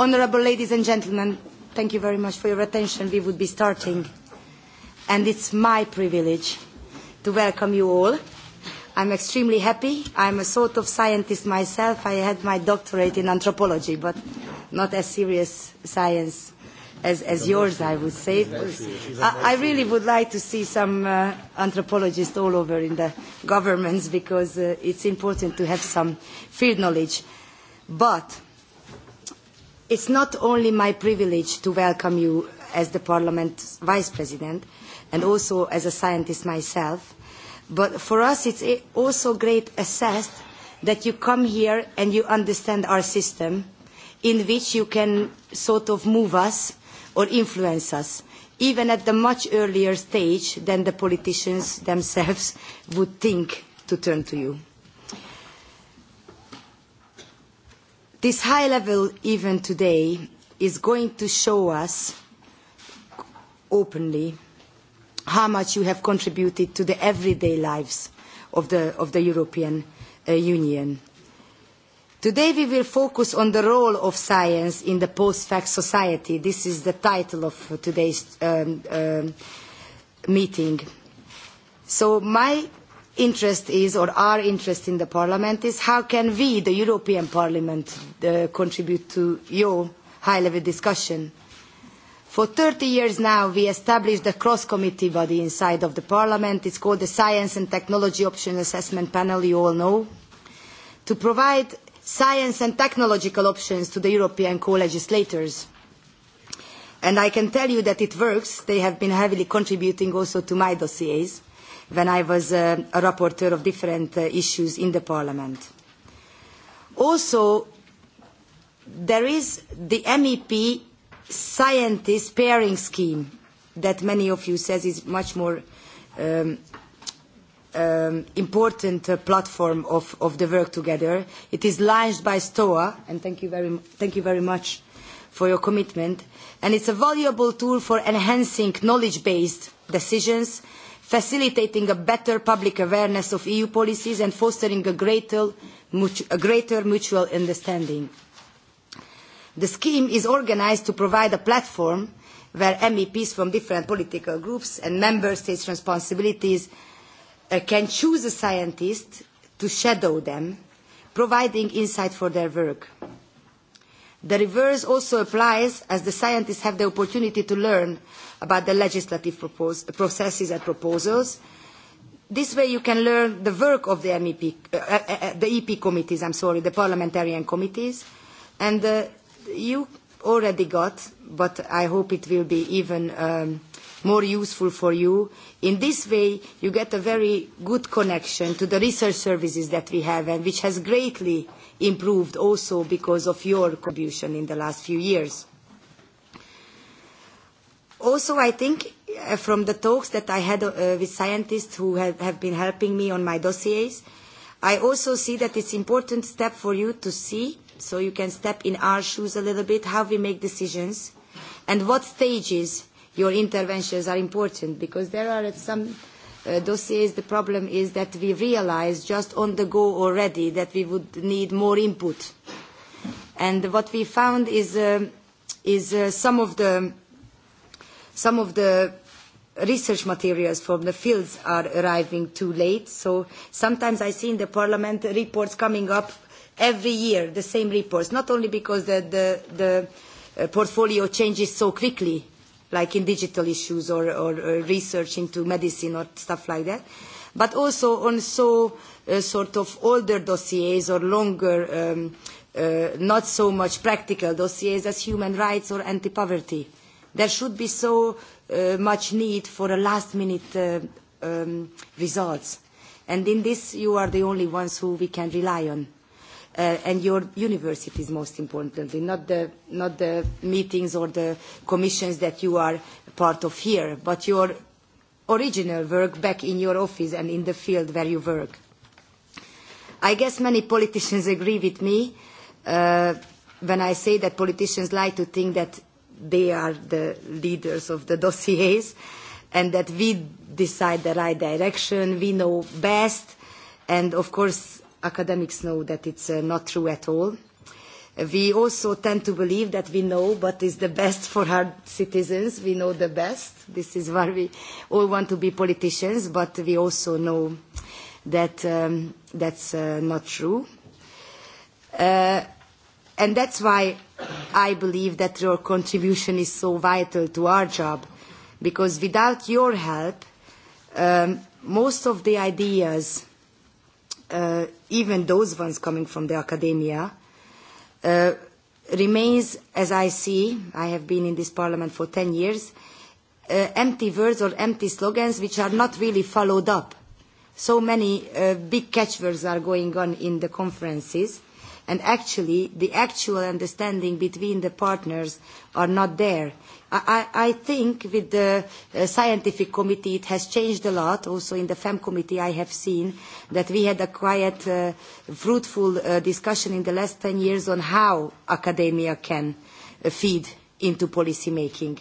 Honourable ladies and gentlemen, thank you very much for your attention. We would be starting. And it's my privilege to welcome you all. I'm extremely happy. I'm a sort of scientist myself. I had my doctorate in anthropology, but not as serious science as, as yours, I would say. I, I really would like to see some uh, anthropologists all over in the governments because uh, it's important to have some field knowledge. But It's not only my privilege to welcome you as the Parliament's Vice President and also as a scientist myself, but for us it's also great assessed that you come here and you understand our system in which you can sort of move us or influence us, even at the much earlier stage than the politicians themselves would think to turn to you. This high level event today is going to show us openly how much you have contributed to the everyday lives of the, of the European Union. Today we will focus on the role of science in the post-fact society. This is the title of today's meeting. So my interest is or our interest in the parliament is how can we the european parliament contribute to your high level discussion for thirty years now we established a cross committee body inside of the parliament it's called the science and technology option assessment panel you all know to provide science and technological options to the european co-legislators and i can tell you that it works they have been heavily contributing also to my dossiers when I was a rapporteur of different issues in the Parliament. Also, there is the MEP scientist pairing scheme that many of you says is much more important platform of, the work together. It is launched by STOA, and thank you very, thank you very much for your commitment. And it's a valuable tool for enhancing knowledge-based decisions facilitating a better public awareness of EU policies and fostering a greater, mutual understanding. The scheme is organised to provide a platform where MEPs from different political groups and member states' responsibilities can choose a scientist to shadow them, providing insight for their work. The reverse also applies as the scientists have the opportunity to learn about the legislative processes and proposals. This way you can learn the work of the, MEP, uh, the EP committees, I'm sorry, the parliamentarian committees, and uh, you already got, but I hope it will be even um, more useful for you. In this way, you get a very good connection to the research services that we have and which has greatly improved also because of your contribution in the last few years. Also, I think uh, from the talks that I had uh, with scientists who have, have been helping me on my dossiers, I also see that it's important step for you to see, so you can step in our shoes a little bit, how we make decisions and what stages your interventions are important, because there are at some uh, dossiers the problem is that we realize just on the go already that we would need more input. And what we found is, uh, is uh, some of the Some of the research materials from the fields are arriving too late, so sometimes I see in the Parliament reports coming up every year, the same reports, not only because the, the, the portfolio changes so quickly, like in digital issues or, or, or research into medicine or stuff like that, but also on so uh, sort of older dossiers or longer, um, uh, not so much practical dossiers as human rights or anti-poverty there should be so much need for a last minute results. And in this, you are the only ones who we can rely on. and your universities, most importantly, not the, not the meetings or the commissions that you are part of here, but your original work back in your office and in the field where you work. I guess many politicians agree with me when I say that politicians like to think that they are the leaders of the dossiers and that we decide the right direction, we know best, and of course academics know that it's uh, not true at all. We also tend to believe that we know what is the best for our citizens. We know the best. This is why we all want to be politicians, but we also know that um, that's uh, not true. Uh, And that's why I believe that your contribution is so vital to our job, because without your help, um, most of the ideas, uh, even those ones coming from the academia, uh, remains, as I see, I have been in this parliament for 10 years, uh, empty words or empty slogans which are not really followed up. So many uh, big catchwords are going on in the conferences and actually the actual understanding between the partners are not there. I, I think with the uh, scientific committee it has changed a lot. Also in the FEM committee I have seen that we had a quite uh, fruitful uh, discussion in the last 10 years on how academia can uh, feed into policy making.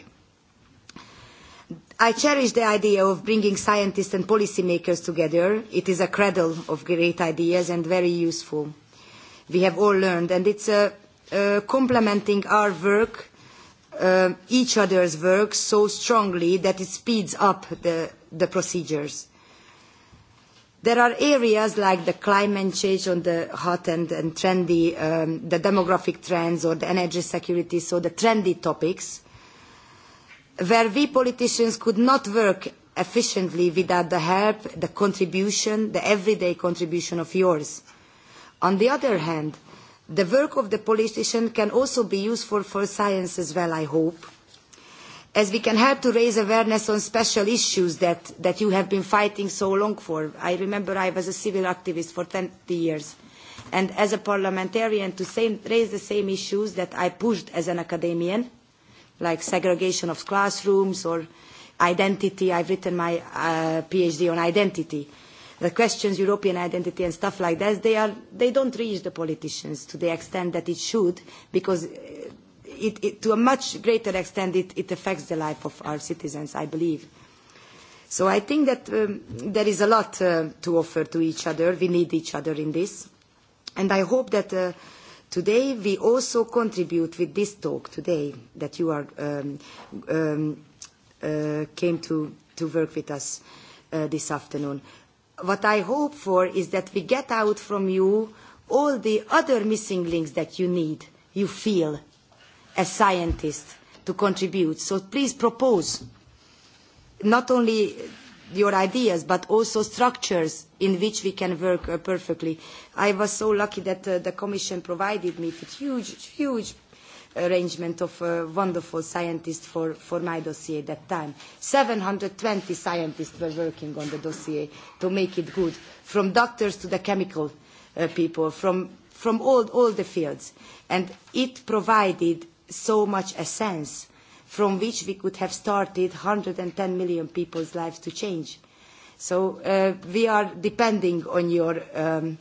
I cherish the idea of bringing scientists and policymakers together. It is a cradle of great ideas and very useful we have all learned, and it's uh, complementing our work, uh, each other's work, so strongly that it speeds up the, the procedures. There are areas like the climate change on the hot and, and trendy, um, the demographic trends or the energy security, so the trendy topics, where we politicians could not work efficiently without the help, the contribution, the everyday contribution of yours On the other hand, the work of the politician can also be useful for science as well, I hope, as we can help to raise awareness on special issues that, that you have been fighting so long for. I remember I was a civil activist for 20 years. And as a parliamentarian, to same, raise the same issues that I pushed as an academician, like segregation of classrooms or identity. I've written my uh, PhD on identity the questions European identity and stuff like that, they, are, they don't reach the politicians to the extent that it should, because it, it, to a much greater extent it, it affects the life of our citizens, I believe. So I think that there is a lot to offer to each other. We need each other in this. And I hope that today we also contribute with this talk today that you are, came to, to work with us this afternoon what I hope for is that we get out from you all the other missing links that you need, you feel, as scientists, to contribute. So please propose not only your ideas, but also structures in which we can work perfectly. I was so lucky that the Commission provided me with huge, huge arrangement of a wonderful scientist for, for my dossier at that time. 720 scientists were working on the dossier to make it good, from doctors to the chemical uh, people, from, from all, all the fields. And it provided so much a sense from which we could have started 110 million people's lives to change. So uh, we are depending on your um,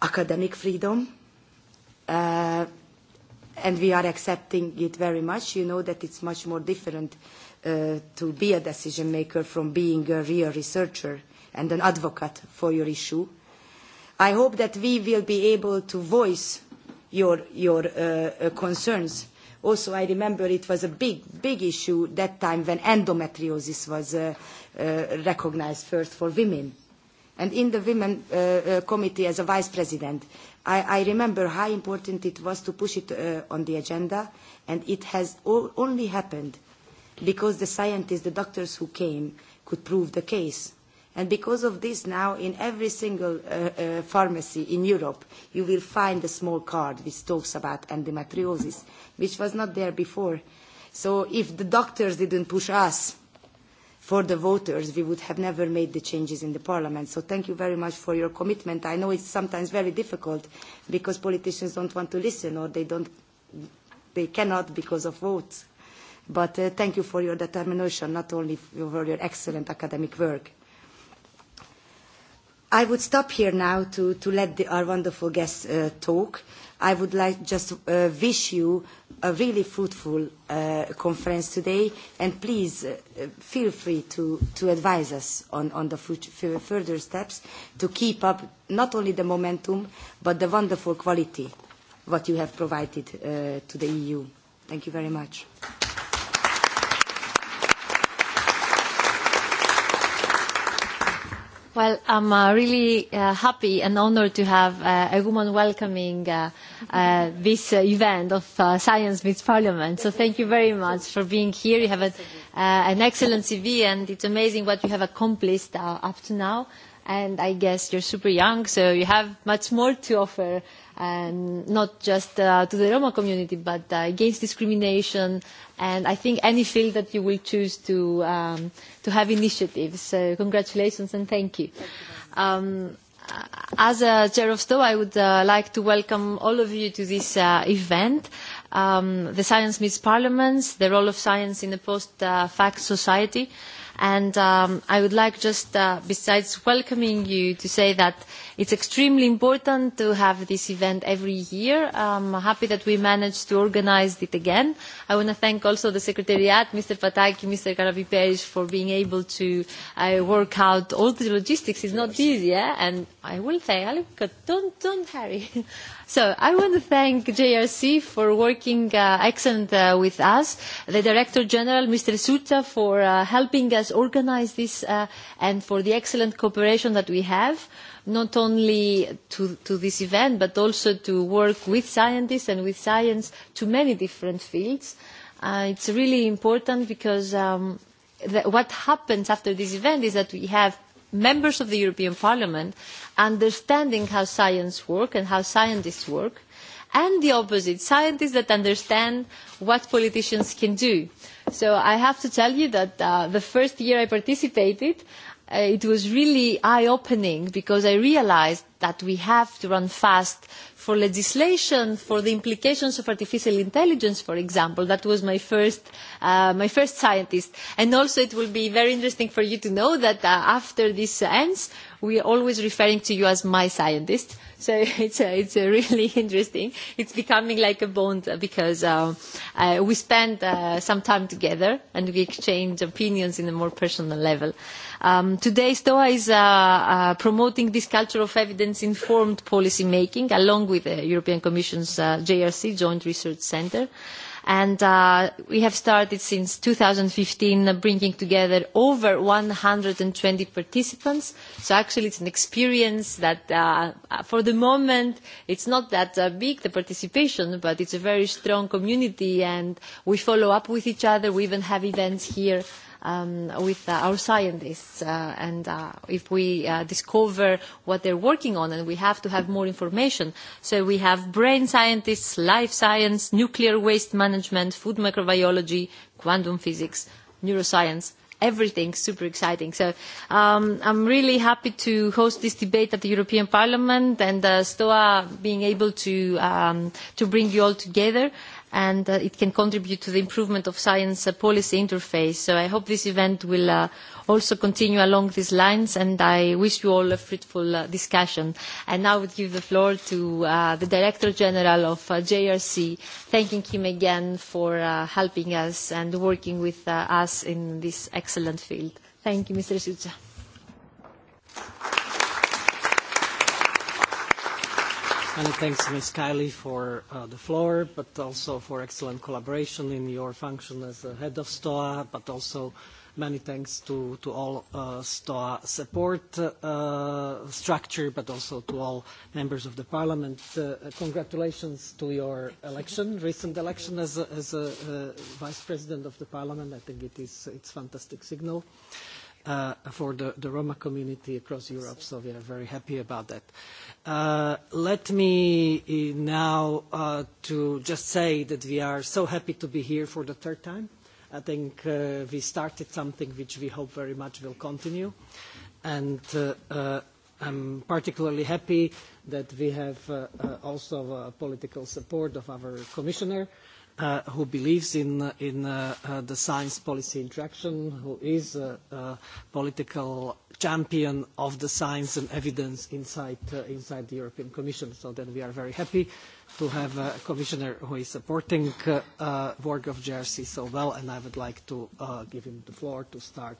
academic freedom, uh, and we are accepting it very much. You know that it's much more different to be a decision maker from being a real researcher and an advocate for your issue. I hope that we will be able to voice your, your concerns. Also, I remember it was a big, big issue that time when endometriosis was recognised first for women. And in the Women Committee as a Vice President, I, I remember how important it was to push it uh, on the agenda, and it has all, only happened because the scientists, the doctors who came, could prove the case. And because of this now, in every single uh, uh, pharmacy in Europe, you will find a small card which talks about endometriosis, which was not there before. So if the doctors didn't push us, for the voters, we would have never made the changes in the parliament. So thank you very much for your commitment. I know it's sometimes very difficult because politicians don't want to listen or they, don't, they cannot because of votes. But uh, thank you for your determination, not only for your excellent academic work. I would stop here now to, to let the, our wonderful guests uh, talk. I would like just uh, wish you a really fruitful uh, conference today, and please uh, feel free to, to advise us on, on the future, further steps to keep up not only the momentum, but the wonderful quality what you have provided uh, to the EU. Thank you very much. Well, I'm uh, really uh, happy and honored to have uh, a woman welcoming uh, uh, this uh, event of uh, Science Meets Parliament. So thank you very much for being here. You have a, uh, an excellent CV and it's amazing what you have accomplished uh, up to now. And I guess you're super young, so you have much more to offer, um, not just uh, to the Roma community, but uh, against discrimination, And I think any field that you will choose to, um, to have initiatives. So congratulations and thank you. Um, as a chair of STO, I would uh, like to welcome all of you to this uh, event. Um, the Science Meets Parliaments, the role of science in a post-fact society. And um, I would like just, uh, besides welcoming you, to say that It's extremely important to have this event every year. I'm happy that we managed to organize it again. I want to thank also the Secretariat, Mr. Pataki, Mr. Karaviperis for being able to uh, work out all the logistics. It's not easy, eh? and I will say, don't, don't hurry. So I want to thank JRC for working uh, excellent uh, with us, the Director General, Mr. Suta, for uh, helping us organize this uh, and for the excellent cooperation that we have not only to, to this event, but also to work with scientists and with science to many different fields. Uh, it's really important because um, th- what happens after this event is that we have members of the European Parliament understanding how science works and how scientists work, and the opposite, scientists that understand what politicians can do. So I have to tell you that uh, the first year I participated, it was really eye-opening because I realised that we have to run fast for legislation, for the implications of artificial intelligence, for example. That was my first, uh, my first scientist. And also it will be very interesting for you to know that uh, after this ends, we are always referring to you as my scientist So it's uh, it's uh, really interesting. It's becoming like a bond because uh, uh, we spend uh, some time together and we exchange opinions in a more personal level. Um, today, STOA is uh, uh, promoting this culture of evidence-informed policy making along with the European Commission's uh, JRC, Joint Research Centre And uh, we have started since 2015 bringing together over 120 participants. So actually it's an experience that uh, for the moment it's not that uh, big, the participation, but it's a very strong community and we follow up with each other. We even have events here um, with uh, our scientists. Uh, and uh, if we uh, discover what they're working on, and we have to have more information. So we have brain scientists, life science, nuclear waste management, food microbiology, quantum physics, neuroscience, everything super exciting. So um, I'm really happy to host this debate at the European Parliament and uh, STOA being able to, um, to bring you all together and uh, it can contribute to the improvement of science uh, policy interface. So I hope this event will uh, also continue along these lines, and I wish you all a fruitful uh, discussion. And now I would give the floor to uh, the Director General of uh, JRC, thanking him again for uh, helping us and working with uh, us in this excellent field. Thank you, Mr. Sucha. Many thanks, Ms. Kiley, for the floor, but also for excellent collaboration in your function as the head of STOA, but also many thanks to all STOA support structure, but also to all members of the parliament. Congratulations to your election, recent election as a vice president of the parliament. I think it is it's fantastic signal. Uh uh, for the, the Roma community across Europe, so we are very happy about that. let me now uh, to just say that we are so happy to be here for the third time. I think uh, we started something which we hope very much will continue, and uh, I'm particularly happy that we have uh, also uh, political support of our commissioner, who believes in, in the science policy interaction, who is a, political champion of the science and evidence inside, inside the European Commission. So then we are very happy to have a commissioner who is supporting uh, work of JRC so well, and I would like to give him the floor to start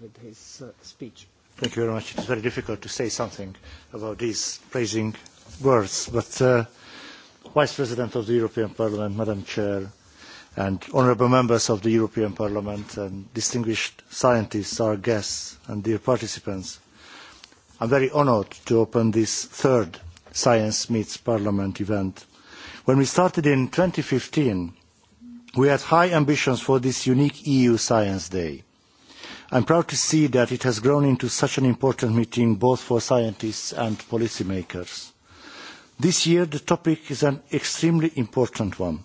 with his speech. Thank you very much. It's very difficult to say something about these praising words, but Vice President of the European Parliament, Madam Chair, and honourable members of the European Parliament and distinguished scientists, our guests and dear participants, I am very honoured to open this third Science Meets Parliament event. When we started in fifteen we had high ambitions for this unique EU Science Day. I am proud to see that it has grown into such an important meeting both for scientists and policymakers. This year, the topic is an extremely important one.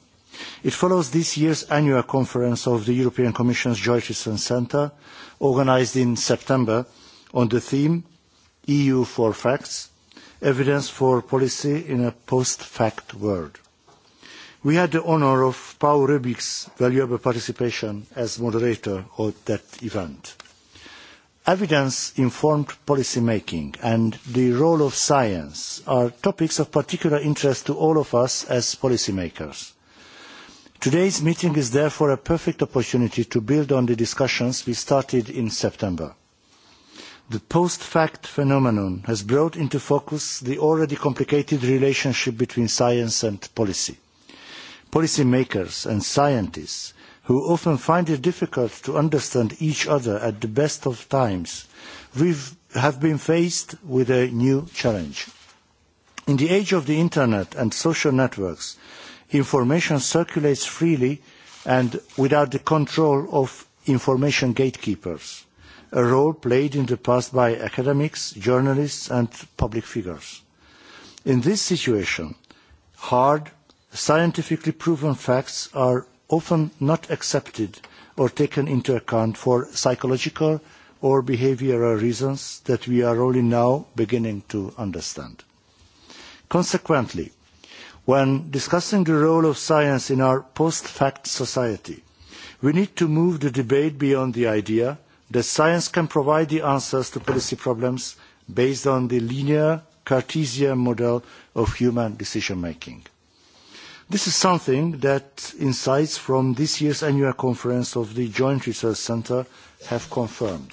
It follows this year's annual conference of the European Commission's Joyceson Centre, organised in September, on the theme EU for Facts, Evidence for Policy in a Post-Fact World. We had the honour of Paul Rubik's valuable participation as moderator of that event. Evidence-informed policy making and the role of science are topics of particular interest to all of us as policymakers. Today's meeting is therefore a perfect opportunity to build on the discussions we started in September. The post-fact phenomenon has brought into focus the already complicated relationship between science and policy. Policymakers and scientists who often find it difficult to understand each other at the best of times, we have been faced with a new challenge. In the age of the internet and social networks, information circulates freely and without the control of information gatekeepers, a role played in the past by academics, journalists and public figures. In this situation, hard, scientifically proven facts are often not accepted or taken into account for psychological or behavioural reasons that we are only now beginning to understand. Consequently, when discussing the role of science in our post-fact society, we need to move the debate beyond the idea that science can provide the answers to policy problems based on the linear Cartesian model of human decision-making. This is something that insights from this year's annual conference of the Joint Research Centre have confirmed.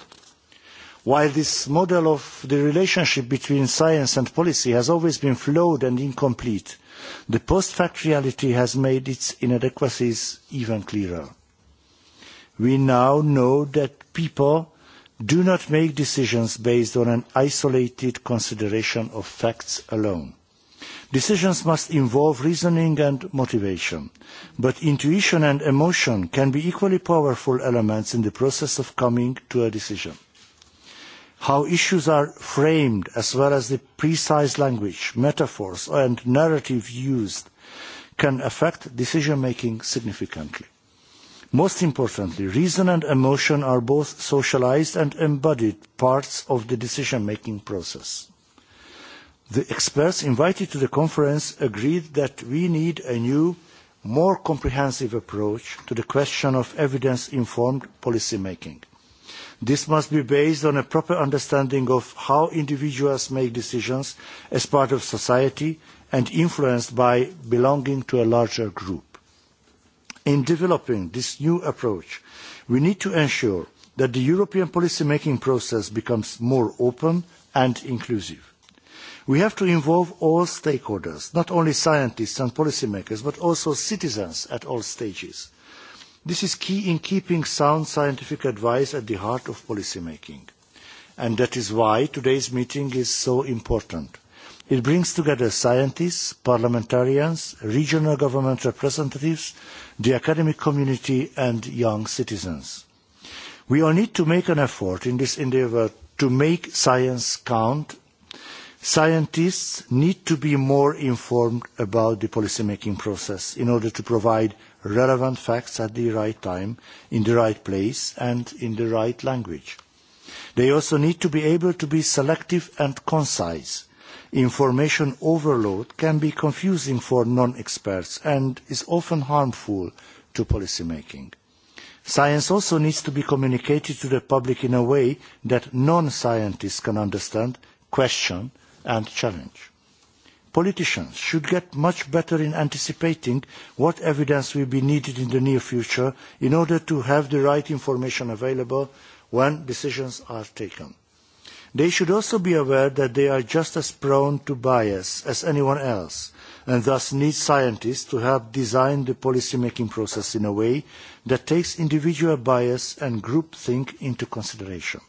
While this model of the relationship between science and policy has always been flawed and incomplete, the post-fact reality has made its inadequacies even clearer. We now know that people do not make decisions based on an isolated consideration of facts alone. Decisions must involve reasoning and motivation, but intuition and emotion can be equally powerful elements in the process of coming to a decision. How issues are framed, as well as the precise language, metaphors and narrative used, can affect decision-making significantly. Most importantly, reason and emotion are both socialised and embodied parts of the decision-making process The experts invited to the conference agreed that we need a new, more comprehensive approach to the question of evidence-informed policy making. This must be based on a proper understanding of how individuals make decisions as part of society and influenced by belonging to a larger group. In developing this new approach, we need to ensure that the European policy-making process becomes more open and inclusive. We have to involve all stakeholders, not only scientists and policymakers, but also citizens at all stages. This is key in keeping sound scientific advice at the heart of policymaking. And that is why today's meeting is so important. It brings together scientists, parliamentarians, regional government representatives, the academic community and young citizens. We all need to make an effort in this endeavour to make science count Scientists need to be more informed about the policymaking process in order to provide relevant facts at the right time, in the right place, and in the right language. They also need to be able to be selective and concise. Information overload can be confusing for non-experts and is often harmful to policymaking. Science also needs to be communicated to the public in a way that non-scientists can understand, question, and challenge. Politicians should get much better in anticipating what evidence will be needed in the near future in order to have the right information available when decisions are taken. They should also be aware that they are just as prone to bias as anyone else and thus need scientists to help design the policy-making process in a way that takes individual bias and groupthink into consideration.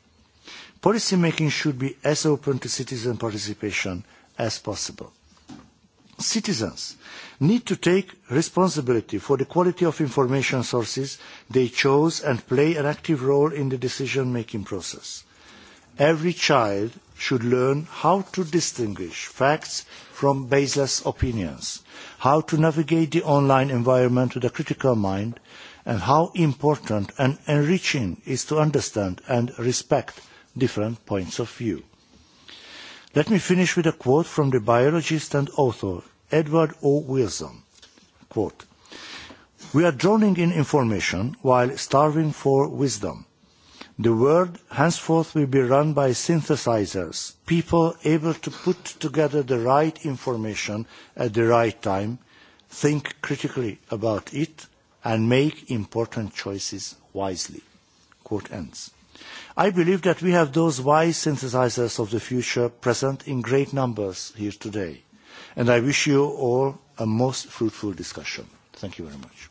Policy making should be as open to citizen participation as possible. Citizens need to take responsibility for the quality of information sources they chose and play an active role in the decision-making process. Every child should learn how to distinguish facts from baseless opinions, how to navigate the online environment with a critical mind, and how important and enriching is to understand and respect different points of view. Let me finish with a quote from the biologist and author Edward O. Wilson. Quote, we are drowning in information while starving for wisdom. The world henceforth will be run by synthesizers, people able to put together the right information at the right time, think critically about it, and make important choices wisely. Quote ends. I believe that we have those wise synthesizers of the future present in great numbers here today. And I wish you all a most fruitful discussion. Thank you very much.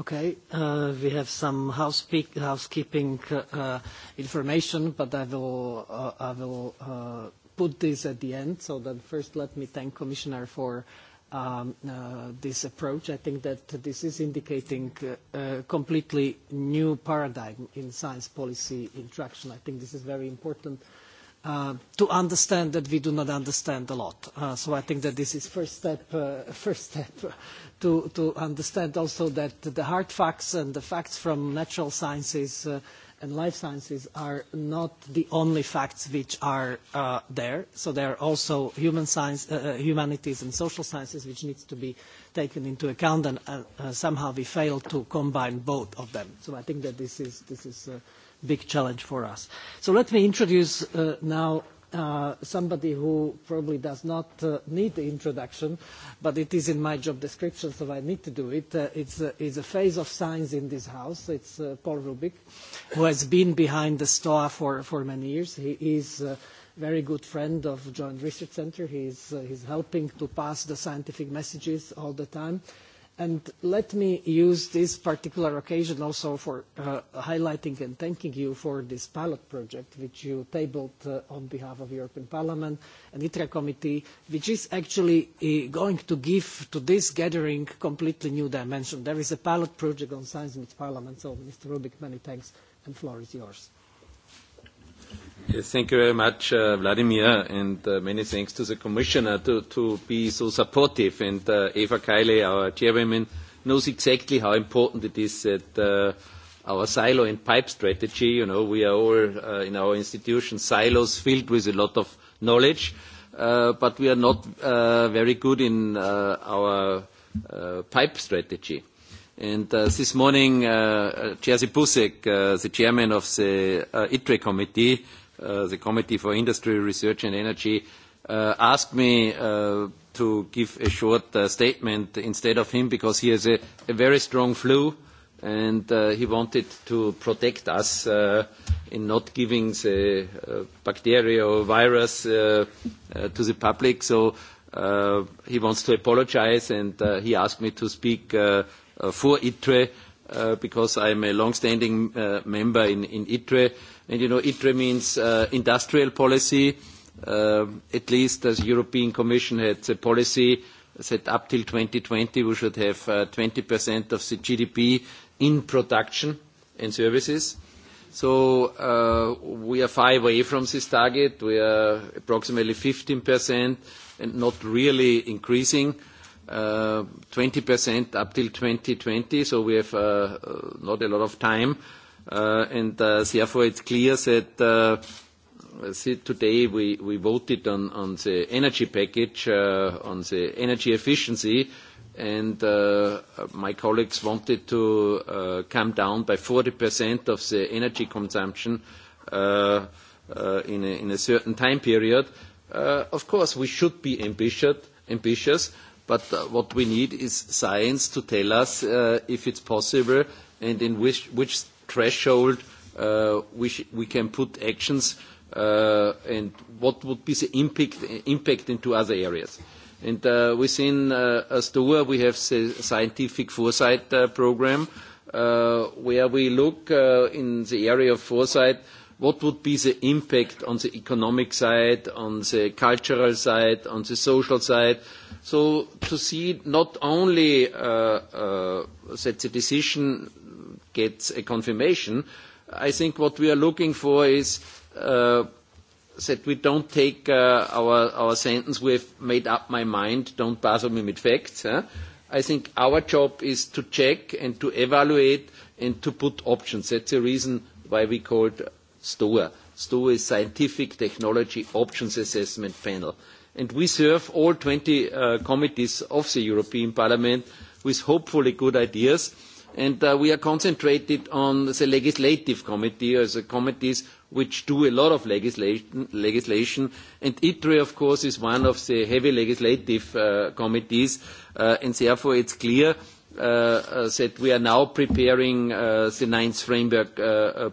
Okay. We have some housekeeping information, but I will put this at the end. So then First let me thank Commissioner for this approach. I think that this is indicating a completely new paradigm in science policy interaction. I think this is very important to understand that we do not understand a lot. So I think that this is first step, first step to understand also that the hard facts and the facts from natural sciences and life sciences are not the only facts which are there. So there are also human science, humanities and social sciences which needs to be taken into account, and somehow we fail to combine both of them. So I think that this is, this is a big challenge for us. So let me introduce now somebody who probably does not need the introduction, but it is in my job description, so I need to do it. It's a phase of science in this house. It's Paul Rubik, who has been behind the STOA for many years. He is a very good friend of Joint Research Center. He's helping to pass the scientific messages all the time And let me use this particular occasion also for uh, highlighting and thanking you for this pilot project which you tabled uh, on behalf of the European Parliament and ITRA committee, which is actually uh, going to give to this gathering completely new dimension. There is a pilot project on science with Parliament, so Mr. Rubik, many thanks, and the floor is yours. Thank you very much, uh, Vladimir, and uh, many thanks to the Commissioner to, to be so supportive. And uh, Eva Kiley, our chairwoman, knows exactly how important it is that uh, our silo and pipe strategy, you know, we are all uh, in our institution silos filled with a lot of knowledge, uh, but we are not uh, very good in uh, our uh, pipe strategy. And uh, this morning, uh, Jerzy Busek, uh, the chairman of the uh, ITRE committee, the Committee for Industry, Research and Energy, asked me to give a short statement instead of him because he has a, very strong flu and he wanted to protect us in not giving the bacteria or virus to the public. So he wants to apologise and he asked me to speak for ITRE because I am a long-standing member in, in ITRE. And you know, ITRE means industrial policy. at least as the European Commission had a policy that up till twenty we should have 20% of the GDP in production and services. So we are far away from this target. We are approximately 15% and not really increasing. 20% up till 2020, so we have not a lot of time. And therefore, it's clear that today we voted on the energy package, on the energy efficiency, and my colleagues wanted to come down by 40% of the energy consumption in a certain time period. Of course, we should be ambitious, But what we need is science to tell us if it's possible and in which, which threshold we, can put actions and what would be the impact, impact into other areas. And within ASTOA, we have the Scientific Foresight Programme, where we look in the area of foresight what would be the impact on the economic side, on the cultural side, on the social side. So to see not only that the decision gets a confirmation, I think what we are looking for is that we don't take our, our sentence, we've made up my mind, don't bother me with facts. I think our job is to check and to evaluate and to put options. That's the reason why we called STOA. STOA is Scientific Technology Options Assessment Panel. And we serve all twenty committees of the European Parliament with hopefully good ideas. And we are concentrated on the legislative committee, or the committees which do a lot of legislation. And ITRE, of course, is one of the heavy legislative committees. and therefore, it is clear that we are now preparing the ninth framework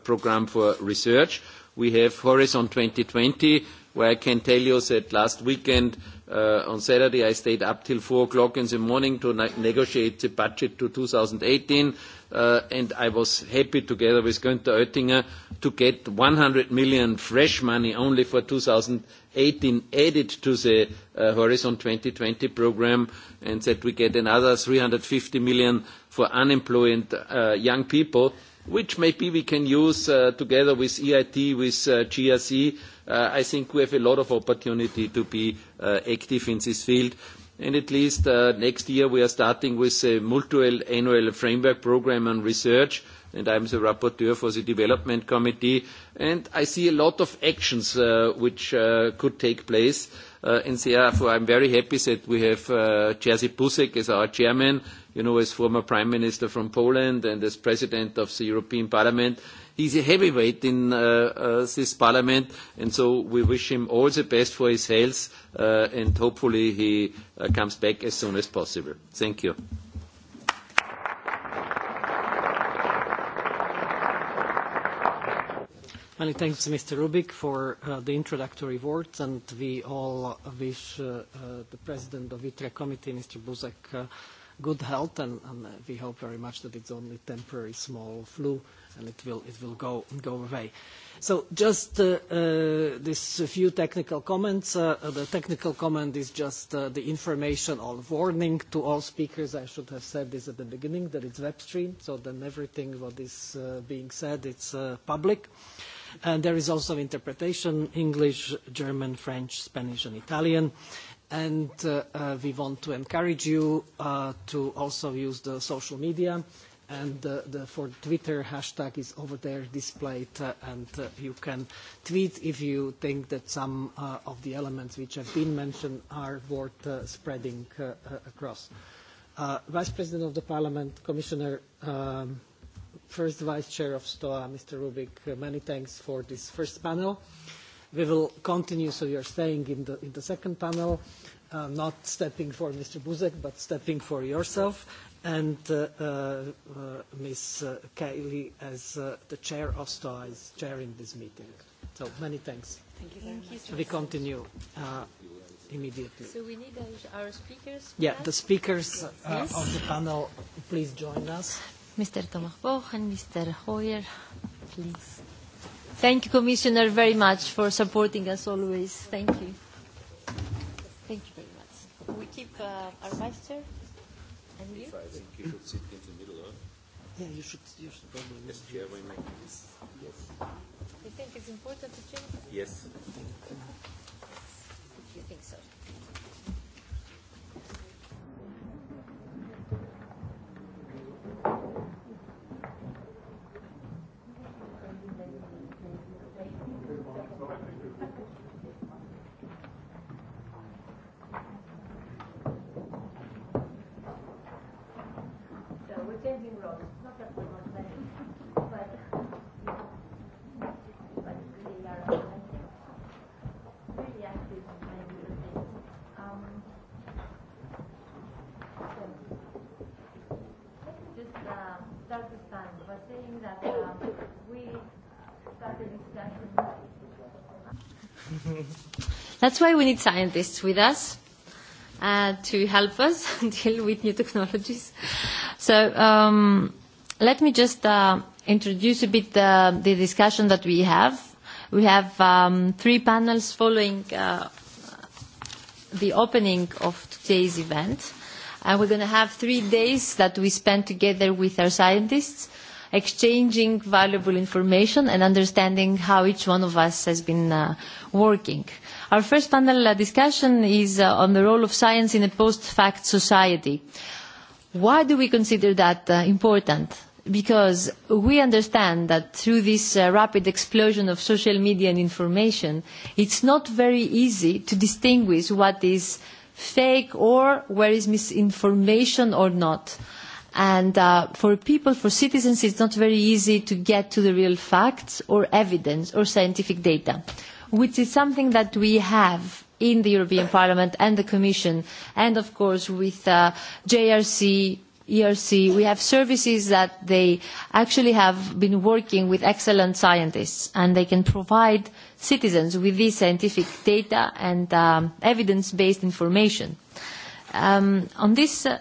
programme for research. We have Horizon 2020, where I can tell you that last weekend on Saturday, I stayed up till four o'clock in the morning to negotiate the budget to 2018, uh, and I was happy together with Günther Oettinger to get one hundred million fresh money only for 2018 added to the uh, Horizon twenty program, and that we get another three hundred fifty million for unemployed young people which maybe we can use together with EIT, with GRC. I think we have a lot of opportunity to be active in this field. and At least next year, we are starting with a multiple annual framework program on research, and I'm the rapporteur for the development committee. and I see a lot of actions which could take place and therefore I'm very happy that we have Jerzy Buzek as our chairman, you know, as former prime minister from Poland and as president of the European Parliament. He's a heavyweight in this parliament, and so we wish him all the best for his health, and hopefully he comes back as soon as possible. Thank you. Many thanks, Mr. Rubik, for the introductory words, and we all wish the President of ITRE Committee, Mr. Buzek, good health, and we hope very much that it's only temporary small flu, and it will it will go go away. So just this few technical comments. The technical comment is just the information or warning to all speakers. I should have said this at the beginning, that it's web stream, so then everything what is being said, it's public. And there is also interpretation, English, German, French, Spanish, and Italian. And we want to encourage you to also use the social media. And the for Twitter hashtag is over there displayed, and you can tweet if you think that some of the elements which have been mentioned are worth spreading across. Vice President of the Parliament, Commissioner, um, First Vice Chair of STOA, Mr. Rubik, many thanks for this first panel. We will continue, so you're staying in the, in the second panel, uh, not stepping for Mr. Buzek, but stepping for yourself. And uh, uh, Ms. Kaili as uh, the Chair of STOA, is chairing this meeting. So many thanks. Thank you very much. We continue uh, immediately. So we need our speakers? Yeah, the speakers uh, of the panel, please join us. Mr. Thomas Boch and Mr. Hoyer, please. Thank you, Commissioner, very much for supporting us always. Thank you. Thank you very much. We keep uh, our vice chair and you. I think you should sit in the middle, huh? Yeah, you should. You should probably. Yes, chair, we make this. Yes. You think it's important to change? Yes. You think so? That's why we need scientists with us uh, to help us deal with new technologies. So um, let me just uh, introduce a bit the, the discussion that we have. We have um, three panels following uh, the opening of today's event. And we're going to have three days that we spend together with our scientists, exchanging valuable information and understanding how each one of us has been uh, working. Uh, Our first panel discussion is on the role of science in a post-fact society. Why do we consider that important? Because we understand that through this rapid explosion of social media and information, it's not very easy to distinguish what is fake or where is misinformation or not. And for people, for citizens, it's not very easy to get to the real facts or evidence or scientific data which is something that we have in the European Parliament and the Commission, and of course with uh, JRC, ERC, we have services that they actually have been working with excellent scientists, and they can provide citizens with this scientific data and um, evidence-based information. Um, on this uh,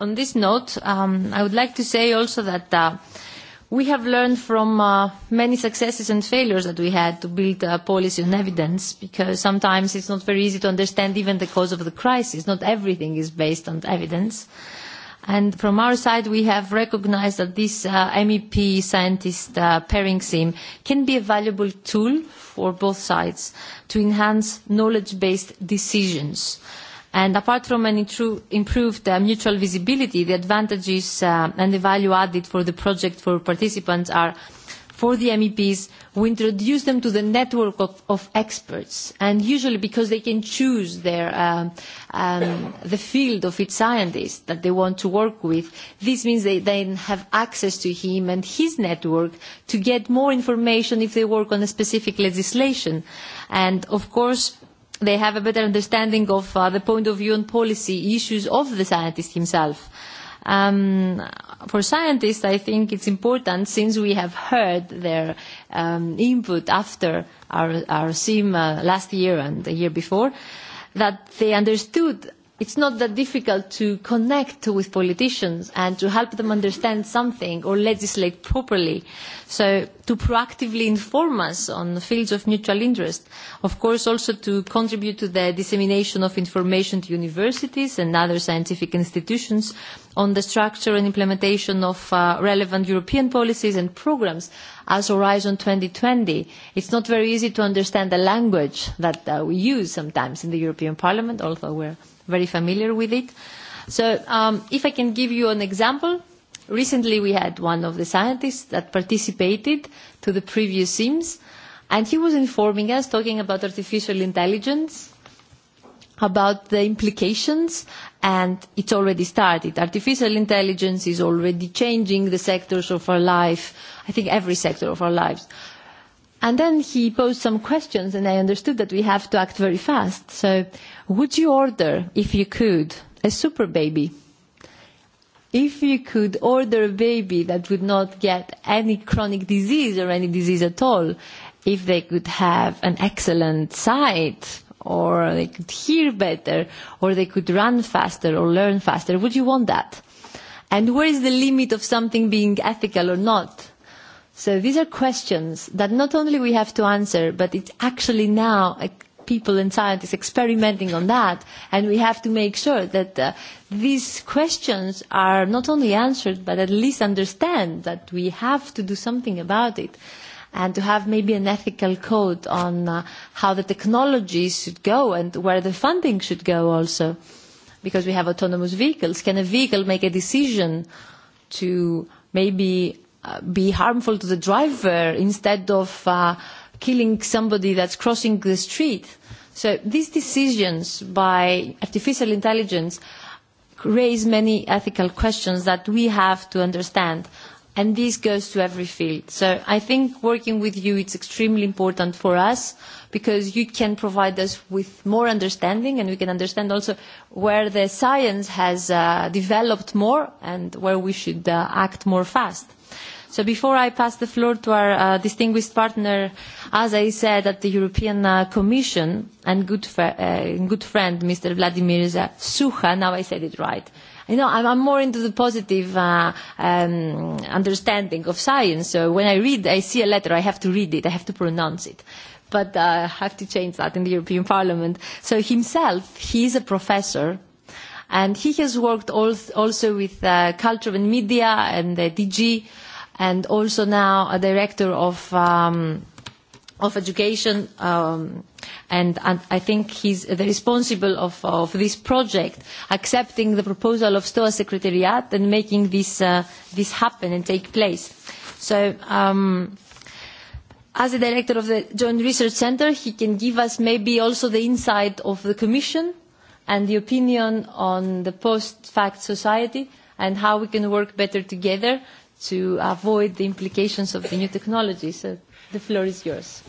on this note, um, I would like to say also that. Uh, We have learned from uh, many successes and failures that we had to build a policy on evidence because sometimes it's not very easy to understand even the cause of the crisis. Not everything is based on evidence. And from our side, we have recognized that this uh, MEP scientist uh, pairing sim can be a valuable tool for both sides to enhance knowledge-based decisions And apart from an improved uh, mutual visibility, the advantages uh, and the value added for the project for participants are for the MEPs, we introduce them to the network of, of experts, and usually because they can choose their, um, um, the field of each scientist that they want to work with. This means they then have access to him and his network to get more information if they work on a specific legislation. And of course, they have a better understanding of uh, the point of view and policy issues of the scientist himself. Um, for scientists, I think it's important since we have heard their um, input after our, our SIM uh, last year and the year before that they understood it's not that difficult to connect with politicians and to help them understand something or legislate properly. So to proactively inform us on the fields of mutual interest. Of course, also to contribute to the dissemination of information to universities and other scientific institutions on the structure and implementation of uh, relevant European policies and programs as Horizon 2020. It's not very easy to understand the language that uh, we use sometimes in the European Parliament, although we're very familiar with it. So um, if I can give you an example, recently we had one of the scientists that participated to the previous SIMS, and he was informing us, talking about artificial intelligence, about the implications, and it's already started. Artificial intelligence is already changing the sectors of our life, I think every sector of our lives. And then he posed some questions, and I understood that we have to act very fast. So Would you order, if you could, a super baby? If you could order a baby that would not get any chronic disease or any disease at all, if they could have an excellent sight, or they could hear better, or they could run faster or learn faster, would you want that? And where is the limit of something being ethical or not? So these are questions that not only we have to answer, but it's actually now a people and scientists experimenting on that, and we have to make sure that uh, these questions are not only answered, but at least understand that we have to do something about it and to have maybe an ethical code on uh, how the technologies should go and where the funding should go also because we have autonomous vehicles can a vehicle make a decision to maybe uh, be harmful to the driver instead of uh, killing somebody that's crossing the street. So these decisions by artificial intelligence raise many ethical questions that we have to understand. And this goes to every field. So I think working with you is extremely important for us because you can provide us with more understanding and we can understand also where the science has uh, developed more and where we should uh, act more fast. So before I pass the floor to our uh, distinguished partner, as I said, at the European uh, Commission and good, uh, good friend, Mr. Vladimir Sucha, now I said it right, you know, I'm, I'm more into the positive uh, um, understanding of science. So when I read, I see a letter, I have to read it, I have to pronounce it. But uh, I have to change that in the European Parliament. So himself, he is a professor. And he has worked also with uh, culture and media and the DG and also now a director of um, of education um, and, and I think he's the responsible of, of this project accepting the proposal of STOA Secretariat and making this, uh, this happen and take place. So um, as the director of the Joint Research Centre he can give us maybe also the insight of the Commission and the opinion on the post-fact society and how we can work better together to avoid the implications of the new technology. So the floor is yours.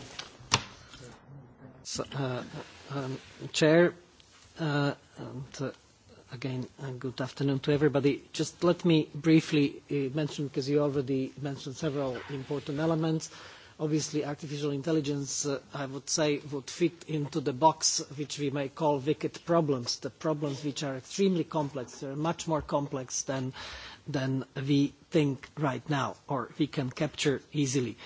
So, uh, um, Chair, uh, and, uh, again, good afternoon to everybody. Just let me briefly uh, mention, because you already mentioned several important elements. Obviously, artificial intelligence, uh, I would say, would fit into the box which we may call wicked problems, the problems which are extremely complex. They're much more complex than than we think right now or we can capture easily.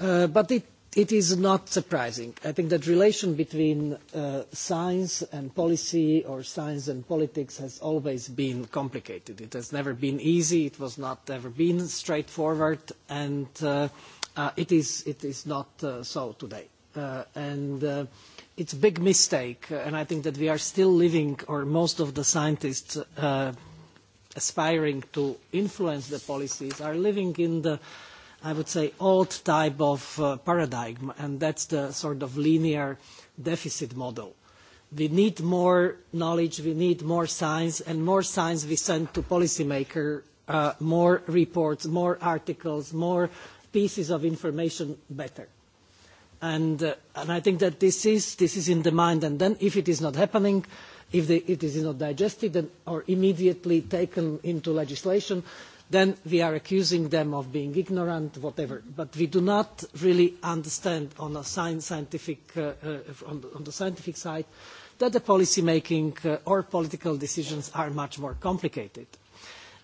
But it is not surprising. I think that relation between science and policy or science and politics has always been complicated. It has never been easy. It was not ever been straightforward, and it is not so today. And it's a big mistake, and I think that we are still living, or most of the scientists aspiring to influence the policies are living in the, I would say, old type of paradigm, and that's the sort of linear deficit model. We need more knowledge, we need more science, and more science we send to policymakers, more reports, more articles, more pieces of information, better. And, I think that this is, this is in the mind, and then if it is not happening, uh, if, they, it is not digested or immediately taken into legislation, then we are accusing them of being ignorant, whatever. But we do not really understand on, a scientific, on, the, scientific side that the policy making or political decisions are much more complicated.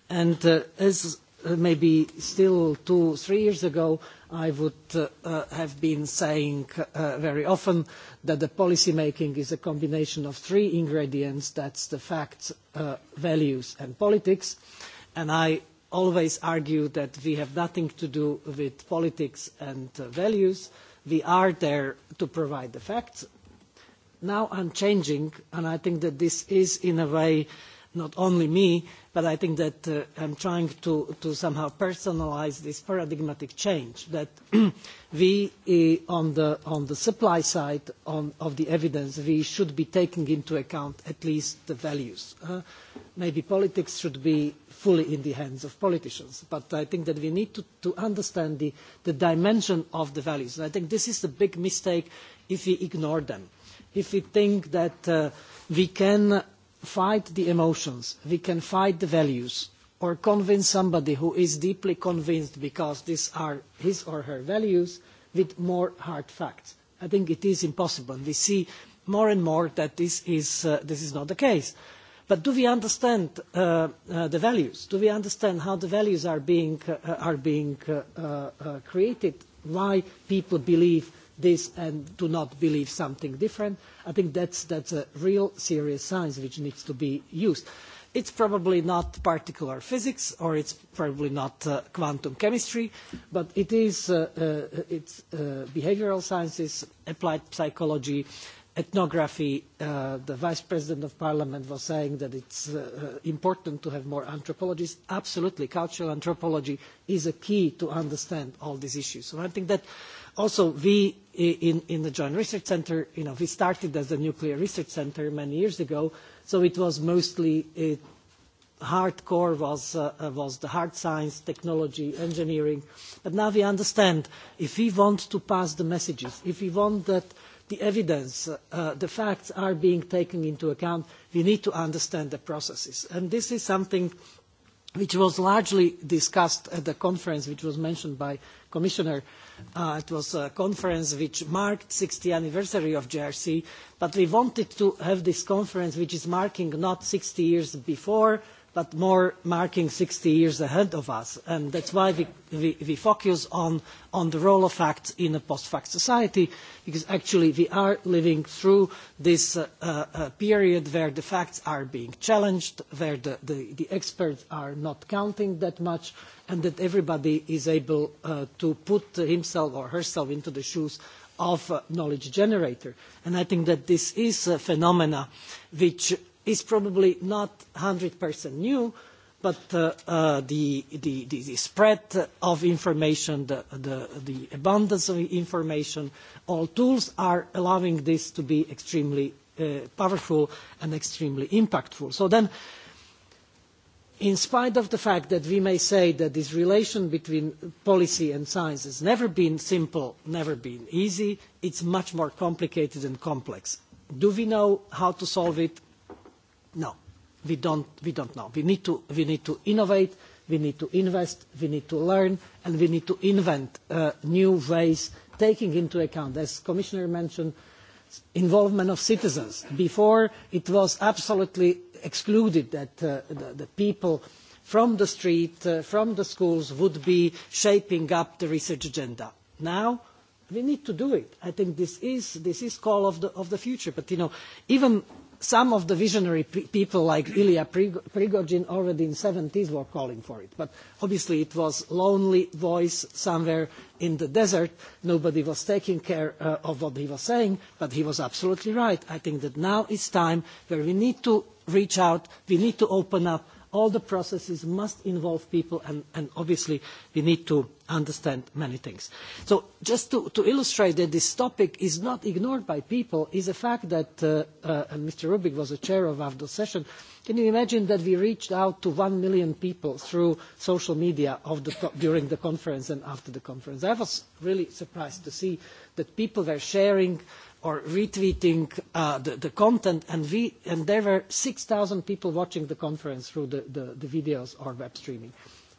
And as maybe still two, three years ago, I would have been saying very often that the policy making is a combination of three ingredients. That's the facts, values and politics. And I always argue that we have nothing to do with politics and values. We are there to provide the facts. Now I'm changing, and I think that this is, in a way, not only me, But I think that uh, I'm trying to, to somehow personalize this paradigmatic change that we, uh, on, the, on the supply side on, of the evidence, we should be taking into account at least the values. Uh, maybe politics should be fully in the hands of politicians, but I think that we need to, to understand the, the dimension of the values. And I think this is the big mistake if we ignore them. If we think that uh, we can fight the emotions, we can fight the values, or convince somebody who is deeply convinced because these are his or her values with more hard facts. I think it is impossible. We see more and more that this is, not the case. But do we understand the values? Do we understand how the values are being, created? Why people believe this and do not believe something different. I think that's, that's a real serious science which needs to be used. It's probably not particular physics or it's probably not quantum chemistry, but it is it's, behavioral sciences, applied psychology, ethnography. the vice president of parliament was saying that it's uh, important to have more anthropologists. Absolutely, cultural anthropology is a key to understand all these issues. So I think that Also, we in, in the Joint Research Center, you know, we started as a nuclear research center many years ago, so it was mostly it, hardcore was, uh, was the hard science, technology, engineering. But now we understand if we want to pass the messages, if we want that the evidence, uh, the facts are being taken into account, we need to understand the processes. And this is something which was largely discussed at the conference which was mentioned by Commissioner. it was a conference which marked the sixtieth anniversary of GRC, but we wanted to have this conference which is marking not sixty years before, but more marking 60 years ahead of us. And that's why we, we, we focus on, on the role of facts in a post-fact society, because actually we are living through this uh, uh, period where the facts are being challenged, where the, the, the experts are not counting that much, and that everybody is able uh, to put himself or herself into the shoes of a knowledge generator. And I think that this is a phenomena which is probably not 100% new, but the spread of information, the abundance of information, all tools are allowing this to be extremely powerful and extremely impactful. So then, in spite of the fact that we may say that this relation between policy and science has never been simple, never been easy, it's much more complicated and complex. Do we know how to solve it? No, we don't, we don't know. We need, to, we need to innovate, we need to invest, we need to learn, and we need to invent new ways, taking into account, as Commissioner mentioned, involvement of citizens. Before, it was absolutely excluded that the, people from the street, from the schools, would be shaping up the research agenda. Now, we need to do it. I think this is, this is call of the, of the future. But, you know, even some of the visionary people like Ilya Prigogine already in the 70s were calling for it. But obviously it was a lonely voice somewhere in the desert. Nobody was taking care of what he was saying, but he was absolutely right. I think that now is time where we need to reach out, we need to open up, All the processes must involve people, and, and obviously we need to understand many things. So just to, to illustrate that this topic is not ignored by people is the fact that uh, uh, and Mr. Rubik was the chair of AFDO session. Can you imagine that we reached out to one million people through social media of the, during the conference and after the conference? I was really surprised to see that people were sharing or retweeting uh, the, the content, and, we, and there were 6,000 people watching the conference through the, the, the videos or web streaming,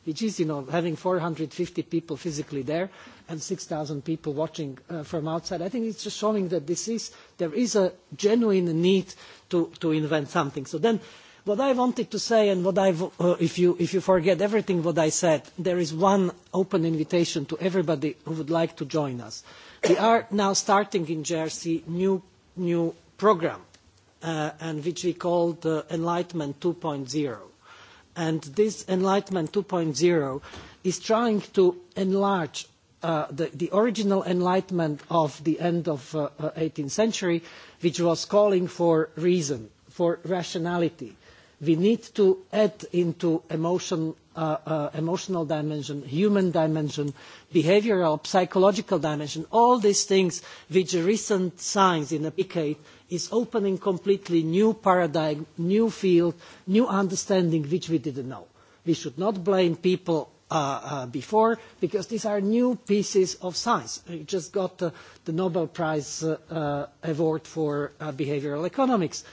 which is, you know, having 450 people physically there and 6,000 people watching uh, from outside. I think it's just showing that this is, there is a genuine need to, to invent something. So then What I wanted to say, and what I've, uh, if, you, if you forget everything what I said, there is one open invitation to everybody who would like to join us. We are now starting in Jersey new new program, uh, and which we called uh, Enlightenment 2.0. And this Enlightenment 2.0 is trying to enlarge the, the original enlightenment of the end of the uh, 18th century, which was calling for reason, for rationality, we need to add into emotion, emotional dimension, human dimension, behavioral, psychological dimension, all these things which recent science in a decade is opening completely new paradigm, new field, new understanding which we didn't know. We should not blame people before because these are new pieces of science. We just got the Nobel Prize award for behavioral economics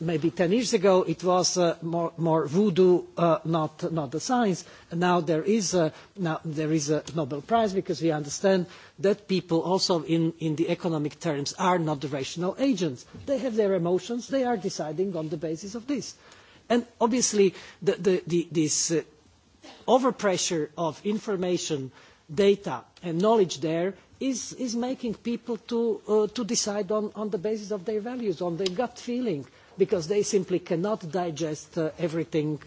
maybe ten years ago it was more, more voodoo, not, not the science. Now there, is a, now there is a Nobel Prize because we understand that people also in, in the economic terms are not the rational agents. They have their emotions. They are deciding on the basis of this. And obviously the, the, the, this uh, overpressure of information, data and knowledge there is, is making people to, uh, to decide on, on the basis of their values, on their gut feeling because they simply cannot digest everything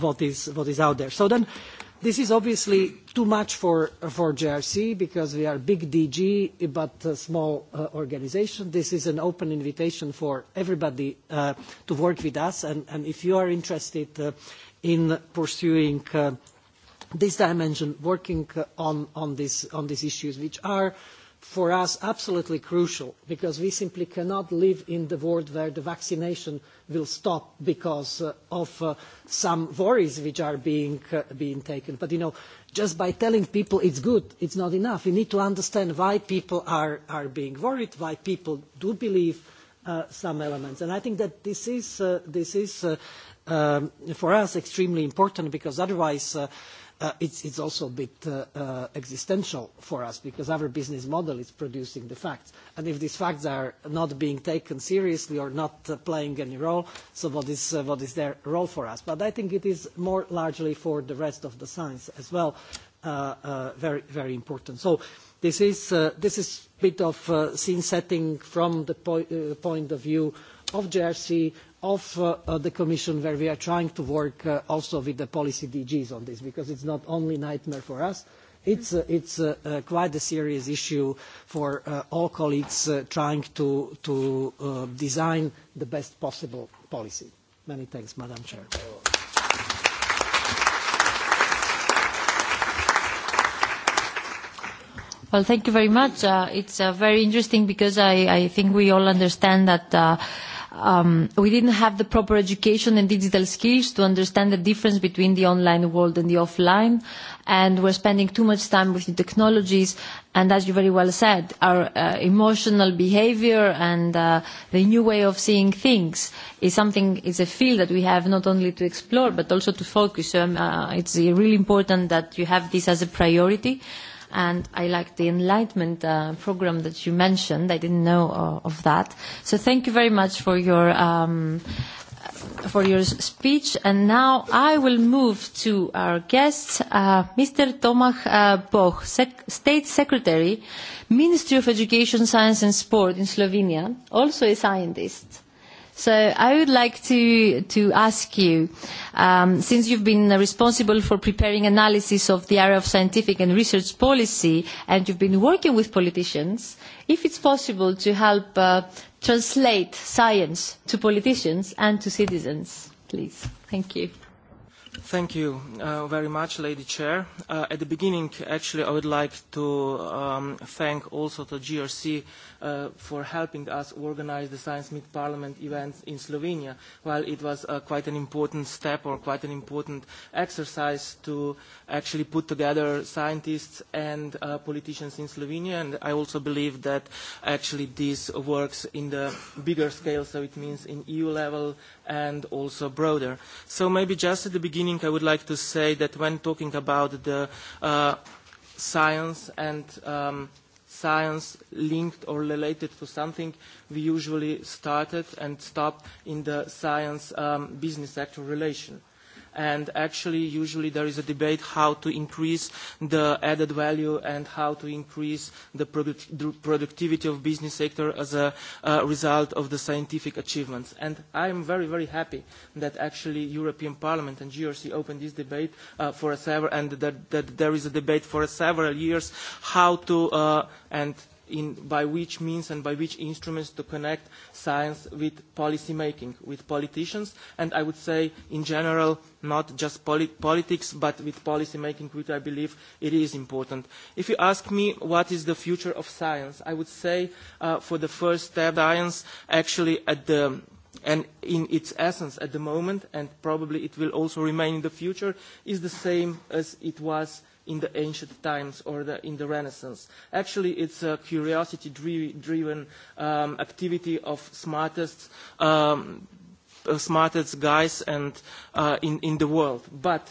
what is out there. So then this is obviously too much for JRC because we are a big DG but a small organisation. This is an open invitation for everybody to work with us. And if you are interested in pursuing this dimension, working on these issues, which are for us absolutely crucial because we simply cannot live in the world where the vaccination will stop because of some worries which are being, taken. But you know, just by telling people it's good, it's not enough. We need to understand why people are, are being worried, why people do believe some elements. And I think that this is, this is for us extremely important because otherwise it's, it's also a bit existential for us because our business model is producing the facts. And if these facts are not being taken seriously or not playing any role, so what is, what is their role for us? But I think it is more largely for the rest of the science as well, very, very important. So this is, this is a bit of scene setting from the point of view of JRC, of the Commission where we are trying to work also with the policy DGs on this because it's not only a nightmare for us, it's, uh, quite a serious issue for all colleagues trying to, design the best possible policy. Many thanks, Madam Chair. Well, thank you very much. Uh, it's uh, very interesting because I, I think we all understand that um, we didn't have the proper education and digital skills to understand the difference between the online world and the offline, and we're spending too much time with the technologies. And as you very well said, our uh, emotional behavior and uh, the new way of seeing things is something, is a field that we have not only to explore but also to focus. Um, uh, it's really important that you have this as a priority. Uh, and I like the enlightenment uh, program that you mentioned. I didn't know uh, of that. So thank you very much for your um, for your speech. And now I will move to our guest, uh, Mr. Tomáš uh, Boch, Sec- State Secretary, Ministry of Education, Science and Sport in Slovenia, also a scientist. So I would like to, to ask you, um, since you've been responsible for preparing analysis of the area of scientific and research policy, and you've been working with politicians, if it's possible to help uh, translate science to politicians and to citizens, please. Thank you. Thank you very much, Lady Chair. at the beginning, actually, I would like to thank also the GRC for helping us organise the Science Meet Parliament event in Slovenia. While it was quite an important step or quite an important exercise to actually put together scientists and politicians in Slovenia, and I also believe that actually this works in the bigger scale, so it means in EU level and also broader. So maybe just at the beginning I would like to say that when talking about the uh, science and um, science linked or related to something, we usually started and stopped in the science-business sector relation and actually usually there is a debate how to increase the added value and how to increase the productivity of business sector as a result of the scientific achievements. And I am very, very happy that actually European Parliament and GRC opened this debate for several, and that, that there is a debate for several years how to, uh and in by which means and by which instruments to connect science with policy making, with politicians, and I would say in general, not just polit politics, but with policy making, which I believe it is important. If you ask me what is the future of science, I would say uh, for the first step, science actually at the and in its essence at the moment, and probably it will also remain in the future, is the same as it was in the ancient times or the, in the Renaissance. Actually, it's a curiosity-driven um, activity of smartest, um, smartest guys and, uh, in, in the world. But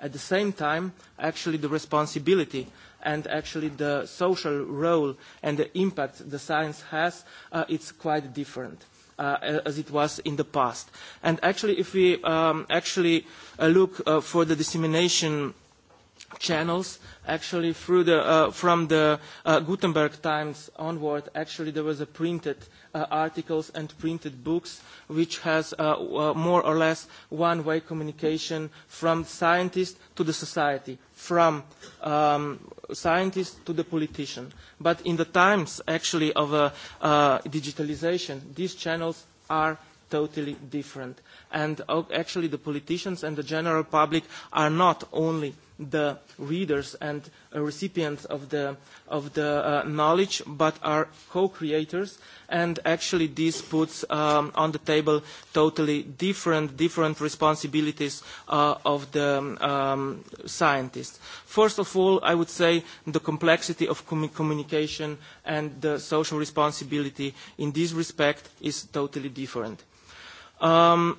at the same time, actually the responsibility and actually the social role and the impact the science has, uh, it's quite different uh, as it was in the past. And actually, if we um, actually uh, look uh, for the dissemination channels actually through the uh, from the uh, Gutenberg times onward actually there was a printed uh, articles and printed books which has uh, uh, more or less one way communication from scientist to the society from um, scientist to the politician but in the times actually of uh, uh, digitalization these channels are totally different and actually the politicians and the general public are not only the readers and recipients of the, of the knowledge, but are co-creators. And actually this puts on the table totally different, different responsibilities of the scientists. First of all, I would say the complexity of communication and the social responsibility in this respect is totally different. Um,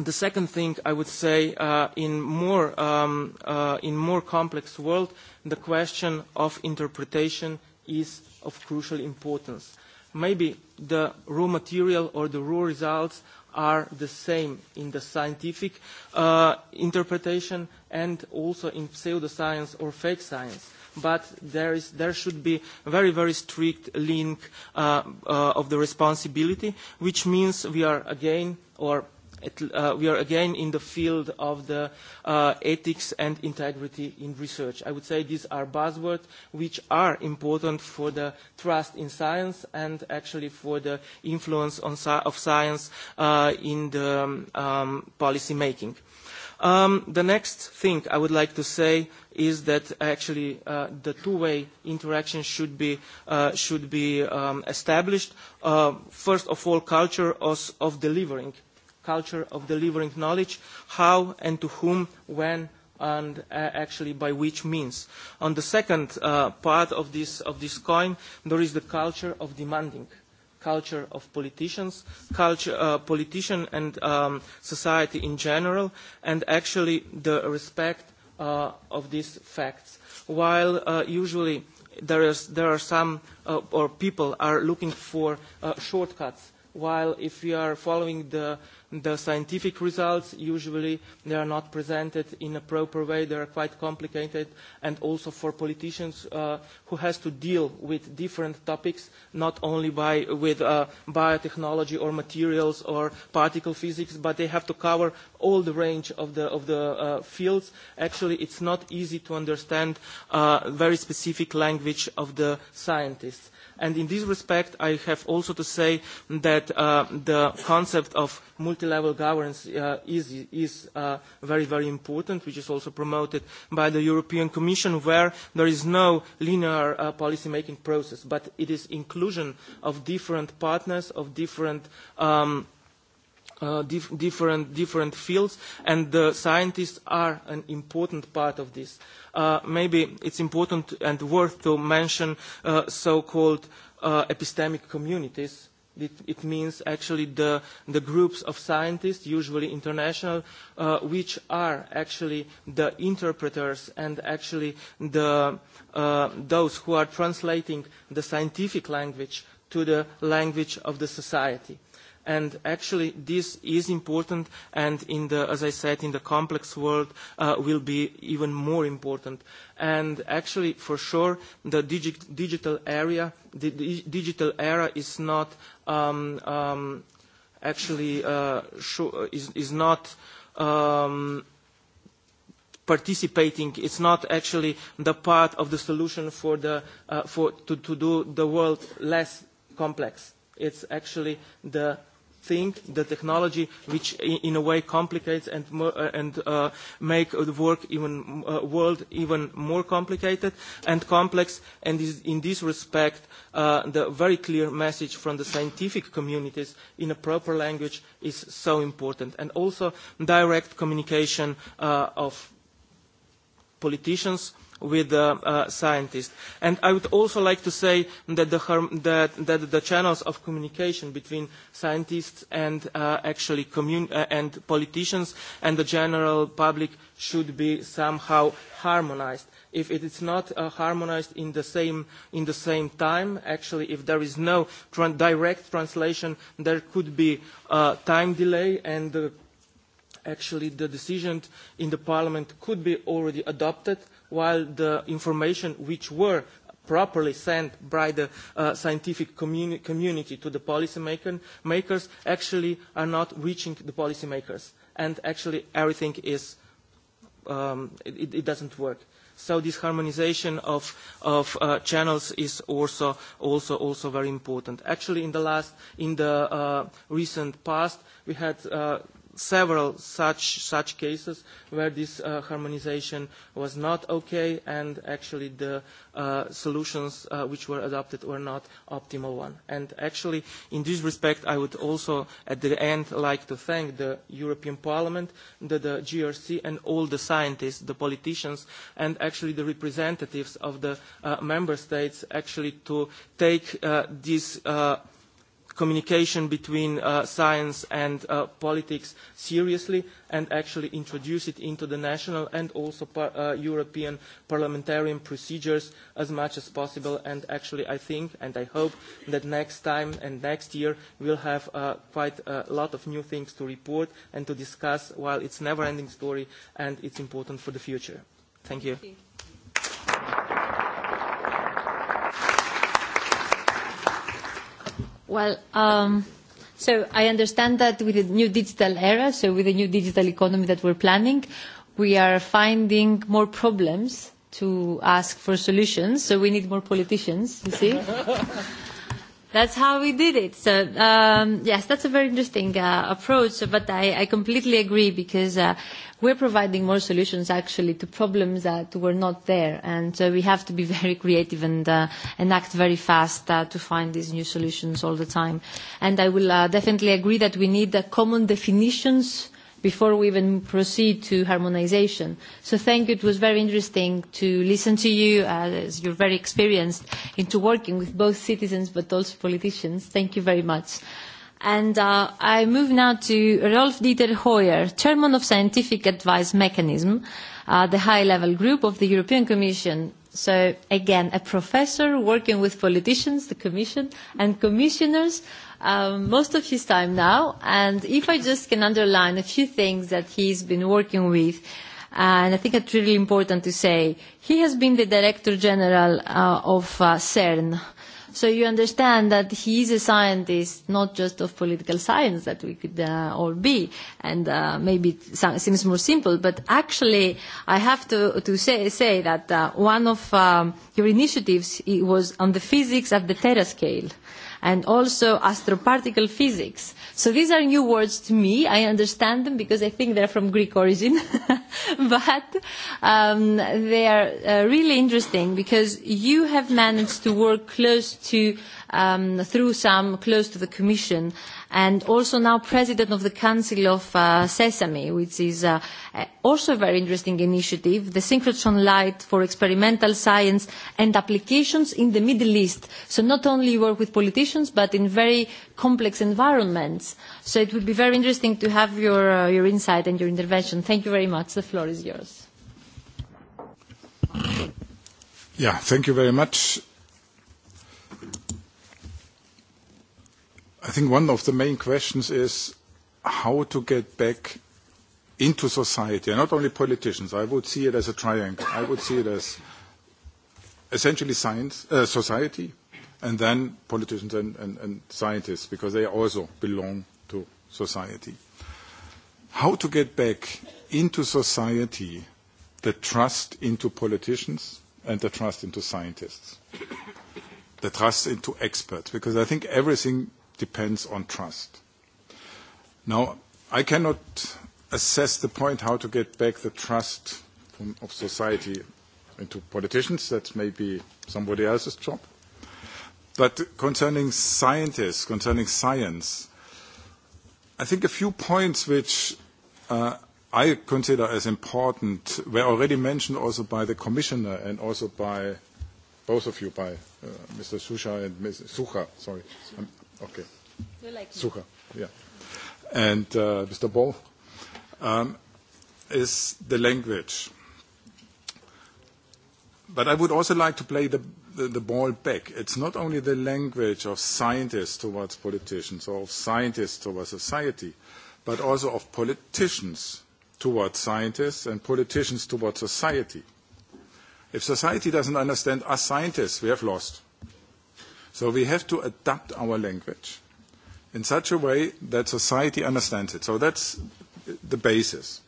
The second thing I would say uh, in, more, um, uh, in more complex world, the question of interpretation is of crucial importance. Maybe the raw material or the raw results are the same in the scientific uh, interpretation and also in pseudoscience or fake science. But there, is, there should be a very, very strict link uh, uh, of the responsibility, which means we are again, or uh, we are again in the field of the uh, ethics and integrity in research. I would say these are buzzwords which are important for the trust in science and actually for the influence on si of science uh, in the um, um, policy making. Um, the next thing I would like to say is that actually uh, the two-way interaction should be, uh, should be um, established. Uh, first of all, culture of, of delivering culture of delivering knowledge, how and to whom, when, and uh, actually by which means. On the second uh, part of this, of this coin, there is the culture of demanding culture of politicians, culture, uh, politician and um, society in general, and actually the respect uh, of these facts. While uh, usually there, is, there are some, uh, or people are looking for uh, shortcuts, while if we are following the the scientific results usually they are not presented in a proper way they are quite complicated and also for politicians uh, who has to deal with different topics not only by with uh, biotechnology or materials or particle physics but they have to cover all the range of the of the uh, fields actually it's not easy to understand uh, very specific language of the scientists And in this respect, I have also to say that the concept of multi-level governance is, very, very important, which is also promoted by the European Commission, where there is no linear uh, policy-making process, but it is inclusion of different partners, of different um, – dif different, different fields, and the scientists are an important part of this. Uh, maybe it's important and worth to mention uh, so-called uh, epistemic communities. It, it means actually the, the groups of scientists, usually international, uh, which are actually the interpreters and actually the, uh, those who are translating the scientific language to the language of the society. And actually, this is important, and in the, as I said, in the complex world, uh, will be even more important. And actually, for sure, the digi- digital area, the digital era is not um, um, actually uh, is is not. Um, participating. It's not actually the part of the solution for the, uh, for, to, to do the world less complex. It's actually the thing, the technology which in a way complicates and, uh, and uh, make the work even, uh, world even more complicated and complex and is in this respect uh, the very clear message from the scientific communities in a proper language is so important and also direct communication uh, of politicians with the uh, scientists. And I would also like to say that the, that, that the channels of communication between scientists and uh, actually commun uh, and politicians and the general public should be somehow harmonized if it is not uh, harmonized in the same in the same time actually if there is no tra direct translation there could be a time delay and uh, actually the decision in the parliament could be already adopted while the information which were properly sent by the uh, scientific communi community to the policymakers makers actually are not reaching the policymakers. And actually everything is, um, it, it doesn't work. So this harmonization of, of uh, channels is also, also, also very important. Actually in the last, in the uh, recent past, we had uh, several such such cases where this uh, harmonization was not okay and actually the uh, solutions uh, which were adopted were not optimal one and actually in this respect I would also at the end like to thank the European Parliament the, the GRC and all the scientists the politicians and actually the representatives of the uh, member states actually to take uh, this uh, communication between uh, science and uh, politics seriously and actually introduce it into the national and also par uh, European parliamentarian procedures as much as possible. And actually, I think and I hope that next time and next year we'll have uh, quite a lot of new things to report and to discuss while it's a never-ending story and it's important for the future. Thank you. Thank you. Well, um, so I understand that with the new digital era, so with the new digital economy that we're planning, we are finding more problems to ask for solutions, so we need more politicians, you see that's how we did it. So um, yes, that's a very interesting uh, approach. But I, I completely agree because uh, we're providing more solutions actually to problems that were not there, and so we have to be very creative and uh, and act very fast uh, to find these new solutions all the time. And I will uh, definitely agree that we need uh, common definitions before we even proceed to harmonisation. So thank you. It was very interesting to listen to you, as you're very experienced into working with both citizens but also politicians. Thank you very much. And uh, I move now to Rolf Dieter Hoyer, Chairman of Scientific Advice Mechanism, uh, the high-level group of the European Commission. So again, a professor working with politicians, the Commission, and commissioners um, most of his time now. And if I just can underline a few things that he's been working with, and I think it's really important to say, he has been the Director General uh, of uh, CERN. So you understand that he is a scientist, not just of political science that we could uh, all be. And uh, maybe it seems more simple, but actually I have to, to say, say that uh, one of um, your initiatives it was on the physics at the terascale. scale and also astroparticle physics. So these are new words to me. I understand them because I think they're from Greek origin. but um, they are uh, really interesting because you have managed to work close to um, through some close to the Commission, and also now President of the Council of uh, Sesame, which is uh, also a very interesting initiative, the synchrotron light for experimental science and applications in the Middle East. So not only work with politicians, but in very complex environments. So it would be very interesting to have your, uh, your insight and your intervention. Thank you very much. The floor is yours. Yeah, thank you very much I think one of the main questions is how to get back into society, and not only politicians. I would see it as a triangle. I would see it as essentially science, uh, society, and then politicians and, and, and scientists, because they also belong to society. How to get back into society the trust into politicians and the trust into scientists, the trust into experts, because I think everything depends on trust. Now, I cannot assess the point how to get back the trust of society into politicians. That may be somebody else's job. But concerning scientists, concerning science, I think a few points which uh, I consider as important were already mentioned also by the commissioner and also by both of you, by uh, Mr. Sucha and Ms. Sucha. Sorry, I'm Okay. Super. Yeah. And uh, Mr. Ball um, is the language. But I would also like to play the, the, the ball back. It's not only the language of scientists towards politicians or of scientists towards society, but also of politicians towards scientists and politicians towards society. If society doesn't understand us scientists, we have lost So we have to adapt our language in such a way that society understands it. So that's the basis.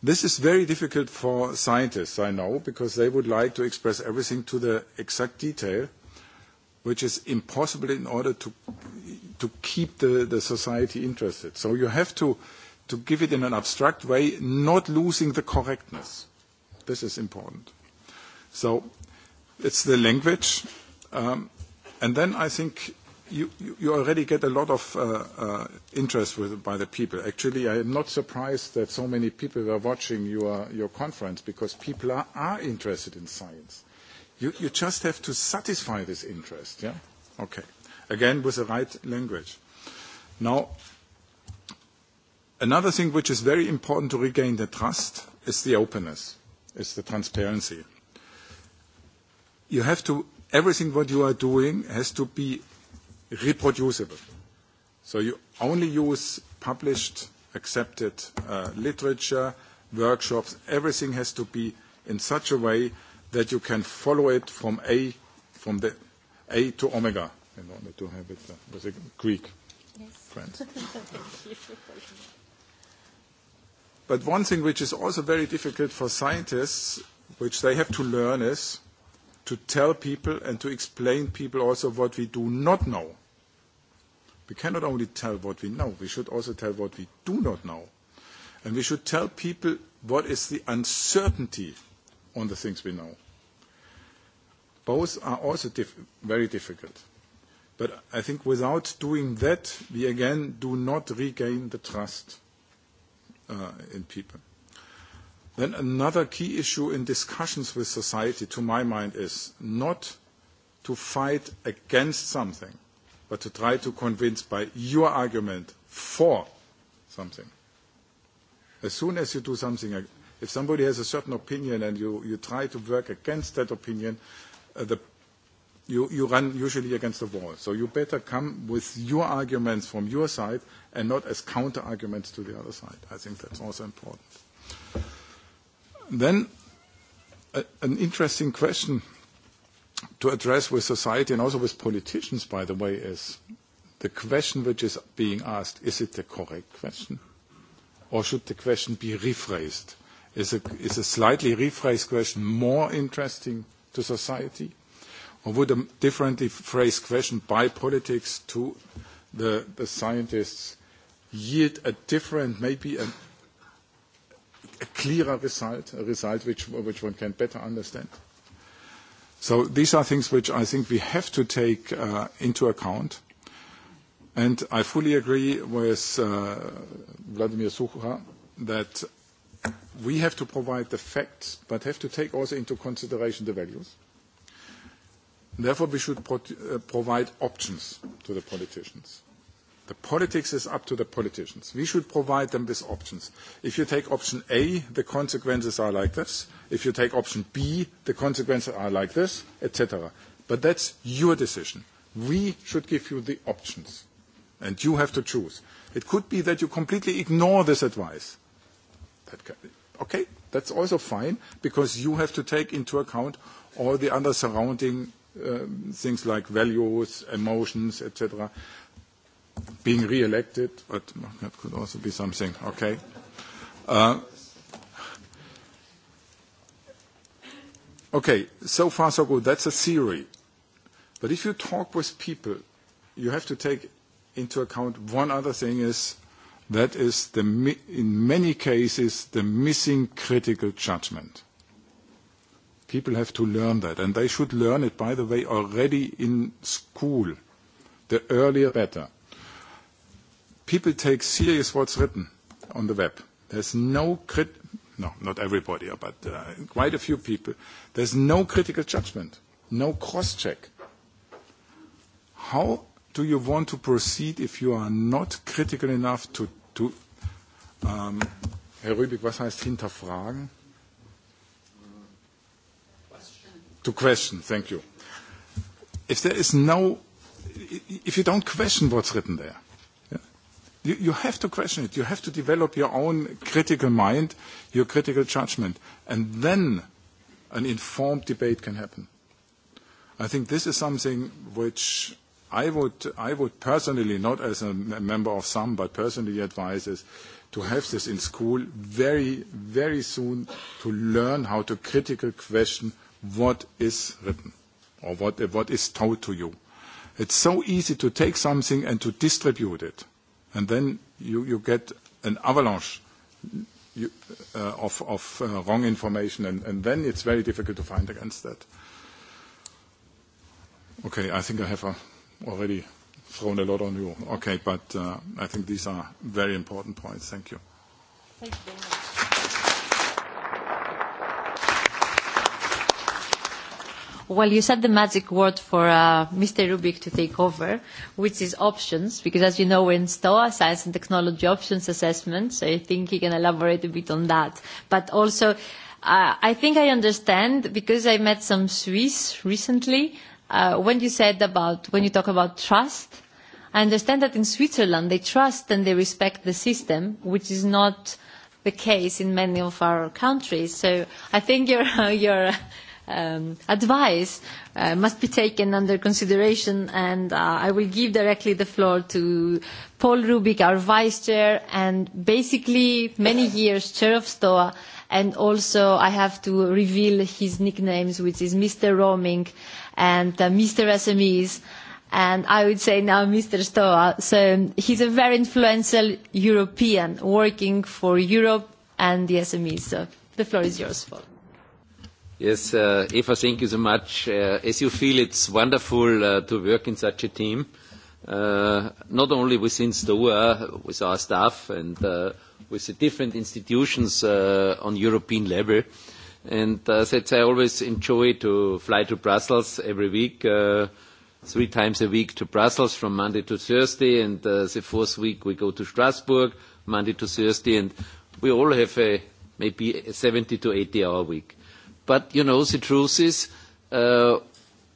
This is very difficult for scientists, I know, because they would like to express everything to the exact detail, which is impossible in order to, to keep the, the society interested. So you have to, to give it in an abstract way, not losing the correctness. This is important. So it's the language and then I think you, you already get a lot of uh, uh, interest with, by the people. Actually, I am not surprised that so many people were watching your, your conference because people are, are interested in science. You, you just have to satisfy this interest. Yeah. Okay. Again, with the right language. Now, another thing which is very important to regain the trust is the openness, is the transparency. You have to everything what you are doing has to be reproducible. So you only use published, accepted uh, literature, workshops. Everything has to be in such a way that you can follow it from A, from the A to omega. In order to have it uh, with a Greek yes. but one thing which is also very difficult for scientists, which they have to learn, is to tell people and to explain people also what we do not know. We cannot only tell what we know, we should also tell what we do not know. And we should tell people what is the uncertainty on the things we know. Both are also diff very difficult. But I think without doing that, we again do not regain the trust uh, in people. Then another key issue in discussions with society, to my mind, is not to fight against something, but to try to convince by your argument for something. As soon as you do something, if somebody has a certain opinion and you, you try to work against that opinion, uh, the, you, you run usually against the wall. So you better come with your arguments from your side and not as counter arguments to the other side. I think that's also important. Then an interesting question to address with society and also with politicians, by the way, is the question which is being asked, is it the correct question? Or should the question be rephrased? Is a, is a slightly rephrased question more interesting to society? Or would a differently phrased question by politics to the, the scientists yield a different, maybe a a clearer result, a result which, which one can better understand. So these are things which I think we have to take uh, into account. And I fully agree with uh, Vladimir Sucha that we have to provide the facts, but have to take also into consideration the values. Therefore, we should pro- uh, provide options to the politicians. The politics is up to the politicians. We should provide them with options. If you take option A, the consequences are like this. If you take option B, the consequences are like this, etc. But that's your decision. We should give you the options, and you have to choose. It could be that you completely ignore this advice. That can be. Okay, that's also fine, because you have to take into account all the other surrounding things like values, emotions, etc being re-elected, but that could also be something. Okay. Uh, okay, so far so good. That's a theory. But if you talk with people, you have to take into account one other thing is that is the in many cases the missing critical judgment. People have to learn that, and they should learn it, by the way, already in school. The earlier better people take serious what's written on the web. There's no crit, no, not everybody, but uh, quite a few people. There's no critical judgment, no cross-check. How do you want to proceed if you are not critical enough to, to um Herr Rübig, was heißt hinterfragen? To question, thank you. If there is no, if you don't question what's written there, you, you have to question it. You have to develop your own critical mind, your critical judgment. And then an informed debate can happen. I think this is something which I would, I would personally, not as a member of some, but personally advise is to have this in school very, very soon to learn how to critical question what is written or what, what is told to you. It's so easy to take something and to distribute it and then you, you get an avalanche you, uh, of, of uh, wrong information, and, and then it's very difficult to find against that. Okay, I think I have uh, already thrown a lot on you. Okay, but uh, I think these are very important points. Thank you. Thank you very much. Well, you said the magic word for uh, Mr. Rubik to take over, which is options, because as you know, we're in STOA, Science and Technology Options Assessment, so I think he can elaborate a bit on that. But also, uh, I think I understand, because I met some Swiss recently, uh, when you said about, when you talk about trust, I understand that in Switzerland they trust and they respect the system, which is not the case in many of our countries. So I think you're you're, advice must be taken under consideration and I will give directly the floor to Paul Rubik, our Vice Chair and basically many years Chair of STOA and also I have to reveal his nicknames which is Mr. Roaming and Mr. SMEs and I would say now Mr. Stoa. So he's a very influential European working for Europe and the SMEs. So the floor is yours, Paul. Yes, uh, Eva, thank you so much. Uh, as you feel, it's wonderful uh, to work in such a team, uh, not only within STOA, with our staff and uh, with the different institutions uh, on European level. And uh, that's I always enjoy to fly to Brussels every week, uh, three times a week to Brussels from Monday to Thursday, and uh, the fourth week we go to Strasbourg, Monday to Thursday, and we all have a, maybe a 70 to 80 hour week But, you know, the truth is, uh,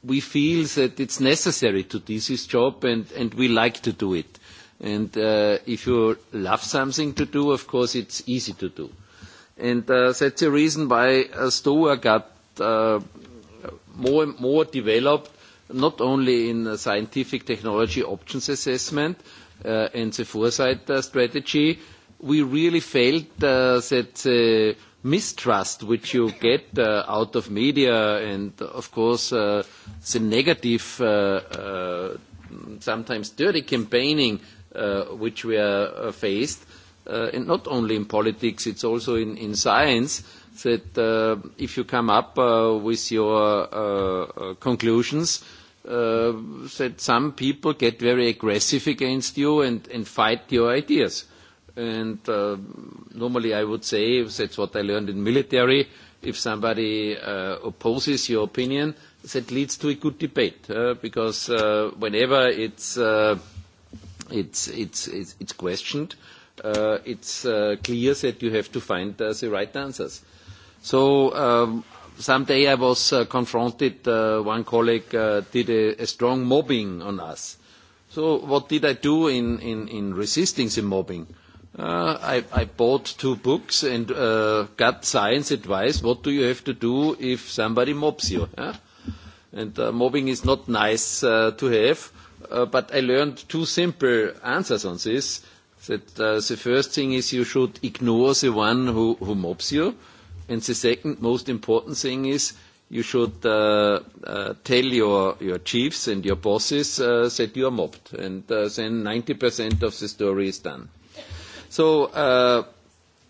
we feel that it's necessary to do this job and, and we like to do it. And uh, if you love something to do, of course, it's easy to do. And uh, that's the reason why uh, STOA got uh, more and more developed, not only in scientific technology options assessment uh, and the foresight uh, strategy. We really felt uh, that uh, mistrust which you get out of media and of course the negative sometimes dirty campaigning which we are faced and not only in politics it's also in, in science that if you come up with your conclusions that some people get very aggressive against you and, and fight your ideas And uh, normally I would say, that's what I learned in military, if somebody uh, opposes your opinion, that leads to a good debate, uh, because uh, whenever it's, uh, it's, it's, it's, it's questioned, uh, it's uh, clear that you have to find uh, the right answers. So um, someday I was uh, confronted, uh, one colleague uh, did a, a strong mobbing on us. So what did I do in, in, in resisting the mobbing? I, I bought two books and uh, got science advice. What do you have to do if somebody mobs you? Huh? And uh, mobbing is not nice uh, to have, uh, but I learned two simple answers on this. That uh, the first thing is you should ignore the one who, who mobs you, and the second most important thing is you should uh, uh, tell your, your chiefs and your bosses uh, that you are mobbed, and uh, then 90% of the story is done. So, uh,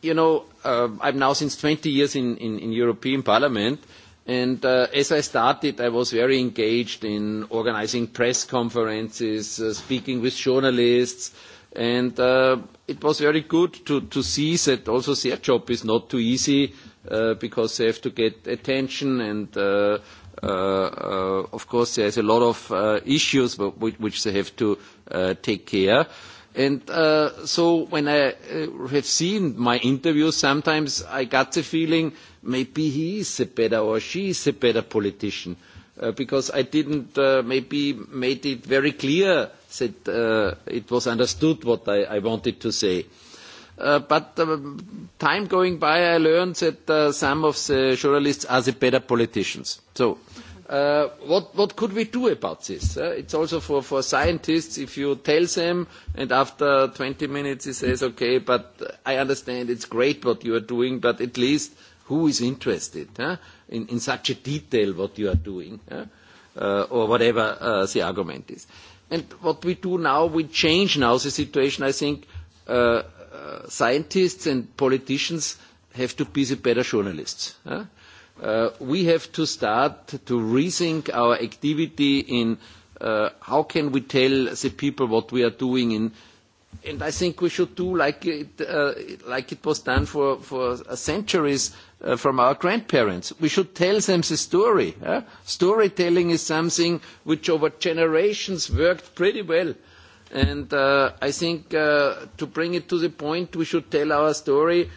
you know, uh, I'm now since 20 years in, in, in European Parliament, and uh, as I started, I was very engaged in organizing press conferences, uh, speaking with journalists, and uh, it was very good to, to see that also their job is not too easy uh, because they have to get attention and uh, uh, uh, of course there's a lot of uh, issues which, which they have to uh, take care of And uh, so when I uh, have seen my interviews, sometimes I got the feeling maybe he is a better or she is a better politician uh, because I didn't uh, maybe made it very clear that uh, it was understood what I, I wanted to say. Uh, but uh, time going by, I learned that uh, some of the journalists are the better politicians. So what, could we do about this? It is also for, for scientists, if you tell them and after twenty minutes he says, okay, but I understand it's great what you are doing, but at least who is interested in, in such a detail what you are doing or whatever the argument is. And what we do now, we change now the situation. I think scientists and politicians have to be the better journalists we have to start to rethink our activity in how can we tell the people what we are doing in and I think we should do like it, uh, like it was done for, for centuries uh, from our grandparents. We should tell them the story. Huh? Storytelling is something which over generations worked pretty well. And uh, I think uh, to bring it to the point, we should tell our story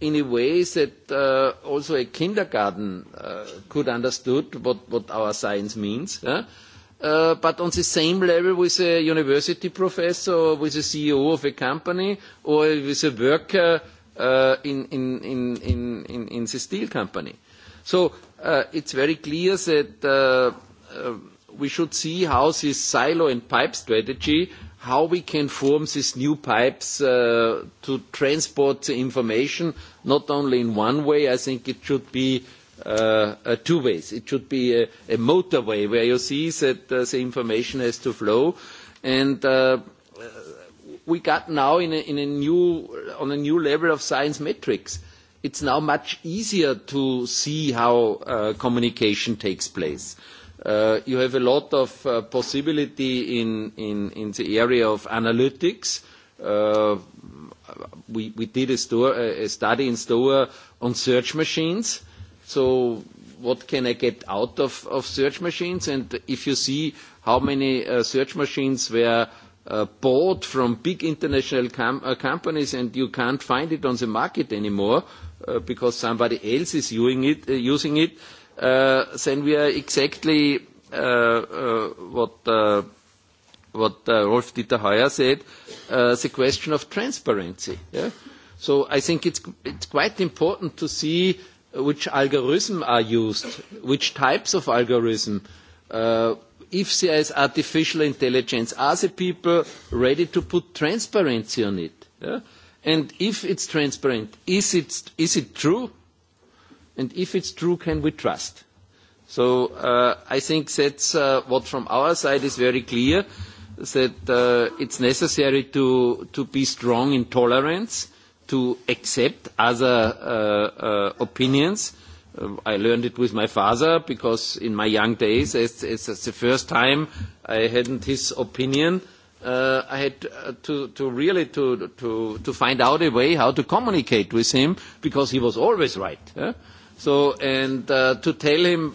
in a way that uh, also a kindergarten uh, could understood what, what our science means. Yeah? Uh, but on the same level with a university professor or with a CEO of a company or with a worker uh, in, in, in, in, in, in the steel company. So uh, it's very clear that uh, uh, we should see how this silo and pipe strategy uh, how we can form these new pipes to transport the information, not only in one way. I think it should be two ways. It should be a motorway where you see that the information has to flow. and We got now in a new on a new level of science metrics. It's now much easier to see how communication takes place you have a lot of possibility in, in, in the area of analytics. we, we did a, store, a study in STOA on search machines. So what can I get out of, search machines? And if you see how many uh, search machines were uh, bought from big international companies and you can't find it on the market anymore because somebody else is using it, then we are exactly what Rolf Dieter Heuer said, the question of transparency. So I think it's quite important to see which algorithm are used, which types of algorithm. If there is artificial intelligence, are the people ready to put transparency on it? And if it's transparent, is it true And if it's true, can we trust? So I think that's what from our side is very clear, that it's necessary to, to be strong in tolerance, to accept other opinions. I learned it with my father because in my young days, it's, it's, the first time I hadn't his opinion. I had to, to really to, to, to find out a way how to communicate with him because he was always right. So, and uh, to tell him,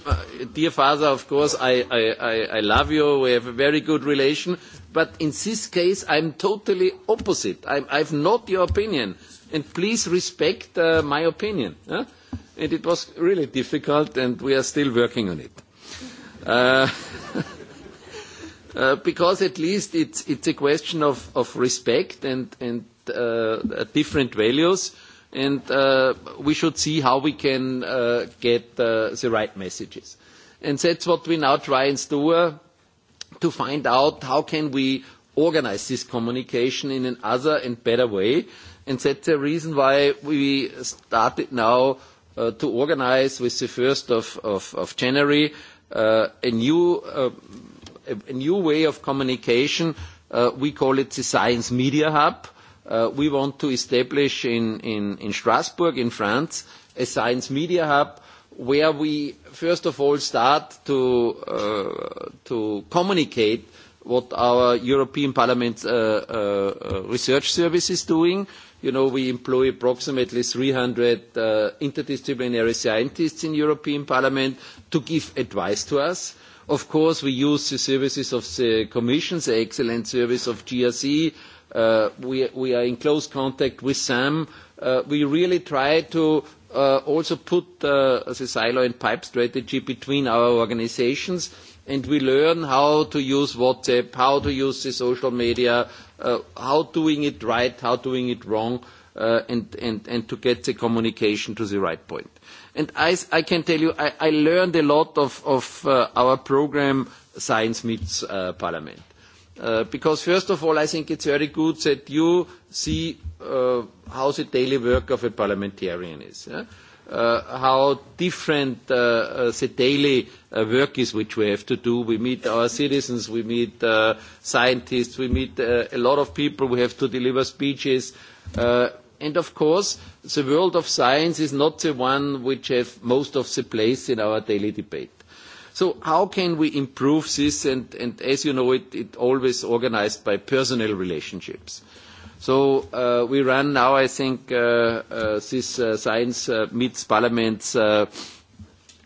dear father, of course, I, I, I, I love you, we have a very good relation, but in this case, I'm totally opposite. I'm, I've not your opinion, and please respect uh, my opinion. Huh? And it was really difficult, and we are still working on it. Uh, uh, because at least it's, it's a question of, of respect and, and uh, different values and we should see how we can get the right messages. And that's what we now try and do to find out how can we organise this communication in another and better way. And that's the reason why we started now to organise with the 1st of, January a new way of communication. we call it the Science Media Hub we want to establish in, in, in Strasbourg, in France, a science media hub where we first of all start to, to communicate what our European Parliament research service is doing. You know, we employ approximately three hundred interdisciplinary scientists in European Parliament to give advice to us. Of course, we use the services of the Commission, the excellent service of GRC, we are in close contact with them. We really try to also put the silo and pipe strategy between our organisations, and we learn how to use WhatsApp, how to use the social media, how doing it right, how doing it wrong, and to get the communication to the right point. I can tell you, I learned a lot of our programme Science Meets Parliament because first of all, I think it's very good that you see how the daily work of a parliamentarian is. how different the daily work is which we have to do. We meet our citizens, we meet scientists, we meet a lot of people. We have to deliver speeches. and of course, the world of science is not the one which has most of the place in our daily debate how can we improve this? And, and as you know, it, it always organized by personal relationships. So uh, we run now, I think, uh, uh, this uh, science uh, meets parliaments uh,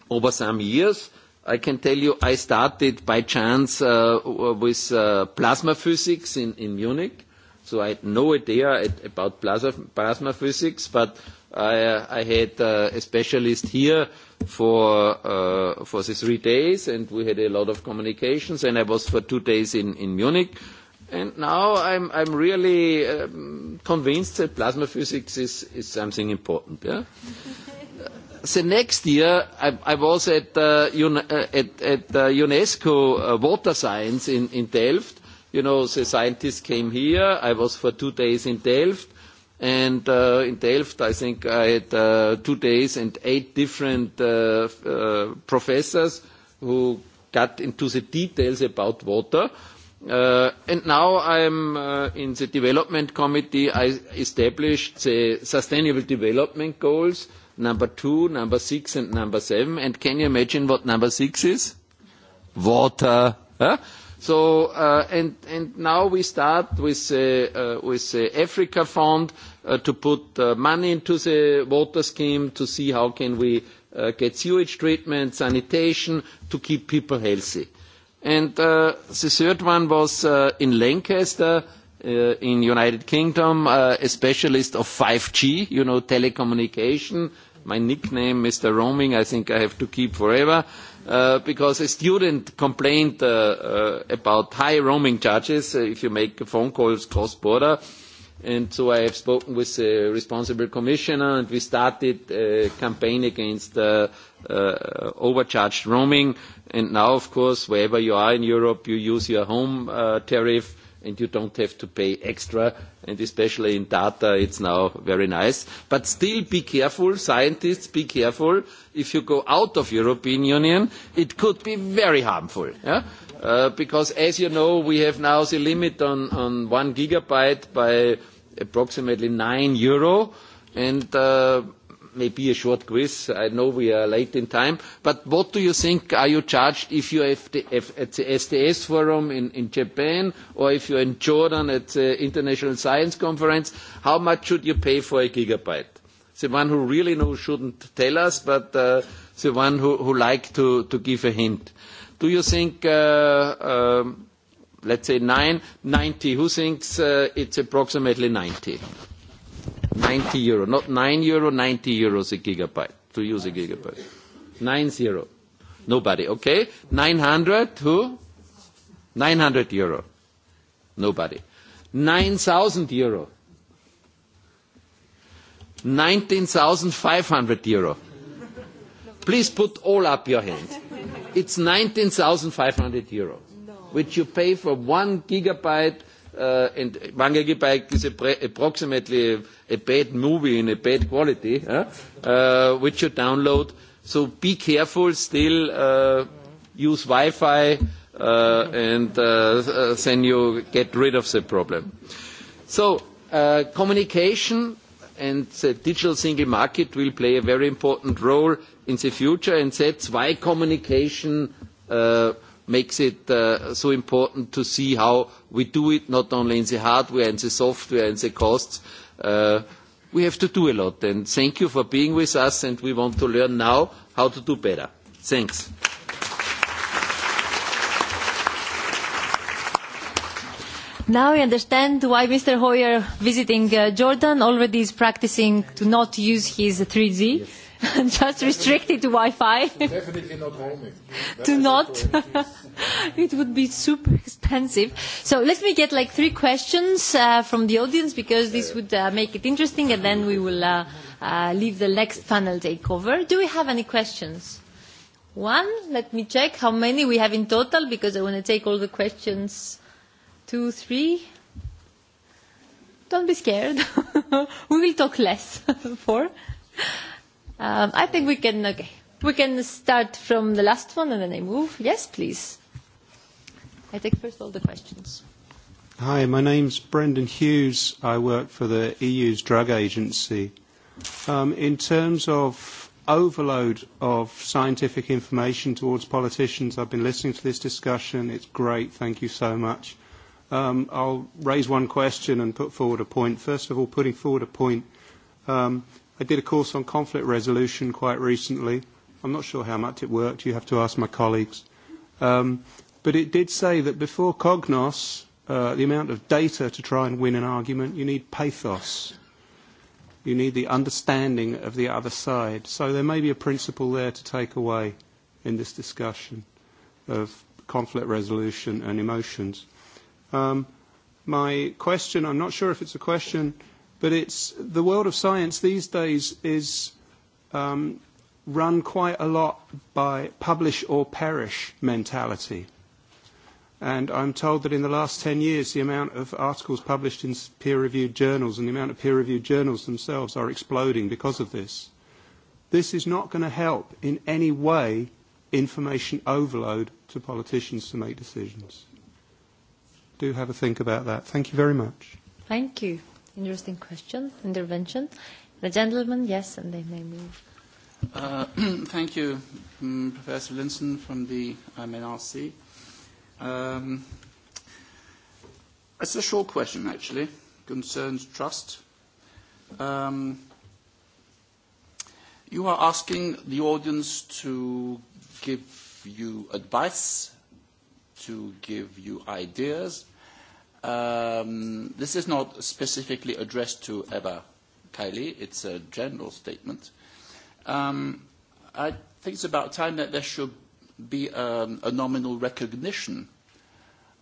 over some years. I can tell you I started by chance uh, with uh, plasma physics in, in Munich. So I had no idea about plasma, physics, but I, I had uh, a specialist here for uh, for the three days, and we had a lot of communications. And I was for two days in in Munich, and now I'm I'm really um, convinced that plasma physics is is something important. Yeah. The next year, I, I was at, uh, UN, uh, at, at uh, UNESCO uh, Water Science in, in Delft. You know, the scientists came here. I was for two days in Delft And uh, in Delft, I think I had uh, two days and eight different uh, uh, professors who got into the details about water. Uh, and now I'm uh, in the development committee. I established the sustainable development goals, number two, number six, and number seven. And can you imagine what number six is? Water. Huh? So, uh, and, and now we start with, uh, uh, with the Africa Fund to put money into the water scheme to see how can we get sewage treatment, sanitation to keep people healthy. And the third one was in Lancaster, in the United Kingdom, a specialist of five g you know, telecommunication. My nickname, Mr. Roaming, I think I have to keep forever, because a student complained about high roaming charges if you make phone calls cross-border, And so I have spoken with the responsible commissioner, and we started a campaign against overcharged roaming. And now, of course, wherever you are in Europe, you use your home tariff, and you don't have to pay extra. And especially in data, it's now very nice. But still be careful, scientists, be careful. If you go out of European Union, it could be very harmful. because as you know, we have now the limit on, on one gigabyte by approximately 9 euro. And uh, maybe a short quiz. I know we are late in time. But what do you think? Are you charged if you're at the STS forum in, in Japan or if you're in Jordan at the International Science Conference? How much should you pay for a gigabyte? The one who really knows shouldn't tell us, but uh, the one who, who like to, to give a hint. Do you think... Uh, um, let's say nine, ninety. Who thinks uh, it's approximately ninety? Ninety euro, not nine euro, ninety euros a gigabyte to use a gigabyte. Nine zero. Nobody. Okay. Nine hundred. Who? Nine hundred euro. Nobody. Nine thousand euro. Nineteen five hundred euro. Please put all up your hands. It's nineteen five hundred euro which you pay for one gigabyte and one gigabyte is approximately a bad movie in a bad quality, uh which you download. So be careful still, uh use Wi-Fi, uh and uh then you get rid of the problem. So uh communication and the digital single market will play a very important role in the future, and that's why communication uh makes it so important to see how we do it, not only in the hardware and the software and the costs. We have to do a lot, and thank you for being with us, and we want to learn now how to do better. Thanks. Now we understand why Mr. Hoyer visiting Jordan already is practicing to not use his 3G just restricted to Wi-Fi. Definitely not roaming. not. it would be super expensive. So let me get like three questions uh, from the audience because this would uh, make it interesting, and then we will uh, uh, leave the next panel take over. Do we have any questions? One. Let me check how many we have in total because I want to take all the questions. Two, three. Don't be scared. we will talk less. Four. Um, I think we can, okay, we can start from the last one and then I move. Yes, please. I take first all the questions. Hi, my name's Brendan Hughes. I work for the EU's drug agency. Um, in terms of overload of scientific information towards politicians, I've been listening to this discussion. It's great. Thank you so much. Um, I'll raise one question and put forward a point. First of all, putting forward a point. Um, I did a course on conflict resolution quite recently. I'm not sure how much it worked. You have to ask my colleagues. Um, but it did say that before Cognos, uh, the amount of data to try and win an argument, you need pathos. You need the understanding of the other side. So there may be a principle there to take away in this discussion of conflict resolution and emotions. Um, my question, I'm not sure if it's a question But it's the world of science these days is um, run quite a lot by publish or perish mentality. And I'm told that in the last 10 years, the amount of articles published in peer-reviewed journals and the amount of peer-reviewed journals themselves are exploding because of this. This is not going to help in any way information overload to politicians to make decisions. Do have a think about that. Thank you very much. Thank you interesting question, intervention. The gentleman, yes, and they may move. Uh, thank you, um, Professor Linson from the MNRC. Um, it's a short question, actually, concerns trust. Um, you are asking the audience to give you advice, to give you ideas, Um, this is not specifically addressed to Eva Kaili. It's a general statement. Um, I think it's about time that there should be um, a nominal recognition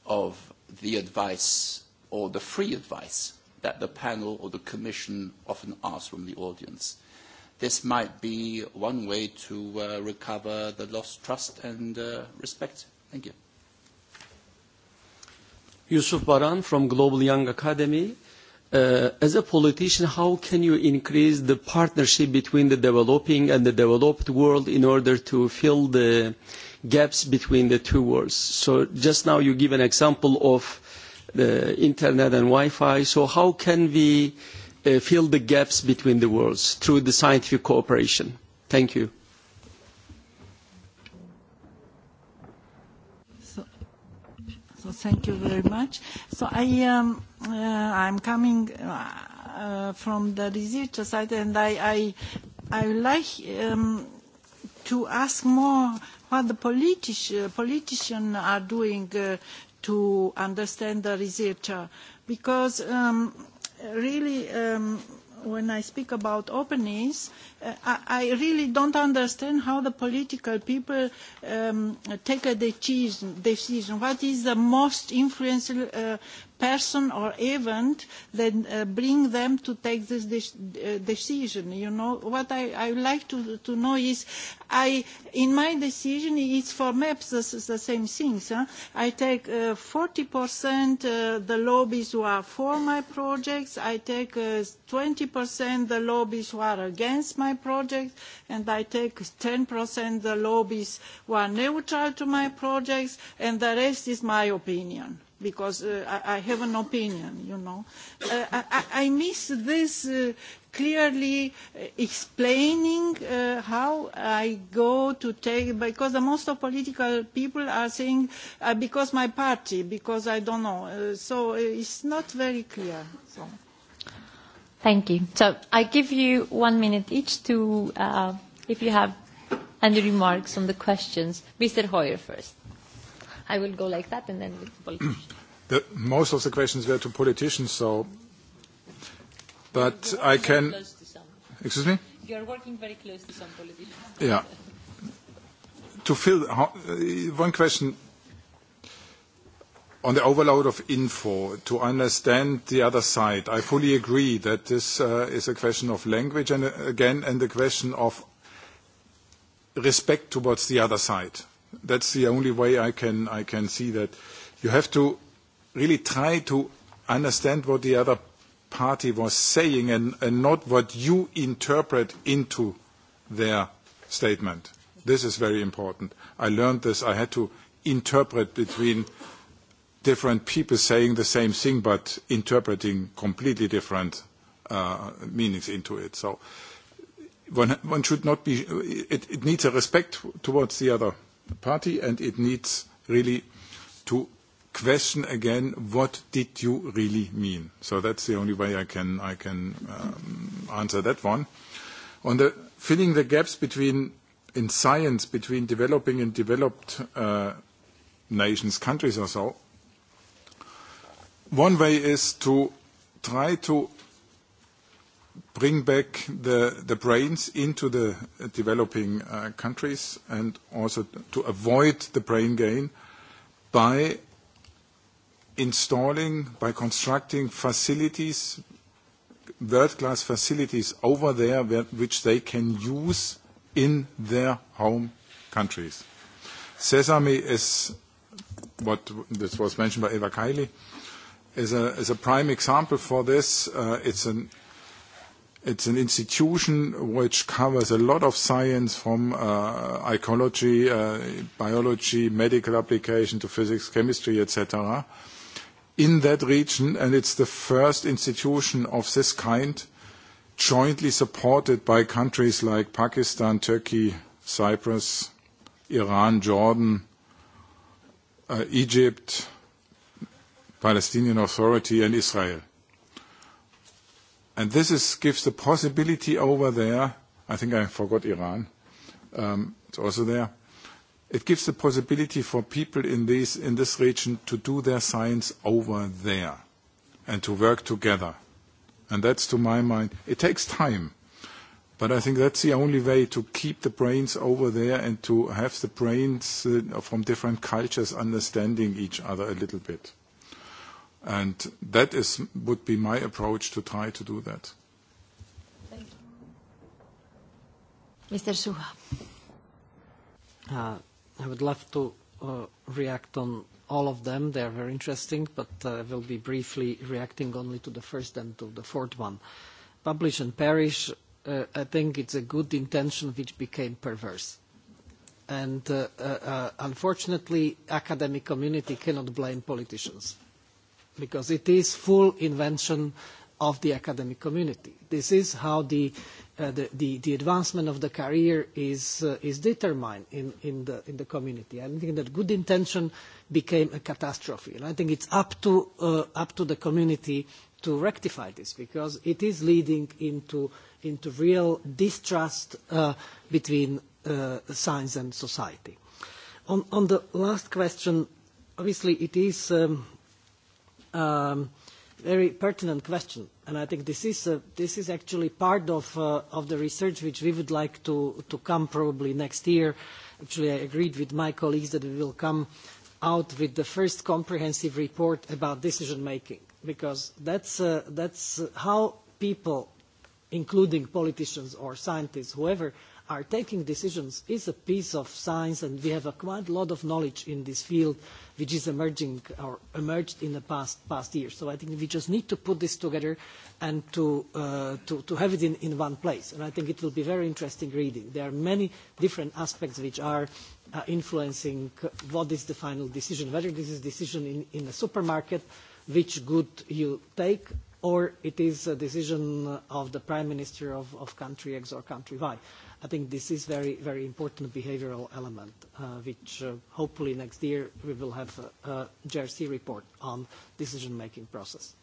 of the advice or the free advice that the panel or the commission often asks from the audience. This might be one way to uh, recover the lost trust and uh, respect. Thank you. Yusuf Baran from Global Young Academy. Uh, as a politician, how can you increase the partnership between the developing and the developed world in order to fill the gaps between the two worlds? So just now you give an example of the internet and Wi-Fi. So how can we uh, fill the gaps between the worlds through the scientific cooperation? Thank you. Thank you very much. So I, um, uh, I'm coming uh, from the research side, and I, I, I would like um, to ask more what the politicians are doing uh, to understand the researcher, because um, really, um, when I speak about openness, I really don't understand how the political people take a decision. What is the most influential person or event that bring them to take this decision? You know, what I, I would like to, to know is, I, in my decision, it's for maps the, the same things. Huh? I take uh, 40% uh, the lobbies who are for my projects. I take uh, 20% the lobbies who are against my my projects, and I take 10% the lobbies who are neutral to my projects, and the rest is my opinion because uh, I, I have an opinion, you know. Uh, I, I miss this uh, clearly explaining uh, how I go to take, because the most of political people are saying, uh, because my party, because I don't know. Uh, so it's not very clear. So. Thank you. So I give you one minute each to, uh, if you have any remarks on the questions. Mr. Hoyer first. I will go like that and then with the politicians. The, most of the questions were to politicians, so. But I can. Excuse me? You are working very close to some politicians. Yeah. To fill. One question On the overload of info, to understand the other side, I fully agree that this is a question of language and again, and the question of respect towards the other side. That's the only way I can I can see that. You have to really try to understand what the other party was saying and and not what you interpret into their statement. This is very important. I learned this. I had to interpret between different people saying the same thing but interpreting completely different uh, meanings into it. So one, one should not be, it, it needs a respect towards the other party and it needs really to question again what did you really mean. So that's the only way I can, I can um, answer that one. On the filling the gaps between in science between developing and developed uh, nations, countries or so, One way is to try to bring back the, the brains into the developing uh, countries and also to avoid the brain gain by installing, by constructing facilities, world-class facilities over there where, which they can use in their home countries. Sesame is what this was mentioned by Eva Kiley is a, is a prime example for this. Uh, it's an it's an institution which covers a lot of science from uh, ecology, uh, biology, medical application to physics, chemistry, etc. in that region, and it's the first institution of this kind jointly supported by countries like Pakistan, Turkey, Cyprus, Iran, Jordan, uh, Egypt, Palestinian Authority and Israel. And this is, gives the possibility over there, I think I forgot Iran, um, it's also there. It gives the possibility for people in, these, in this region to do their science over there and to work together. And that's to my mind, it takes time. But I think that's the only way to keep the brains over there and to have the brains from different cultures understanding each other a little bit. And that is would be my approach to try to do that. Thank you. Mr. Suha. I would love to react on all of them. They are very interesting, but I will be briefly reacting only to the first and to the fourth one. Publish and perish, I think it's a good intention which became perverse. And Unfortunately, academic community cannot blame politicians because it is full invention of the academic community. This is how the, advancement of the career is, determined in, the, community. I think that good intention became a catastrophe. And I think it's up to, up to the community to rectify this because it is leading into, real distrust between science and society. On, the last question, obviously it is... Um, um, very pertinent question, and I think this is, a this is actually part of, uh, of the research which we would like to, to come probably next year. Actually, I agreed with my colleagues that we will come out with the first comprehensive report about decision-making, because that's, uh, that's how people, including politicians or scientists, whoever, are taking decisions is a piece of science, and we have a quite a lot of knowledge in this field, which is emerging or emerged in the past past years. So I think we just need to put this together and to uh, to, to have it in, in one place. And I think it will be very interesting reading. There are many different aspects which are uh, influencing what is the final decision, whether this is a decision in, in a supermarket, which good you take, or it is a decision of the prime minister of, of country X or country Y. I think this is very, very important behavioral element, which hopefully next year we will have a JRC report on decision-making process.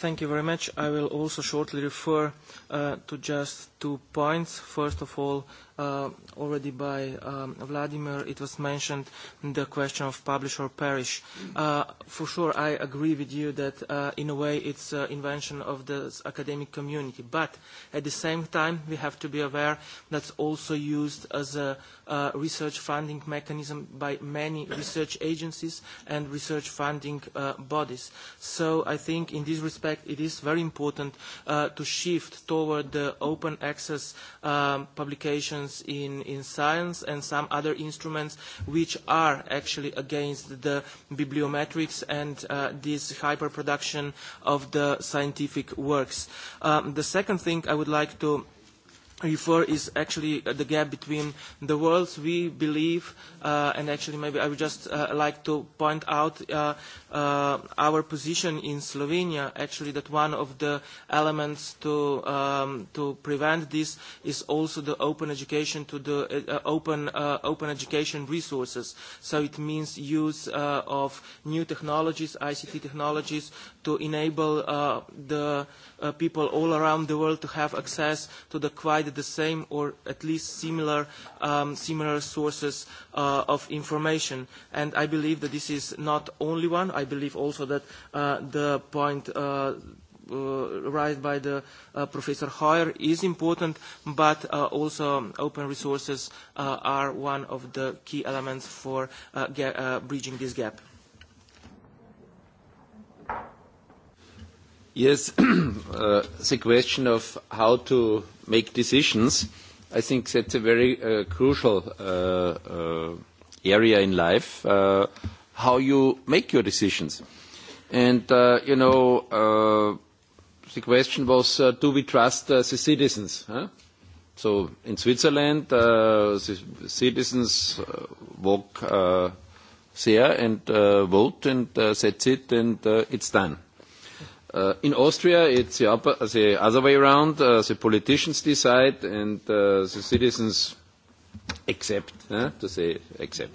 Thank you very much. I will also shortly refer to just two points. First of all, uh, already by um, Vladimir. It was mentioned the question of publish or perish. Uh, for sure, I agree with you that uh, in a way it's an invention of the academic community. But at the same time, we have to be aware that's also used as a uh, research funding mechanism by many research agencies and research funding uh, bodies. So I think in this respect, it is very important uh, to shift toward the open access um, publications instruments in, in science and some other instruments which are actually against the bibliometrics and uh, this hyperproduction of the scientific works. Um, the second thing I would like to refer is actually the gap between the worlds we believe uh, and actually maybe I would just uh, like to point out uh, uh, our position in Slovenia actually that one of the elements to um, to prevent this is also the open education to the uh, open uh, open education resources so it means use uh, of new technologies ICT technologies to enable uh, the uh, people all around the world to have access to the quite the same or at least similar, um, similar sources uh, of information. And I believe that this is not only one. I believe also that uh, the point uh, uh, raised by the uh, Professor Hoyer is important, but uh, also open resources uh, are one of the key elements for uh, uh, bridging this gap. Yes, the question of how to make decisions, I think that's a very crucial area in life, how you make your decisions. And, you know, the question was, do we trust the citizens? So in Switzerland, the citizens walk there and vote, and that's it, and it's done in Austria, it's the, upper, the other way around. Uh, the politicians decide and uh, the citizens accept, uh to say accept.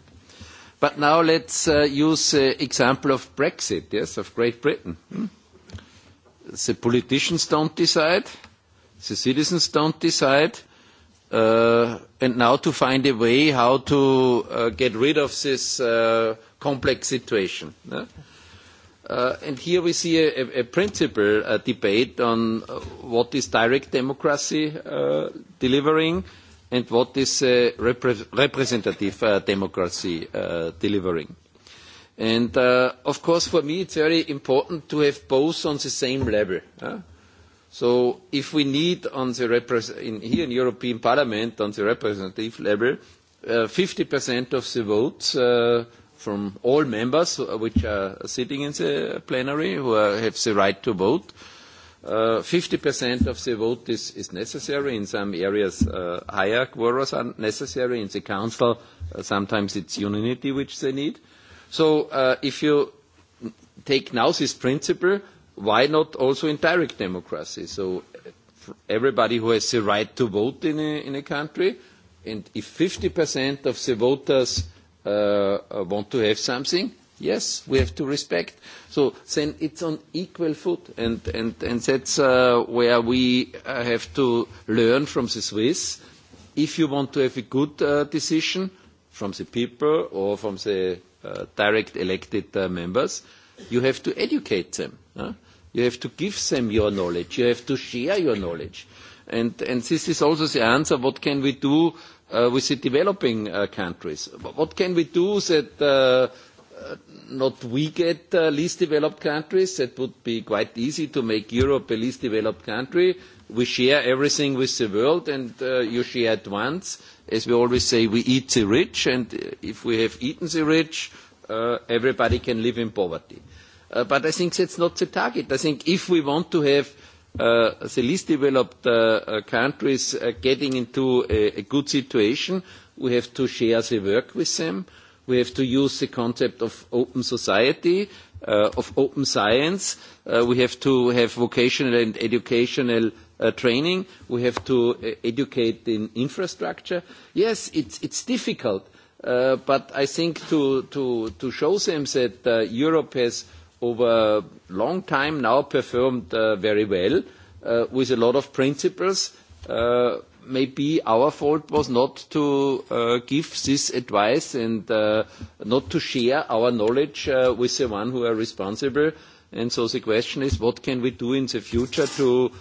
But now let's uh, use the example of Brexit, yes, of Great Britain. Hmm? The politicians don't decide, the citizens don't decide, uh, and now to find a way how to uh, get rid of this uh, complex situation. Eh? and here we see a, a principal debate on what is direct democracy delivering and what is representative democracy delivering. And of course, for me, it's very important to have both on the same level. So if we need on the in, here in European Parliament on the representative level, uh, of the votes from all members which are sitting in the plenary who have the right to vote. Fifty percent of the vote is necessary. In some areas, higher quorums are necessary. In the council, sometimes it's unanimity which they need. So If you take now this principle, why not also in direct democracy? So Everybody who has the right to vote in a country, and if 50% of the voters want to have something, yes, we have to respect. So then it's on equal foot, and, and, and that's uh, where we have to learn from the Swiss. If you want to have a good uh, decision from the people or from the uh, direct elected uh, members, you have to educate them. Huh? You have to give them your knowledge. You have to share your knowledge And This is also the answer, what can we do with the developing countries? What can we do that not we get least developed countries? That would be quite easy to make Europe a least developed country. We share everything with the world, and you share at once. As we always say, we eat the rich, and if we have eaten the rich, everybody can live in poverty. But I think that's not the target. I think if we want to have the least developed countries getting into a good situation. We have to share the work with them. We have to use the concept of open society, of open science. We have to have vocational and educational training. We have to educate in infrastructure. Yes, it's difficult, but I think to show them that Europe has over a long time now performed very well with a lot of principles. Maybe our fault was not to give this advice and not to share our knowledge with the one who are responsible. And so the question is, what can we do in the future to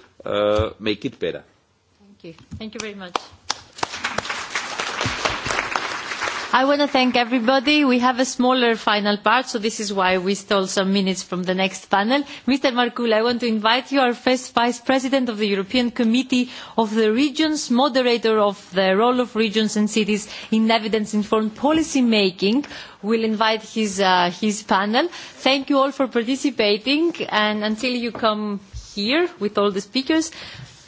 make it better? Thank you. Thank you very much. I want to thank everybody. We have a smaller final part, so this is why we stole some minutes from the next panel. Mr. Markula, I want to invite you, our first Vice President of the European Committee of the Regions, moderator of the role of regions and cities in evidence-informed policy making. We'll invite his, uh, his panel. Thank you all for participating, and until you come here with all the speakers,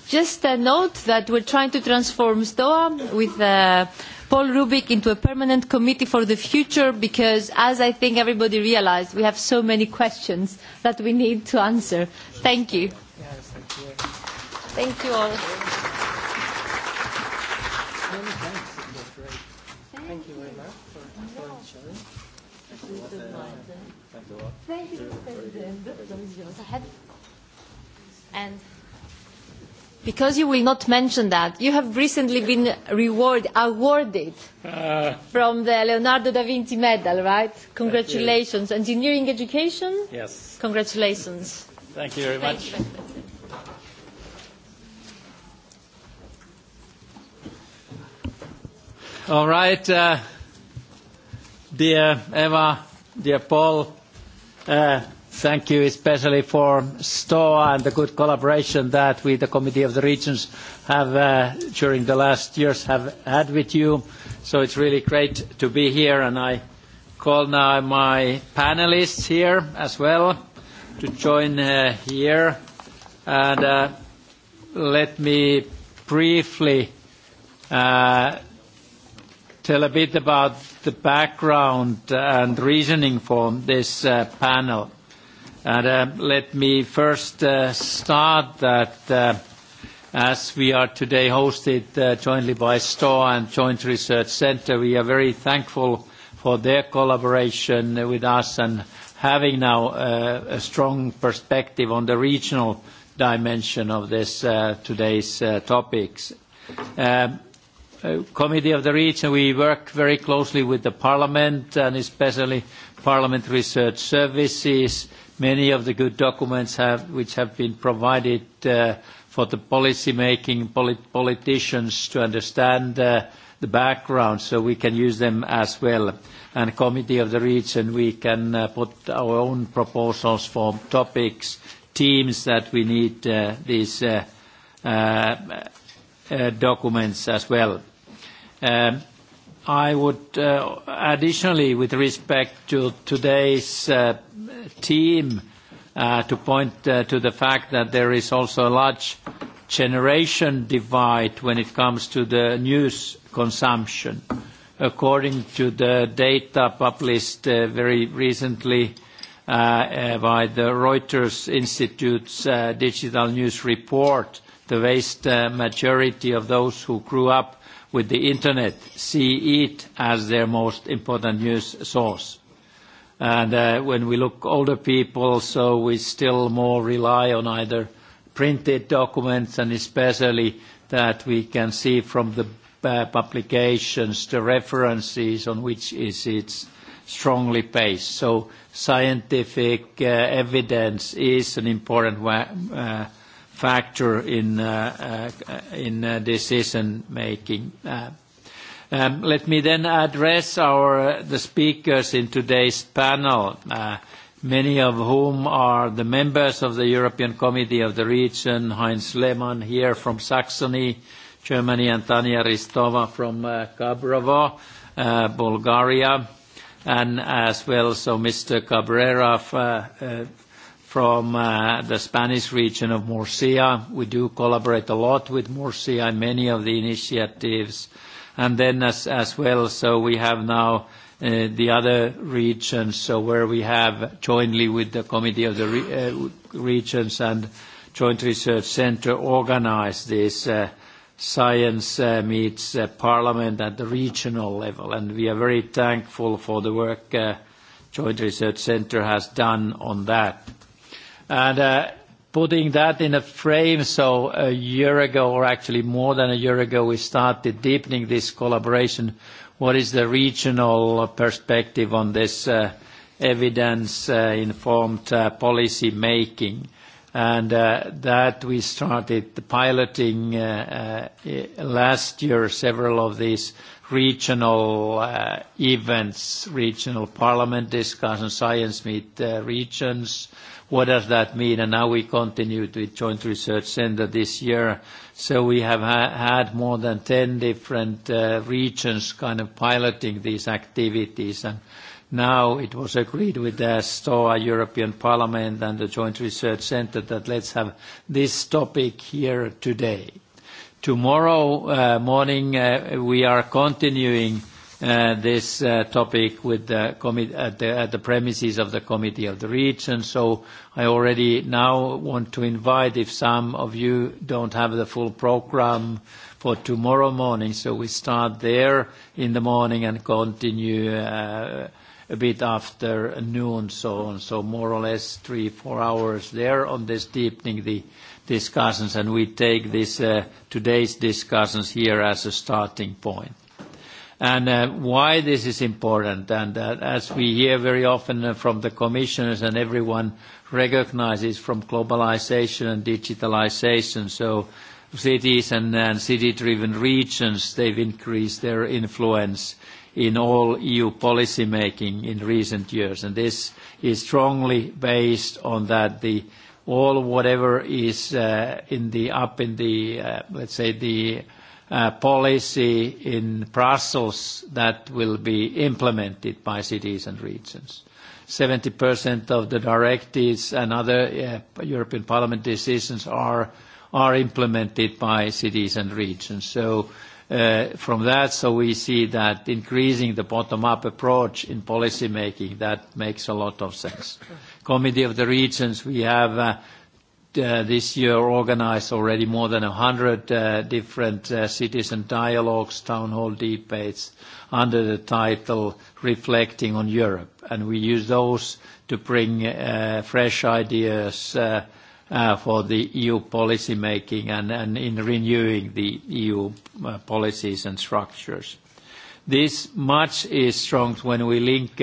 just a note that we're trying to transform STOA with uh, Paul Rubik into a permanent committee for the future because, as I think everybody realised, we have so many questions that we need to answer. Thank you. Thank you all. Thank you very much for, for sharing. Thank you, President. And because you will not mention that, you have recently been reward, awarded uh, from the Leonardo da Vinci Medal, right? Congratulations. Engineering education? Yes. Congratulations. Thank you very much. All right, uh, dear Eva, dear Paul, uh, Thank you especially for STOA and the good collaboration that we, the Committee of the Regions, have during the last years have had with you. So It's really great to be here, and I call now my panelists here as well to join here. and Let me briefly tell a bit about the background and reasoning for this panel. And Let me first start that as we are today hosted jointly by STAR and Joint Research Centre, we are very thankful for their collaboration with us and having now a strong perspective on the regional dimension of this today's topics. Committee of the Region, we work very closely with the Parliament and especially Parliament Research Services, Many of the good documents have, which have been provided uh, for the policy-making polit- politicians to understand uh, the background, so we can use them as well. And Committee of the Region, we can uh, put our own proposals for topics, teams that we need uh, these uh, uh, uh, documents as well. Um, I would additionally, with respect to today's team to point to the fact that there is also a large generation divide when it comes to the news consumption. According to the data published very recently by the Reuters Institute's digital news report, the vast majority of those who grew up with the internet see it as their most important news source. And when we look older people, so we still more rely on either printed documents and especially that we can see from the publications the references on which is it's strongly based. So scientific evidence is an important factor in decision-making Let me then address our the speakers in today's panel, many of whom are the members of the European Committee of the Region, Heinz Lehmann here from Saxony, Germany, and Tanja Ristova from Gabrovo, Bulgaria, and as well, so Mr. Cabrera from the Spanish region of Murcia. We do collaborate a lot with Murcia in many of the initiatives. And then as well, so we have now the other regions, so where we have jointly with the Committee of the Regions and Joint Research Centre organized this science meets parliament at the regional level. And we are very thankful for the work Joint Research Centre has done on that. And Putting that in a frame, so a year ago, or actually more than a year ago, we started deepening this collaboration. What is the regional perspective on this evidence-informed policy making? and That we started piloting last year, several of these regional events, regional parliament discussions, science meet regions, What does that mean? And Now we continue with joint research center this year. So We have had more than 10 different regions kind of piloting these activities. and Now it was agreed with the STOA, European Parliament, and the Joint Research Center that let's have this topic here today. Tomorrow morning, we are continuing this topic with the at the premises of the Committee of the Region. So I already now want to invite, if some of you don't have the full program for tomorrow morning, so we start there in the morning and continue a bit after noon, so on. So more or less three, four hours there on this deepening the discussions, and we take this today's discussions here as a starting point and uh, why this is important. And uh, as we hear very often from the commissioners and everyone recognizes from globalization and digitalization, so cities and, and city-driven regions, they've increased their influence in all EU policy making in recent years. And this is strongly based on that the all whatever is uh, in the up in the, uh, let's say, the policy in Brussels that will be implemented by cities and regions. 70% of the directives and other European Parliament decisions are implemented by cities and regions. So From that, so we see that increasing the bottom-up approach in policy making that makes a lot of sense. Committee of the Regions, we have this year organized already more than 100 different citizen dialogues, town hall debates under the title Reflecting on Europe. and We use those to bring fresh ideas for the EU policy making and in renewing the EU policies and structures. This much is strong when we link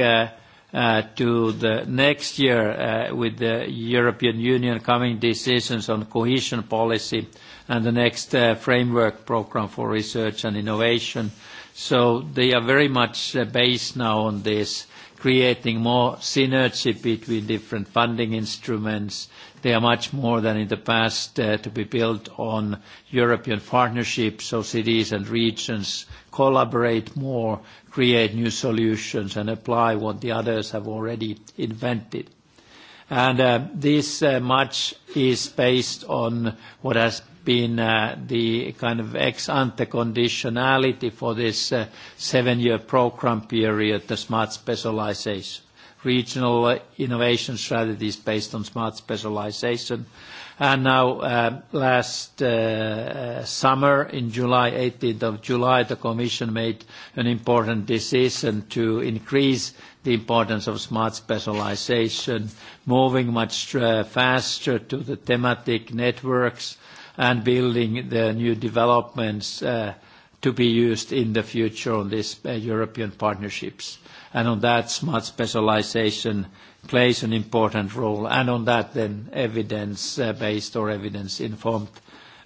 to the next year with the European Union coming decisions on cohesion policy and the next framework program for research and innovation. So They are very much based now on this, creating more synergy between different funding instruments. They are much more than in the past to be built on European partnerships, so cities and regions collaborate more create new solutions and apply what the others have already invented. And This much is based on what has been the kind of ex ante conditionality for this seven-year program period, the smart specialization. Regional innovation strategies based on smart specialization And now, last summer, in July, 18th of July, the Commission made an important decision to increase the importance of smart specialization, moving much faster to the thematic networks and building the new developments to be used in the future on these European partnerships. and On that, smart specialization plays an important role, and on that then evidence-based or evidence-informed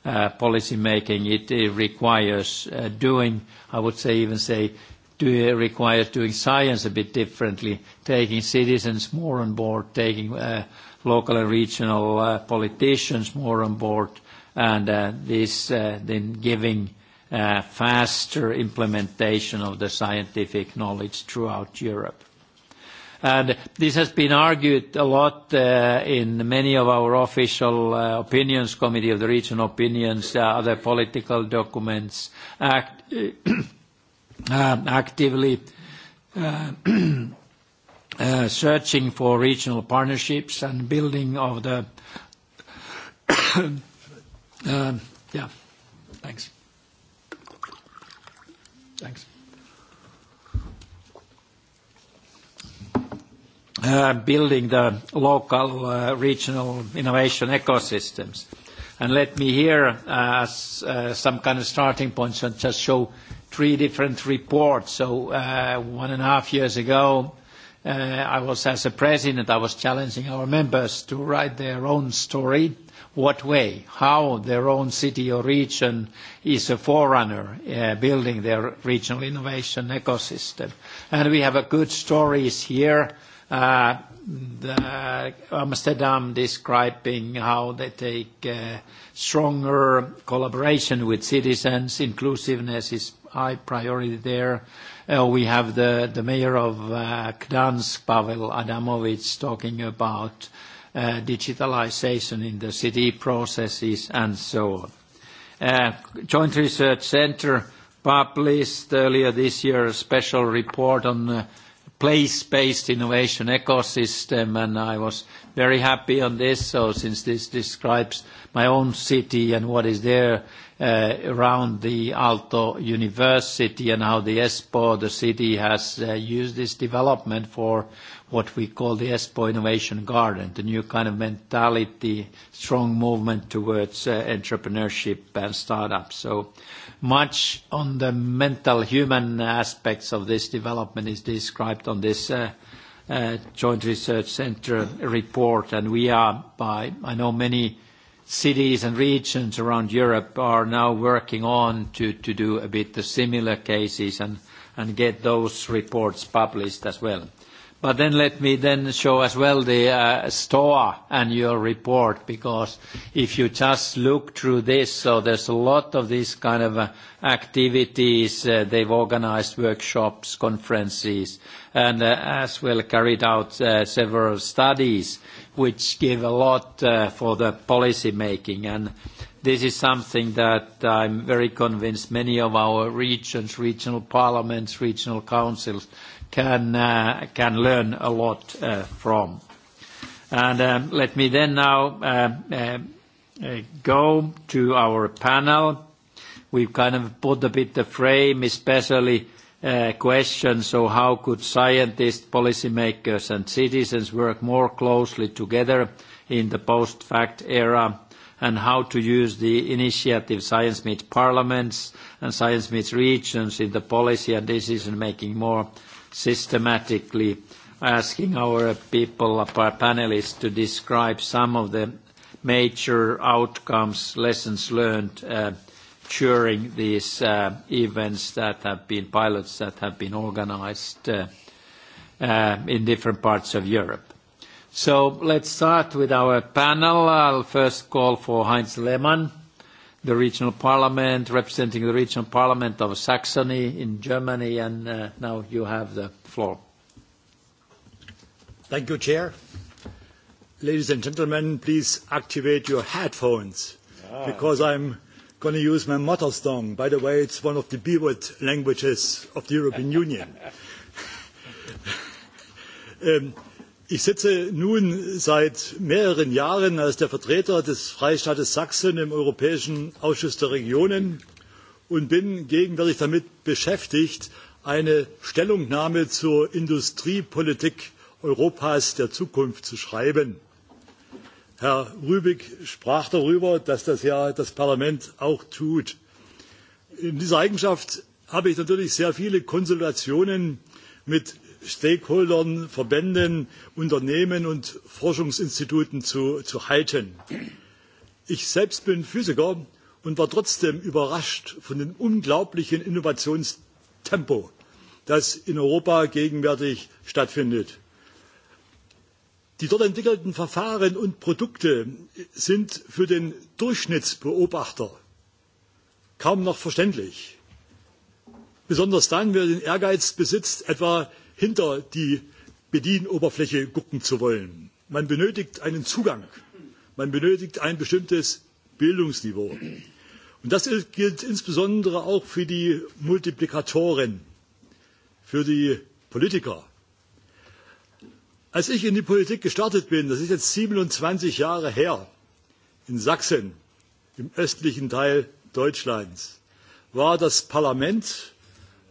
policy making, it requires doing, I would say, even say, requires doing science a bit differently, taking citizens more on board, taking local and regional politicians more on board, and this then giving faster implementation of the scientific knowledge throughout Europe. And this has been argued a lot in many of our official opinions, Committee of the Region opinions, other political documents, actively searching for regional partnerships and building of the. yeah, thanks. Thanks. Building the local regional innovation ecosystems. And Let me here, as some kind of starting points, just show three different reports. So uh One and a half years ago, uh I was, as a president, I was challenging our members to write their own story what way, how their own city or region is a forerunner uh, building their regional innovation ecosystem. And we have a good stories here. Uh, the Amsterdam describing how they take uh, stronger collaboration with citizens. Inclusiveness is high priority there. Uh, we have the, the mayor of uh, Gdansk, Pavel Adamovich talking about uh, digitalization in the city processes, and so on. Joint Research Center published earlier this year a special report on place-based innovation ecosystem, and I was very happy on this. So since this describes my own city and what is there around the Aalto University and how the Espoo, the city, has used this development for what we call the Espoo Innovation Garden, the new kind of mentality, strong movement towards entrepreneurship and startups. So much on the mental human aspects of this development is described on this Joint Research Centre report, and we are by... I know many cities and regions around Europe are now working on to do a bit the similar cases and get those reports published as well. But then let me then show as well the uh, STOA annual report, because if you just look through this, so there's a lot of these kind of activities. Uh, they've organized workshops, conferences, and uh, as well carried out uh, several studies, which give a lot uh, for the policy making. And this is something that I'm very convinced many of our regions, regional parliaments, regional councils, can uh, can learn a lot uh, from. And um, let me then now uh, uh, go to our panel. We've kind of put a bit the frame, especially uh, questions. So, how could scientists, policymakers, and citizens work more closely together in the post-fact era? and how to use the initiative Science Meets Parliaments and Science Meets Regions in the policy and decision-making more systematically asking our people, our panelists, to describe some of the major outcomes, lessons learned during these events that have been pilots that have been organized in different parts of Europe. So Let's start with our panel. I'll first call for Heinz Lehmann, the regional parliament, representing the regional parliament of Saxony in Germany, and uh, now you have the floor. Thank you, Chair. Ladies and gentlemen, please activate your headphones because I'm going to use my mother tongue. By the way, it's one of the B-word languages of the European Union. um, Ich sitze nun seit mehreren Jahren als der Vertreter des Freistaates Sachsen im Europäischen Ausschuss der Regionen und bin gegenwärtig damit beschäftigt, eine Stellungnahme zur Industriepolitik Europas der Zukunft zu schreiben. Herr Rübig sprach darüber, dass das ja das Parlament auch tut. In dieser Eigenschaft habe ich natürlich sehr viele Konsultationen mit Stakeholdern, Verbänden, Unternehmen und Forschungsinstituten zu, halten. Ich selbst bin Physiker und war trotzdem überrascht von dem unglaublichen Innovationstempo, das in Europa gegenwärtig stattfindet. Die dort entwickelten Verfahren und Produkte sind für den Durchschnittsbeobachter kaum noch verständlich. Besonders dann, wer den Ehrgeiz besitzt, etwa hinter die Bedienoberfläche gucken zu wollen. Man benötigt einen Zugang. Man benötigt ein bestimmtes Bildungsniveau. Und das gilt insbesondere auch für die Multiplikatoren, für die Politiker. Als ich in die Politik gestartet bin, das ist jetzt 27 Jahre her, in Sachsen, im östlichen Teil Deutschlands, war das Parlament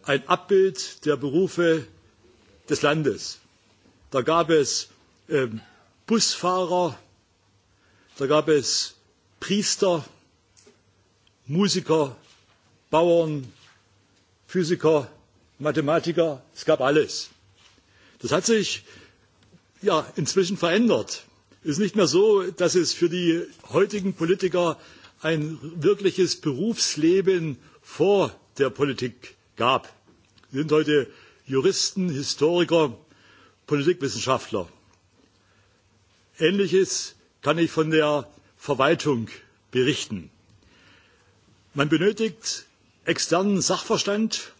ein Abbild der Berufe des Landes. Da gab es Busfahrer, da gab es Priester, Musiker, Bauern, Physiker, Mathematiker, es gab alles. Das hat sich ja, inzwischen verändert. Es ist nicht mehr so, dass es für die heutigen Politiker ein wirkliches Berufsleben vor der Politik gab. Sie sind heute Juristen, Historiker, Politikwissenschaftler. Ähnliches kann ich von der Verwaltung berichten. Man benötigt externen Sachverstand,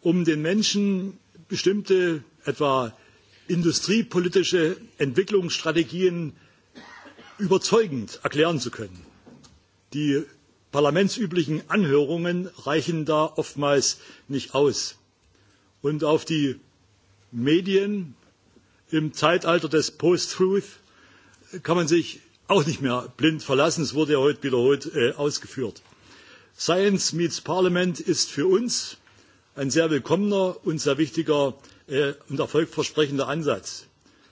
um den Menschen bestimmte, etwa industriepolitische Entwicklungsstrategien überzeugend erklären zu können. Die parlamentsüblichen Anhörungen reichen da oftmals nicht aus und auf die Medien im Zeitalter des Post-Truth kann man sich auch nicht mehr blind verlassen. Es wurde ja heute wiederholt ausgeführt. Science meets Parliament ist für uns ein sehr willkommener und sehr wichtiger und erfolgversprechender Ansatz.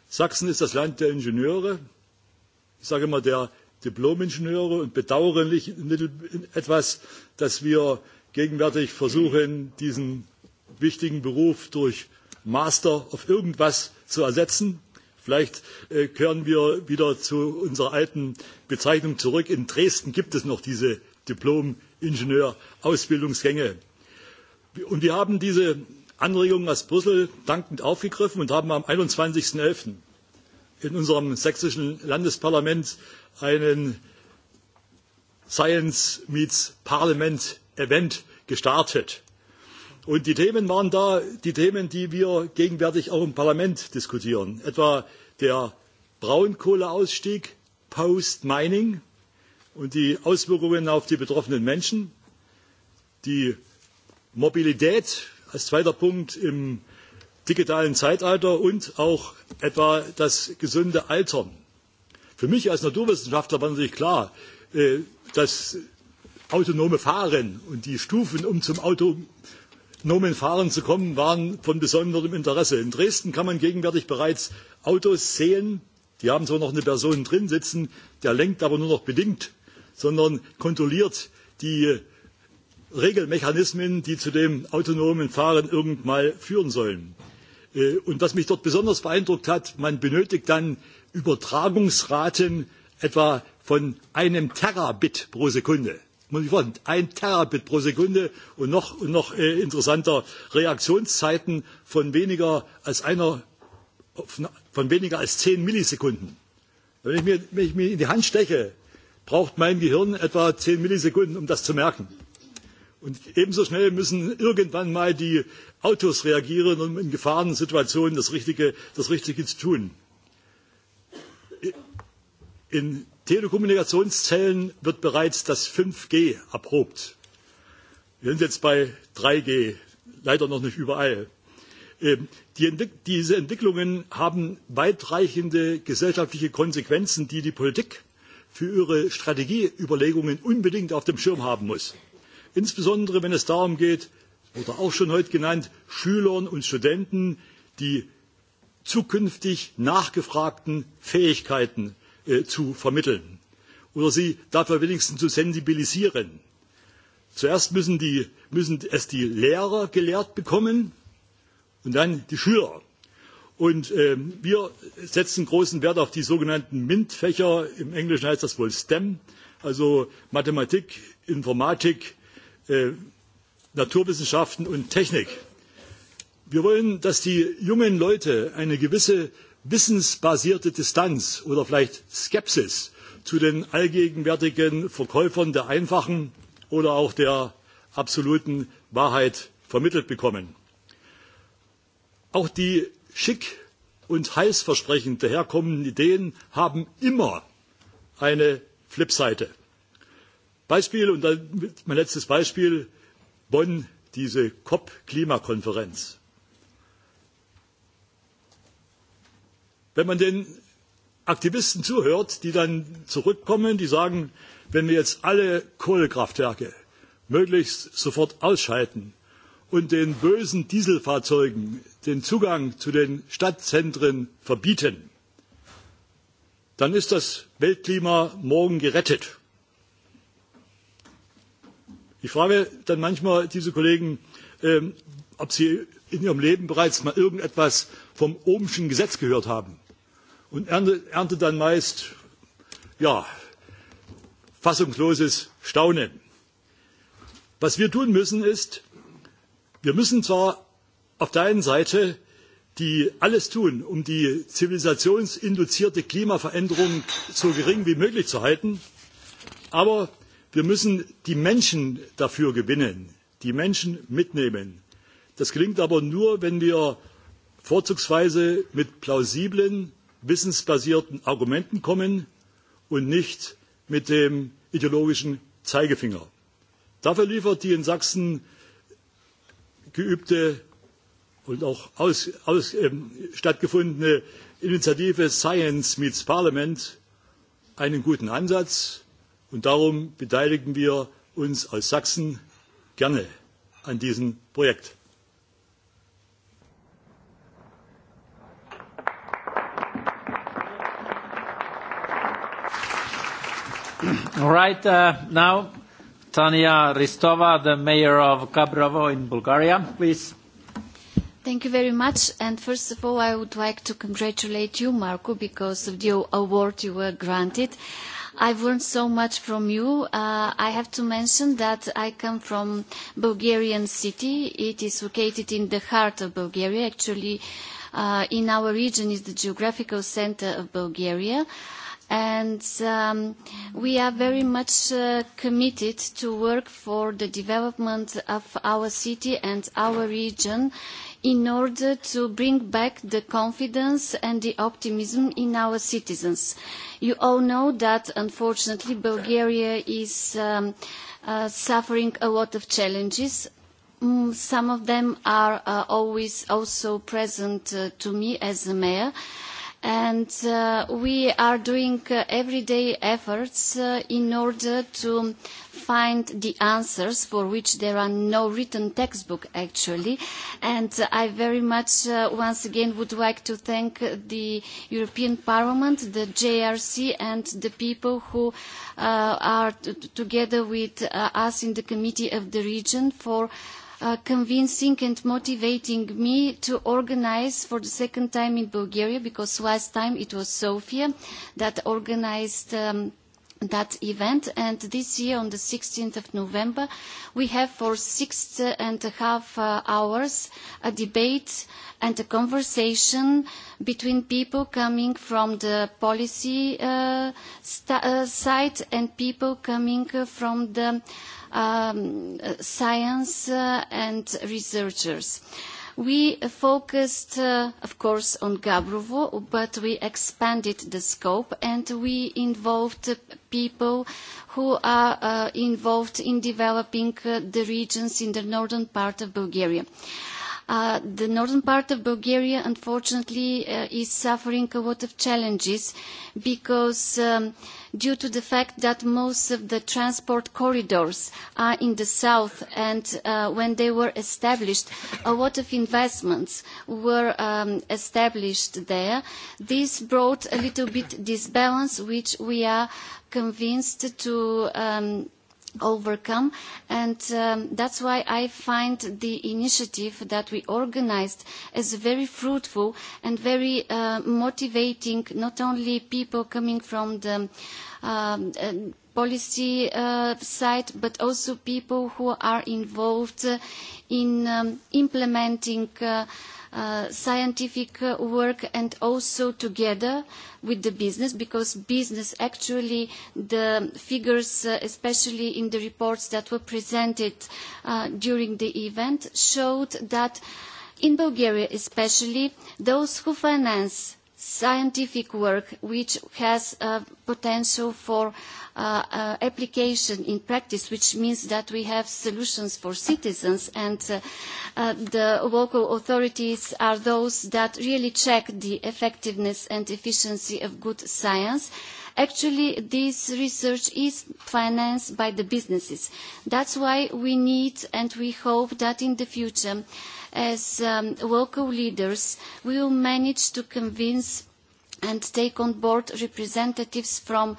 Sachsen ist das Land der Ingenieure, ich sage immer der Diplom-Ingenieure und bedauere etwas, dass wir gegenwärtig versuchen, diesen wichtigen Beruf durch Master auf irgendwas zu ersetzen. Vielleicht kehren wir wieder zu unserer alten Bezeichnung zurück. In Dresden gibt es noch diese Diplom-Ingenieur-Ausbildungsgänge. Und wir haben diese Anregungen aus Brüssel dankend aufgegriffen und haben am 21.11. in unserem sächsischen Landesparlament einen Science Meets Parliament Event gestartet. Und die Themen waren da die Themen, die wir gegenwärtig auch im Parlament diskutieren. Etwa der Braunkohleausstieg post-Mining und die Auswirkungen auf die betroffenen Menschen, die Mobilität als zweiter Punkt im digitalen Zeitalter und auch etwa das gesunde Altern. Für mich als Naturwissenschaftler war natürlich klar, dass autonome Fahren und die Stufen, um zum Fahren zu kommen, waren von besonderem Interesse. In Dresden kann man gegenwärtig bereits Autos sehen, die haben zwar noch eine Person drin sitzen, der lenkt aber nur noch bedingt, sondern kontrolliert die Regelmechanismen, die zu dem autonomen Fahren irgendwann mal führen sollen. Und was mich dort besonders beeindruckt hat, man benötigt dann Übertragungsraten etwa von einem Terabit pro Sekunde. Millivolt, ein Terabit pro Sekunde und noch, und noch äh, interessanter Reaktionszeiten von weniger als einer von weniger als zehn Millisekunden. Wenn ich, mir, wenn ich mir in die Hand steche, braucht mein Gehirn etwa zehn Millisekunden, um das zu merken. Und ebenso schnell müssen irgendwann mal die Autos reagieren, um in Gefahrensituationen das Richtige, das Richtige zu tun. In Telekommunikationszellen wird bereits das fünf g erprobt. Wir sind jetzt bei drei g leider noch nicht überall. Diese Entwicklungen haben weitreichende gesellschaftliche Konsequenzen, die die Politik für ihre Strategieüberlegungen unbedingt auf dem Schirm haben muss. Insbesondere wenn es darum geht, wurde auch schon heute genannt, Schülern und Studenten die zukünftig nachgefragten Fähigkeiten zu vermitteln oder sie dafür wenigstens zu sensibilisieren. Zuerst müssen, die, müssen es die Lehrer gelehrt bekommen und dann die Schüler. Und wir setzen großen Wert auf die sogenannten MINT-Fächer. Im Englischen heißt das wohl STEM, also Mathematik, Informatik, Naturwissenschaften und Technik. Wir wollen, dass die jungen Leute eine gewisse wissensbasierte Distanz oder vielleicht Skepsis zu den allgegenwärtigen Verkäufern der einfachen oder auch der absoluten Wahrheit vermittelt bekommen. Auch die schick und heißversprechend daherkommenden Ideen haben immer eine Flipseite. Beispiel und dann mein letztes Beispiel Bonn, diese COP Klimakonferenz. Wenn man den Aktivisten zuhört, die dann zurückkommen, die sagen, wenn wir jetzt alle Kohlekraftwerke möglichst sofort ausschalten und den bösen Dieselfahrzeugen den Zugang zu den Stadtzentren verbieten, dann ist das Weltklima morgen gerettet. Ich frage dann manchmal diese Kollegen, ob sie in ihrem Leben bereits mal irgendetwas vom Ohmschen Gesetz gehört haben und erntet dann meist ja, fassungsloses Staunen. Was wir tun müssen ist, wir müssen zwar auf der einen Seite die alles tun, um die zivilisationsinduzierte Klimaveränderung so gering wie möglich zu halten, aber wir müssen die Menschen dafür gewinnen, die Menschen mitnehmen. Das gelingt aber nur, wenn wir vorzugsweise mit plausiblen wissensbasierten Argumenten kommen und nicht mit dem ideologischen Zeigefinger. Dafür liefert die in Sachsen geübte und auch stattgefundene Initiative Science meets Parliament einen guten Ansatz und darum beteiligen wir uns aus Sachsen gerne an diesem Projekt. Right now, Tanya Ristova, the mayor of Kabrovo in Bulgaria, please. Thank you very much. And first of all, I would like to congratulate you, Marco, because of the award you were granted. I've learned so much from you. I have to mention that I come from Bulgarian city. It is located in the heart of Bulgaria. Actually, in our region is the geographical center of Bulgaria. Uh, and um, we are very much uh, committed to work for the development of our city and our region in order to bring back the confidence and the optimism in our citizens. You all know that, unfortunately, Bulgaria is um, uh, suffering a lot of challenges. Some of them are uh, always also present uh, to me as a mayor and we are doing everyday efforts in order to find the answers for which there are no written textbook actually and I very much once again would like to thank the European Parliament, the JRC and the people who are together with us in the Committee of the Region for convincing and motivating me to organise for the second time in Bulgaria, because last time it was Sofia that organised um, that event. And this year, on the 16th of November, we have for six and a half hours a debate and a conversation between people coming from the policy side and people coming from the science and researchers. Uh, We focused, of course, on Gabrovo, but we expanded the scope and we involved people who are involved in developing the regions in the northern part of Bulgaria. the northern part of Bulgaria, unfortunately, is suffering a lot of challenges because due to the fact that most of the transport corridors are in the south and when they were established, a lot of investments were established there. This brought a little bit disbalance, which we are convinced to overcome. And um, that's why I find the initiative that we organized as very fruitful and very uh, motivating, not only people coming from the um, policy uh, side, but also people who are involved in um, implementing uh, scientific work and also together with the business because business actually the figures especially in the reports that were presented during the event showed that in Bulgaria especially those who finance scientific work which has potential for application in practice, which means that we have solutions for citizens and the local authorities are those that really check the effectiveness and efficiency of good science. Actually, this research is financed by the businesses. That's why we need and we hope that in the future, as local leaders, we will manage to convince and take on board representatives from uh,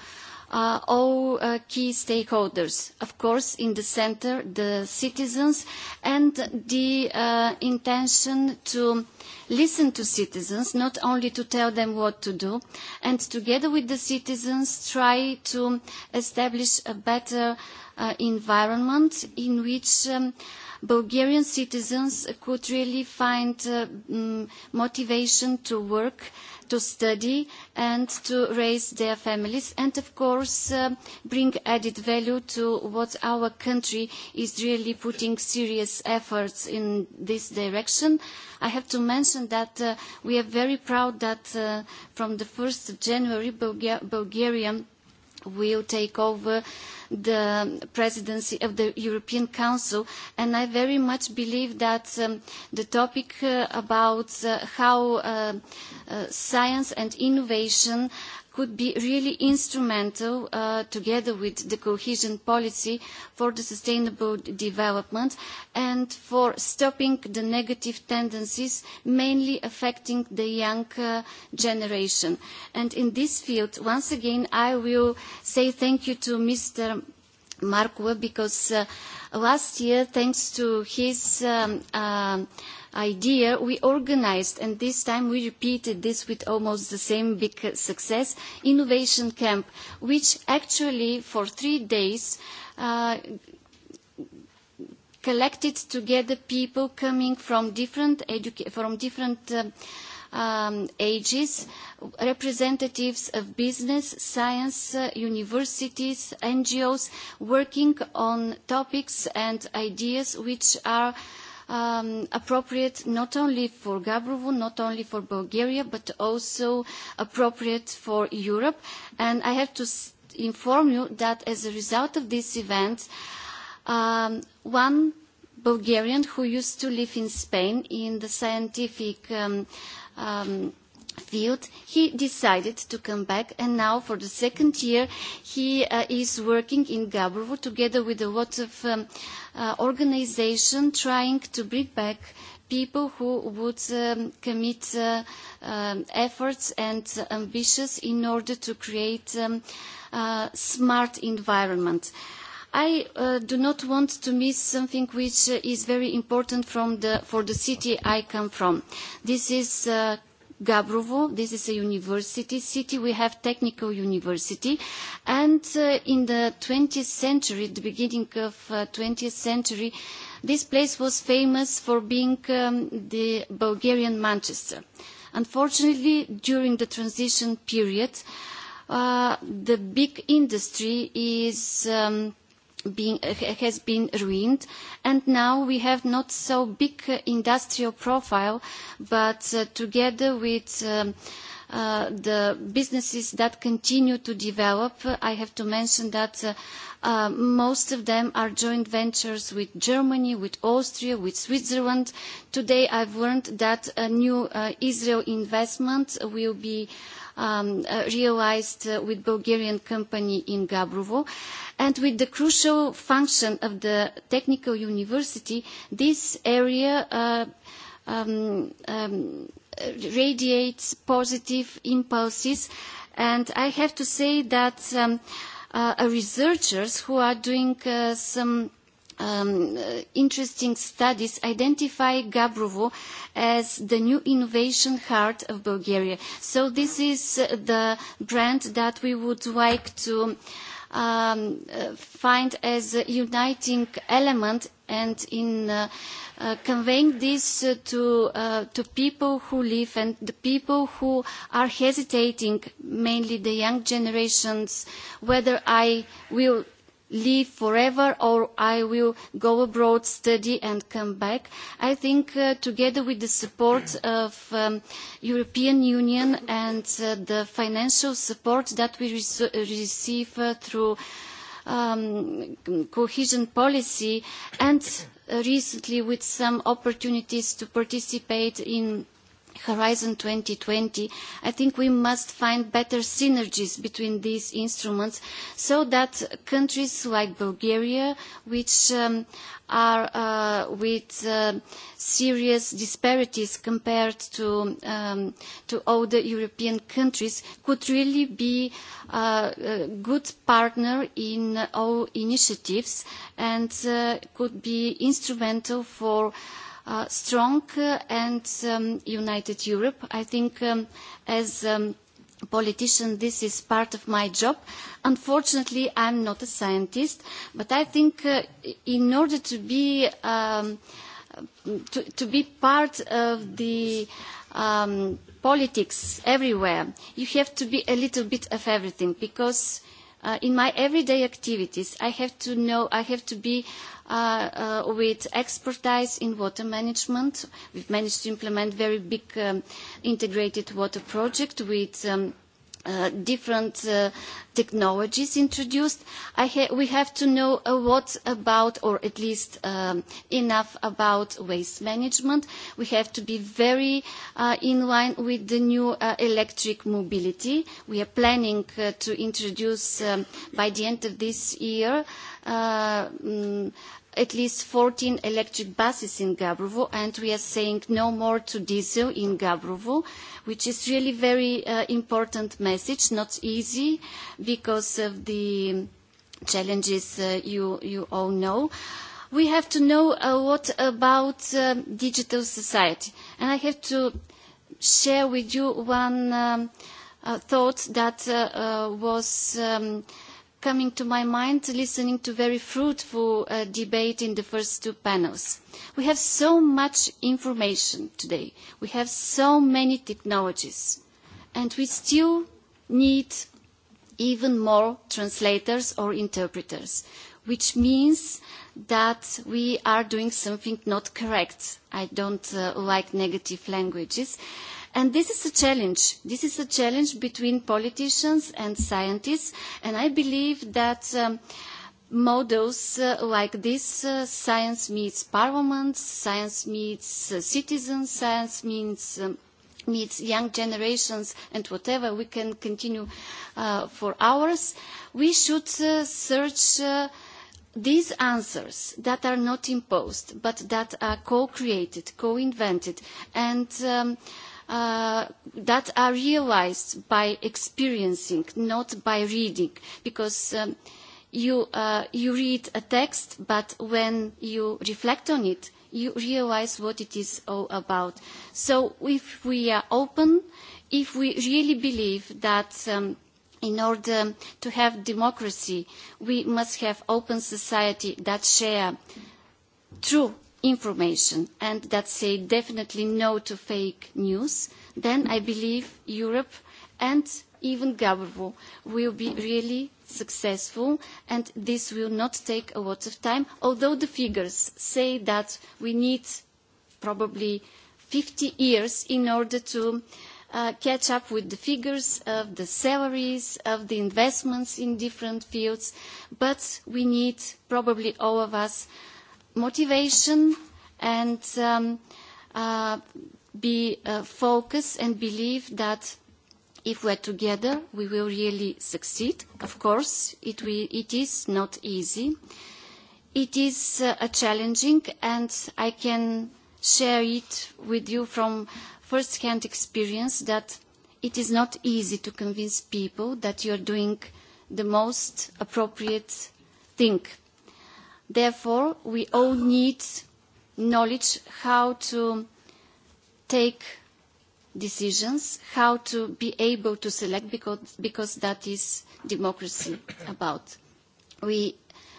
all key stakeholders. Of course, in the center, the citizens and the uh, intention to listen to citizens, not only to tell them what to do, and together with the citizens try to establish a better uh, environment in which um, Bulgarian citizens could really find uh, motivation to work to study and to raise their families and, of course, bring added value to what our country is really putting serious efforts in this direction. I have to mention that we are very proud that from the 1st of January, Bulgaria will take over the presidency of the European Council, and I very much believe that the topic about how science and innovation could be really instrumental together with the cohesion policy for the sustainable development and for stopping the negative tendencies mainly affecting the young generation. And in this field, once again, I will say thank you to Mr. Markwa because last year, thanks to his idea, we organised, and this time we repeated this with almost the same big success, Innovation Camp, which actually for three days uh, collected together people coming from different, from different uh, um, ages, representatives of business, science, universities, NGOs, working on topics and ideas which are um, appropriate not only for Gabrovo, not only for Bulgaria, but also appropriate for Europe. And I have to inform you that as a result of this event, um, one Bulgarian who used to live in Spain in the scientific um, um, field, he decided to come back, and now for the second year, he uh, is working in Gabrovo together with a lot of um, uh, organization trying to bring back people who would um, commit uh, um, efforts and ambitions in order to create um, a smart environment. I uh, do not want to miss something which is very important from the, for the city I come from. This is uh, Gabrovo. This is a university city. We have technical university. And uh, in the 20th century, the beginning of uh, 20th century, this place was famous for being um, the Bulgarian Manchester. Unfortunately, during the transition period, uh, the big industry is... Um, being, has been ruined. And now we have not so big industrial profile, but together with the businesses that continue to develop, I have to mention that most of them are joint ventures with Germany, with Austria, with Switzerland. Today I've learned that a new Israel investment will be uh, um, realized with Bulgarian company in Gabrovo. And with the crucial function of the technical university, this area uh, um, um, radiates positive impulses. And I have to say that um, uh, researchers who are doing uh, some interesting studies identify Gabrovo as the new innovation heart of Bulgaria. So this is the brand that we would like to find as a uniting element and in conveying this to, people who live and the people who are hesitating, mainly the young generations, whether I will live forever or I will go abroad, study and come back. I think together with the support of the European Union and the financial support that we receive through cohesion policy and recently with some opportunities to participate in Horizon 2020, I think we must find better synergies between these instruments so that countries like Bulgaria, which are with serious disparities compared to, the European countries, could really be a good partner in all initiatives and could be instrumental for uh, strong and united Europe. I think as a politician this is part of my job. Unfortunately, I am not a scientist, but I think in order to be to, be part of the politics everywhere, you have to be a little bit of everything because uh, in my everyday activities, I have to know, I have to be uh, uh, with expertise in water management. We've managed to implement very big um, integrated water project with um, uh, different uh, technologies introduced, I ha we have to know a lot about, or at least um, enough about waste management. We have to be very uh, in line with the new uh, electric mobility. We are planning uh, to introduce um, by the end of this year uh, um, at least 14 electric buses in Gabrovo, and we are saying no more to diesel in Gabrovo, which is really very uh, important message, not easy because of the challenges uh, you, you all know. We have to know a lot about digital society, and I have to share with you one um, uh, thought that uh, uh, was um, – coming to my mind listening to very fruitful uh, debate in the first two panels. We have so much information today. We have so many technologies. And we still need even more translators or interpreters, which means that we are doing something not correct. I don't uh, like negative languages. Uh, And this is a challenge. This is a challenge between politicians and scientists. And I believe that um, models like this, science meets parliaments, science meets citizens, science meets meets young generations and whatever, we can continue for hours. We should search these answers that are not imposed, but that are co-created, co-invented, and that are realized by experiencing, not by reading, because you, you read a text, but when you reflect on it, you realize what it is all about. So if we are open, if we really believe that in order to have democracy, we must have open society that share true information and that say definitely no to fake news, then I believe Europe and even Gabavo will be really successful and this will not take a lot of time, although the figures say that we need probably fifty years in order to catch up with the figures of the salaries, of the investments in different fields, but we need probably all of us motivation and um, uh, be uh, focused and believe that if we're together, we will really succeed. Of course, it, we, it is not easy. It is uh, a challenging, and I can share it with you from first-hand experience that it is not easy to convince people that you are doing the most appropriate thing Therefore, we all need knowledge how to take decisions, how to be able to select, because, because that is democracy about. We,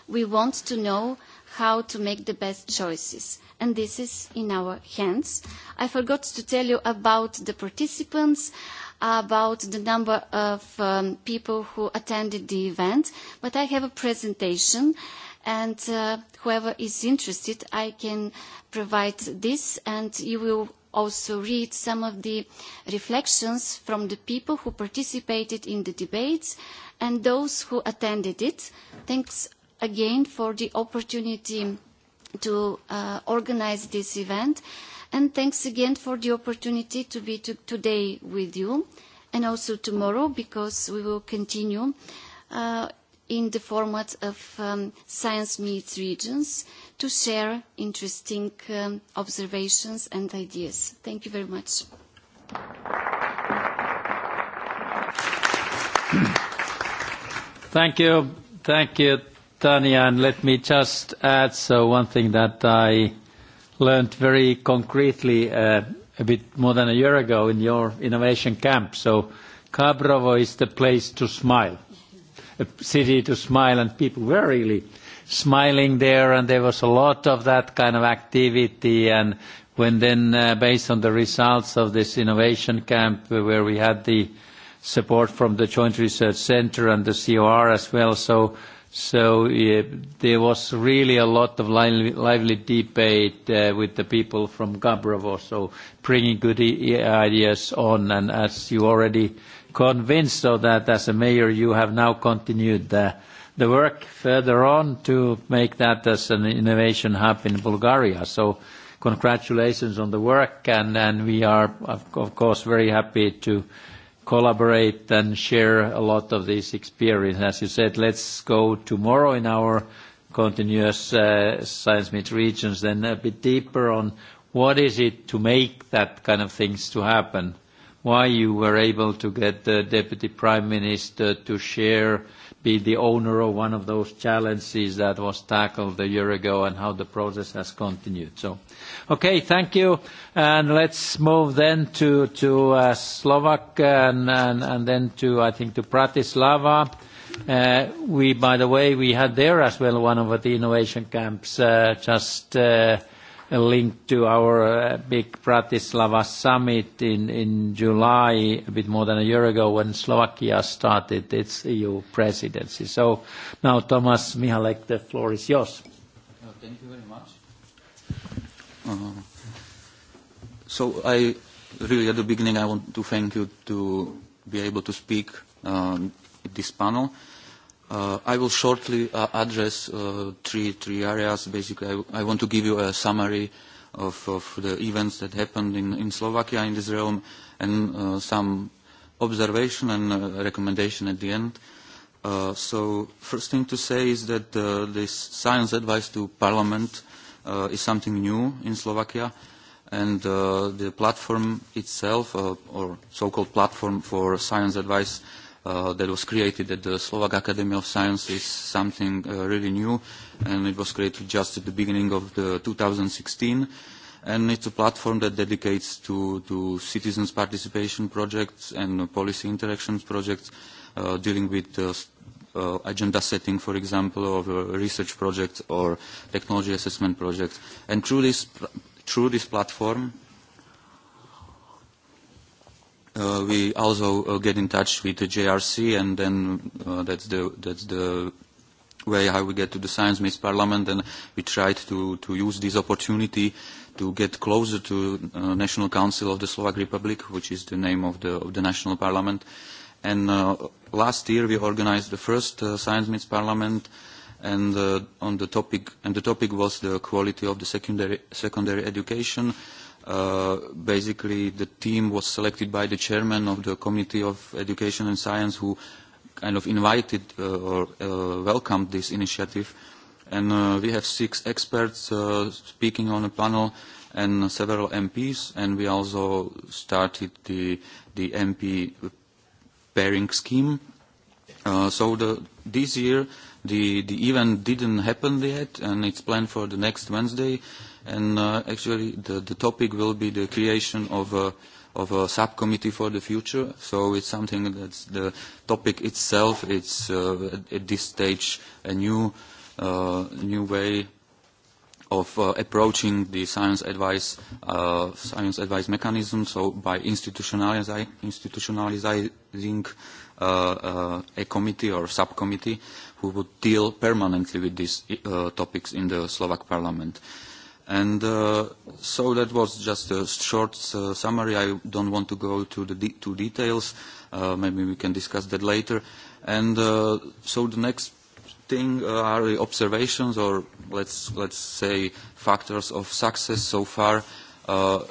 we want to know how to make the best choices, and this is in our hands. I forgot to tell you about the participants, about the number of um, people who attended the event, but I have a presentation, uh, and whoever is interested, I can provide this, and you will also read some of the reflections from the people who participated in the debates and those who attended it. Thanks again for the opportunity to organise this event. And thanks again for the opportunity to be today with you and also tomorrow because we will continue in the format of science meets regions to share interesting observations and ideas. Thank you very much. Thank you. Thank you, Tania. And let me just add, so one thing that I learned very concretely a bit more than a year ago in your innovation camp. So Kabrovo is the place to smile city to smile, and people were really smiling there, and there was a lot of that kind of activity. And when then, uh, based on the results of this innovation camp, where we had the support from the Joint Research Center and the COR as well, so so uh, there was really a lot of lively, lively debate uh, with the people from Gabrovo, so bringing good ideas on. And as you already convinced of that as a mayor you have now continued the, the work further on to make that as an innovation hub in Bulgaria. So congratulations on the work and, and we are of course very happy to collaborate and share a lot of this experience. As you said, let's go tomorrow in our continuous uh, science meet regions then a bit deeper on what is it to make that kind of things to happen why you were able to get the Deputy Prime Minister to share, be the owner of one of those challenges that was tackled a year ago and how the process has continued. So, okay, thank you. And let's move then to, to uh, Slovak and, and, and then to, I think, to Bratislava. Uh, we, by the way, we had there as well one of the innovation camps uh, just uh, – linked to our big Bratislava summit in July, a bit more than a year ago, when Slovakia started its EU presidency. So now, Thomas Mihalek, the floor is yours. Thank you very much. So I really, at the beginning, I want to thank you to be able to speak at this panel Uh, I will shortly uh, address uh, three, three areas. Basically, I, I want to give you a summary of, of the events that happened in, in Slovakia in this realm and uh, some observation and uh, recommendation at the end. Uh, so first thing to say is that uh, this science advice to parliament uh, is something new in Slovakia and uh, the platform itself uh, or so-called platform for science advice uh, uh, that was created at the Slovak Academy of Science is something uh, really new, and it was created just at the beginning of the 2016. And it's a platform that dedicates to, to citizens' participation projects and policy interactions projects uh, dealing with uh, uh, agenda setting, for example, of a research project or technology assessment project. And through this, through this platform, uh, we also uh, get in touch with the JRC, and then uh, that's the that's the way how we get to the Science Meets Parliament, and we tried to to use this opportunity to get closer to uh, National Council of the Slovak Republic, which is the name of the of the national parliament. And uh, last year we organized the first uh, Science Meets Parliament and uh, on the topic and the topic was the quality of the secondary secondary education basically the team was selected by the chairman of the Committee of Education and Science who kind of invited uh, or uh, welcomed this initiative. And uh, we have six experts uh, speaking on a panel and several MPs, and we also started the, the MP pairing scheme. Uh, so the, this year the, the event didn't happen yet, and it's planned for the next Wednesday. Uh, And uh, actually, the, the topic will be the creation of a, of a subcommittee for the future. So it's something that's the topic itself. It's uh, at this stage a new, uh, new way of uh, approaching the science advice, uh, science advice mechanism. So by institutionalizing, institutionalizing uh, uh, a committee or subcommittee who would deal permanently with these uh, topics in the Slovak parliament. Uh, And uh, so that was just a short uh, summary. I don't want to go to the de to details. Uh, maybe we can discuss that later. And uh, so the next thing uh, are the observations, or let's let's say factors of success so far. Uh,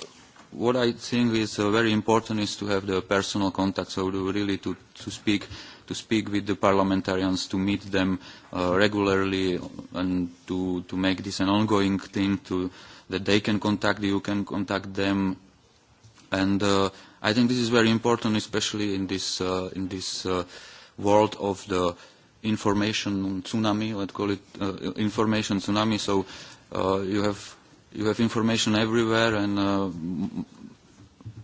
what I think is uh, very important is to have the personal contact, so to really to, to speak to speak with the parliamentarians, to meet them uh, regularly, and to, to make this an ongoing thing, to, that they can contact you, can contact them. And uh, I think this is very important, especially in this, uh, in this uh, world of the information tsunami, let's call it uh, information tsunami. So uh, you have you have information everywhere, and uh,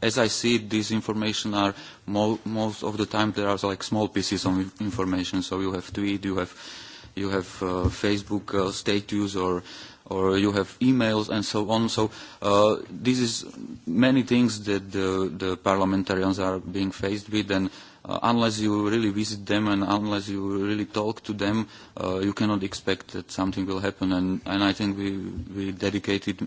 as I see it, this information are mo most of the time there are like small pieces of information. So you have tweet, you have you have uh, Facebook uh, status, or or you have emails and so on. So uh, this is many things that the, the parliamentarians are being faced with, and uh, unless you really visit them and unless you really talk to them, uh, you cannot expect that something will happen. And, and I think we we dedicated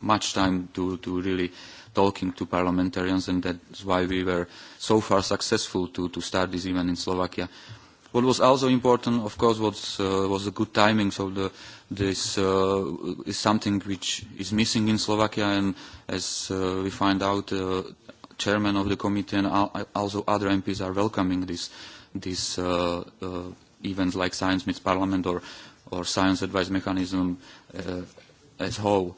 much time to to really talking to parliamentarians, and that's why we were so far successful to, to start this event in Slovakia. What was also important, of course, was, uh, was the good timing. So the, this uh, is something which is missing in Slovakia, and as uh, we find out, uh, chairman of the committee and also other MPs are welcoming this, this uh, uh, events like Science Meets Parliament or, or Science Advice Mechanism uh, as whole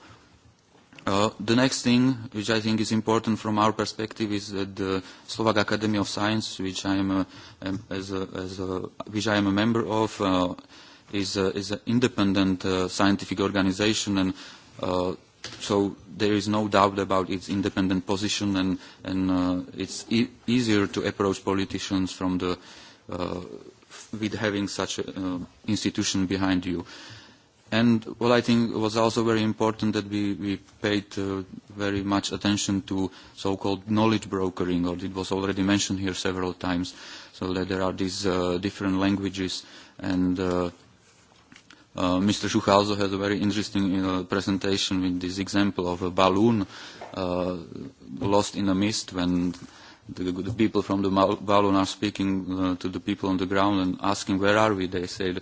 the next thing, which I think is important from our perspective, is that the Slovak Academy of Science, which I am a, as a, as a, which I am a member of, uh, is a, is an independent uh, scientific organization, and uh, so there is no doubt about its independent position, and and uh, it's e easier to approach politicians from the uh, with having such an uh, institution behind you. Uh, And what I think was also very important that we, we paid uh, very much attention to so-called knowledge brokering, or it was already mentioned here several times, so that there are these uh, different languages. And uh, uh, Mr. Schuch also had a very interesting uh, presentation with this example of a balloon uh, lost in a mist when the, the people from the balloon are speaking uh, to the people on the ground and asking, where are we? They say,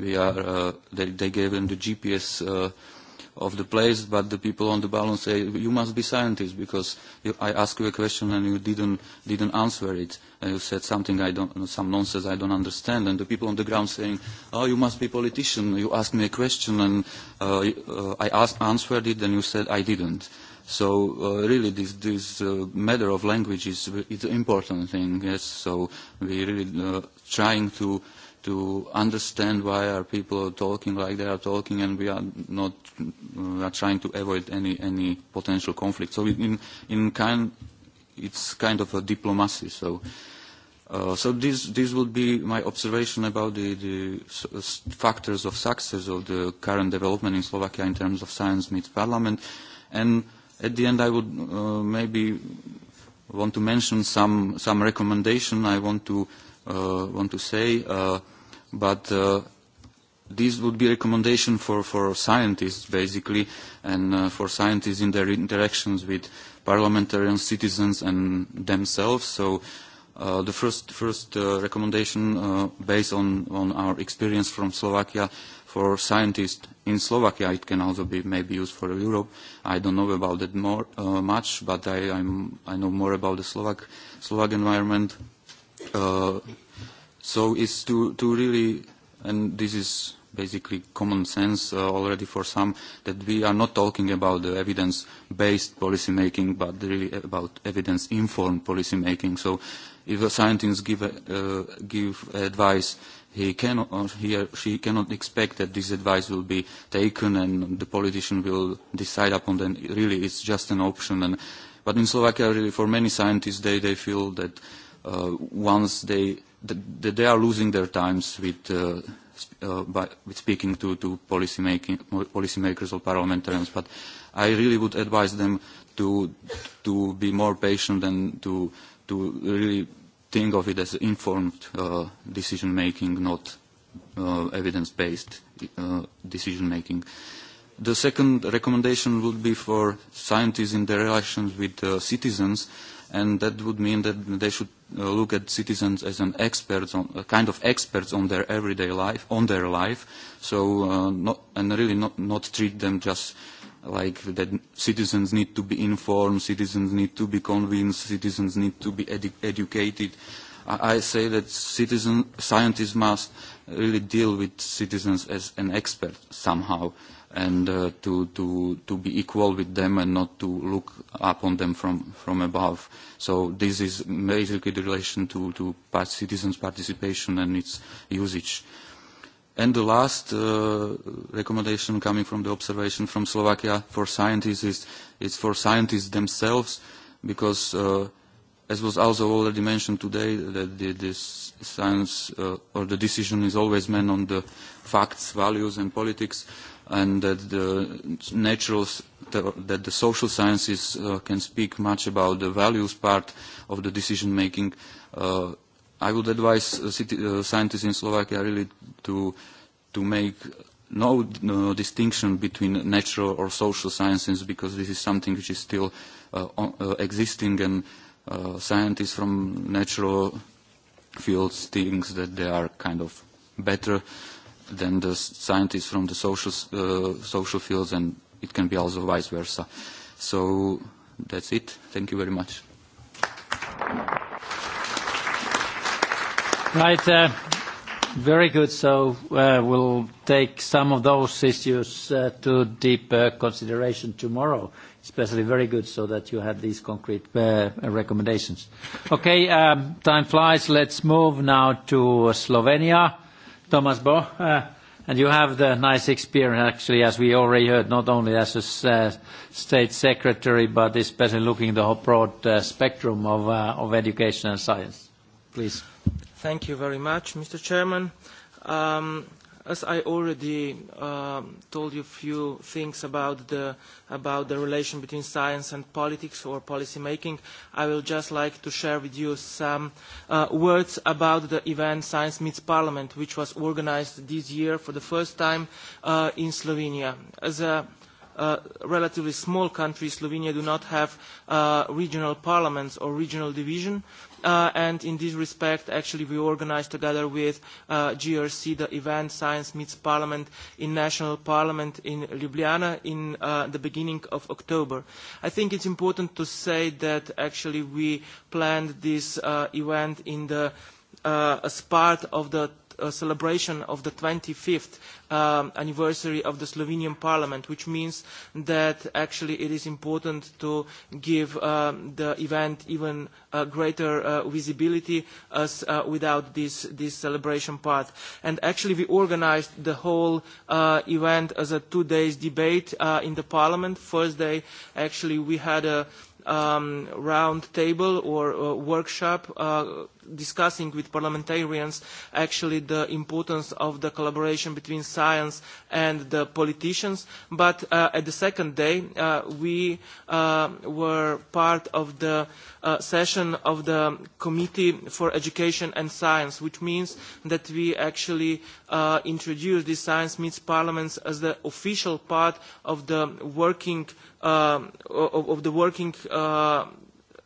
we are, uh, they, they gave them the GPS uh, of the place, but the people on the balloon say, you must be scientists because you, I asked you a question and you didn't, didn't answer it. And you said something I don't, some nonsense I don't understand. And the people on the ground saying, oh, you must be politician. You asked me a question and uh, uh, I asked, answered it and you said I didn't. So uh, really this, this uh, matter of language is, is an important thing, yes. So we're really uh, trying to uh, to understand why our people are talking like they are talking, and we are not uh are trying to avoid any any potential conflict. So in in kind, it's kind of a diplomacy. So. Uh, so this, this would be my observation about the, the factors of success of the current development in Slovakia in terms of science meets parliament. And at the end, I would uh, maybe want to mention some, some recommendation I want to uh, uh, want to say, uh, but uh, this would be a recommendation for, for scientists, basically, and uh, for scientists in their interactions with parliamentarians, citizens, and themselves. So uh, the first, first uh, recommendation uh, based on, on our experience from Slovakia for scientists in Slovakia, it can also be maybe used for Europe. I don't know about that more, uh, much, but I, I'm, I know more about the Slovak, Slovak environment. Uh, Uh, so it's to, to really, and this is basically common sense uh, already for some, that we are not talking about the evidence-based policymaking, but really about evidence-informed policymaking. So if a scientist give, uh, give advice, he cannot or he or she cannot expect that this advice will be taken and the politician will decide upon them. Really, it's just an option. And, but in Slovakia, really, for many scientists, they, they feel that uh, once they that they are losing their times with uh, uh, by, with speaking to to policy making policymakers or parliamentarians. But I really would advise them to to be more patient and to to really think of it as informed uh, decision making, not uh, evidence based uh, decision making. The second recommendation would be for scientists in their relations with uh, citizens, and that would mean that they should look at citizens as an experts on, a kind of experts on their everyday life, on their life. So uh, not, and really not, not treat them just like that citizens need to be informed, citizens need to be convinced, citizens need to be edu educated. I, I say that citizen, scientists must really deal with citizens as an expert somehow. Uh, and uh, to, to, to be equal with them and not to look up on them from, from above. So this is basically the relation to, to citizens' participation and its usage. And the last uh, recommendation coming from the observation from Slovakia for scientists is it's for scientists themselves because, uh, as was also already mentioned today, that the, this science uh, or the decision is always meant on the facts, values and politics and that the natural that the social sciences uh, can speak much about the values part of the decision making. Uh, I would advise uh, city, uh, scientists in Slovakia really to to make no, no distinction between natural or social sciences because this is something which is still uh, uh, existing and uh, scientists from natural fields think that they are kind of better than the scientists from the social, uh, social fields, and it can be also vice versa. So that's it. Thank you very much. Right. Uh, very good. So uh, we'll take some of those issues uh, to deep uh, consideration tomorrow. Especially very good so that you had these concrete uh, recommendations. Okay, um, time flies. Let's move now to Slovenia Thomas Bo. you have the nice experience, actually, as we already heard, not only as a state secretary, but especially looking the whole broad spectrum of education and science. Please. Thank you very much, Mr. Chairman as I already told you a few things about the, about the relation between science and politics or policy making, I will just like to share with you some words about the event Science Meets Parliament, which was organised this year for the first time in Slovenia. As a relatively small country, Slovenia do not have regional parliaments or regional division, uh and in this respect, actually, we organised together with uh GRC the event Science Meets Parliament in National Parliament in Ljubljana in uh the beginning of October. I think it's important to say that actually we planned this uh event in the, uh as part of the celebration of the twenty fifth anniversary of the Slovenian parliament, which means that actually it is important to give the event even greater visibility as without this, this celebration part. And actually we organised the whole event as a two days debate in the parliament. First day, actually we had a round table or workshop discussing with parliamentarians actually the importance of the collaboration between science and the politicians. But uh, at the second day, uh, we uh, were part of the uh, session of the Committee for Education and Science, which means that we actually uh, introduced the Science Meets Parliaments as the official part of the working uh, of, of the working uh,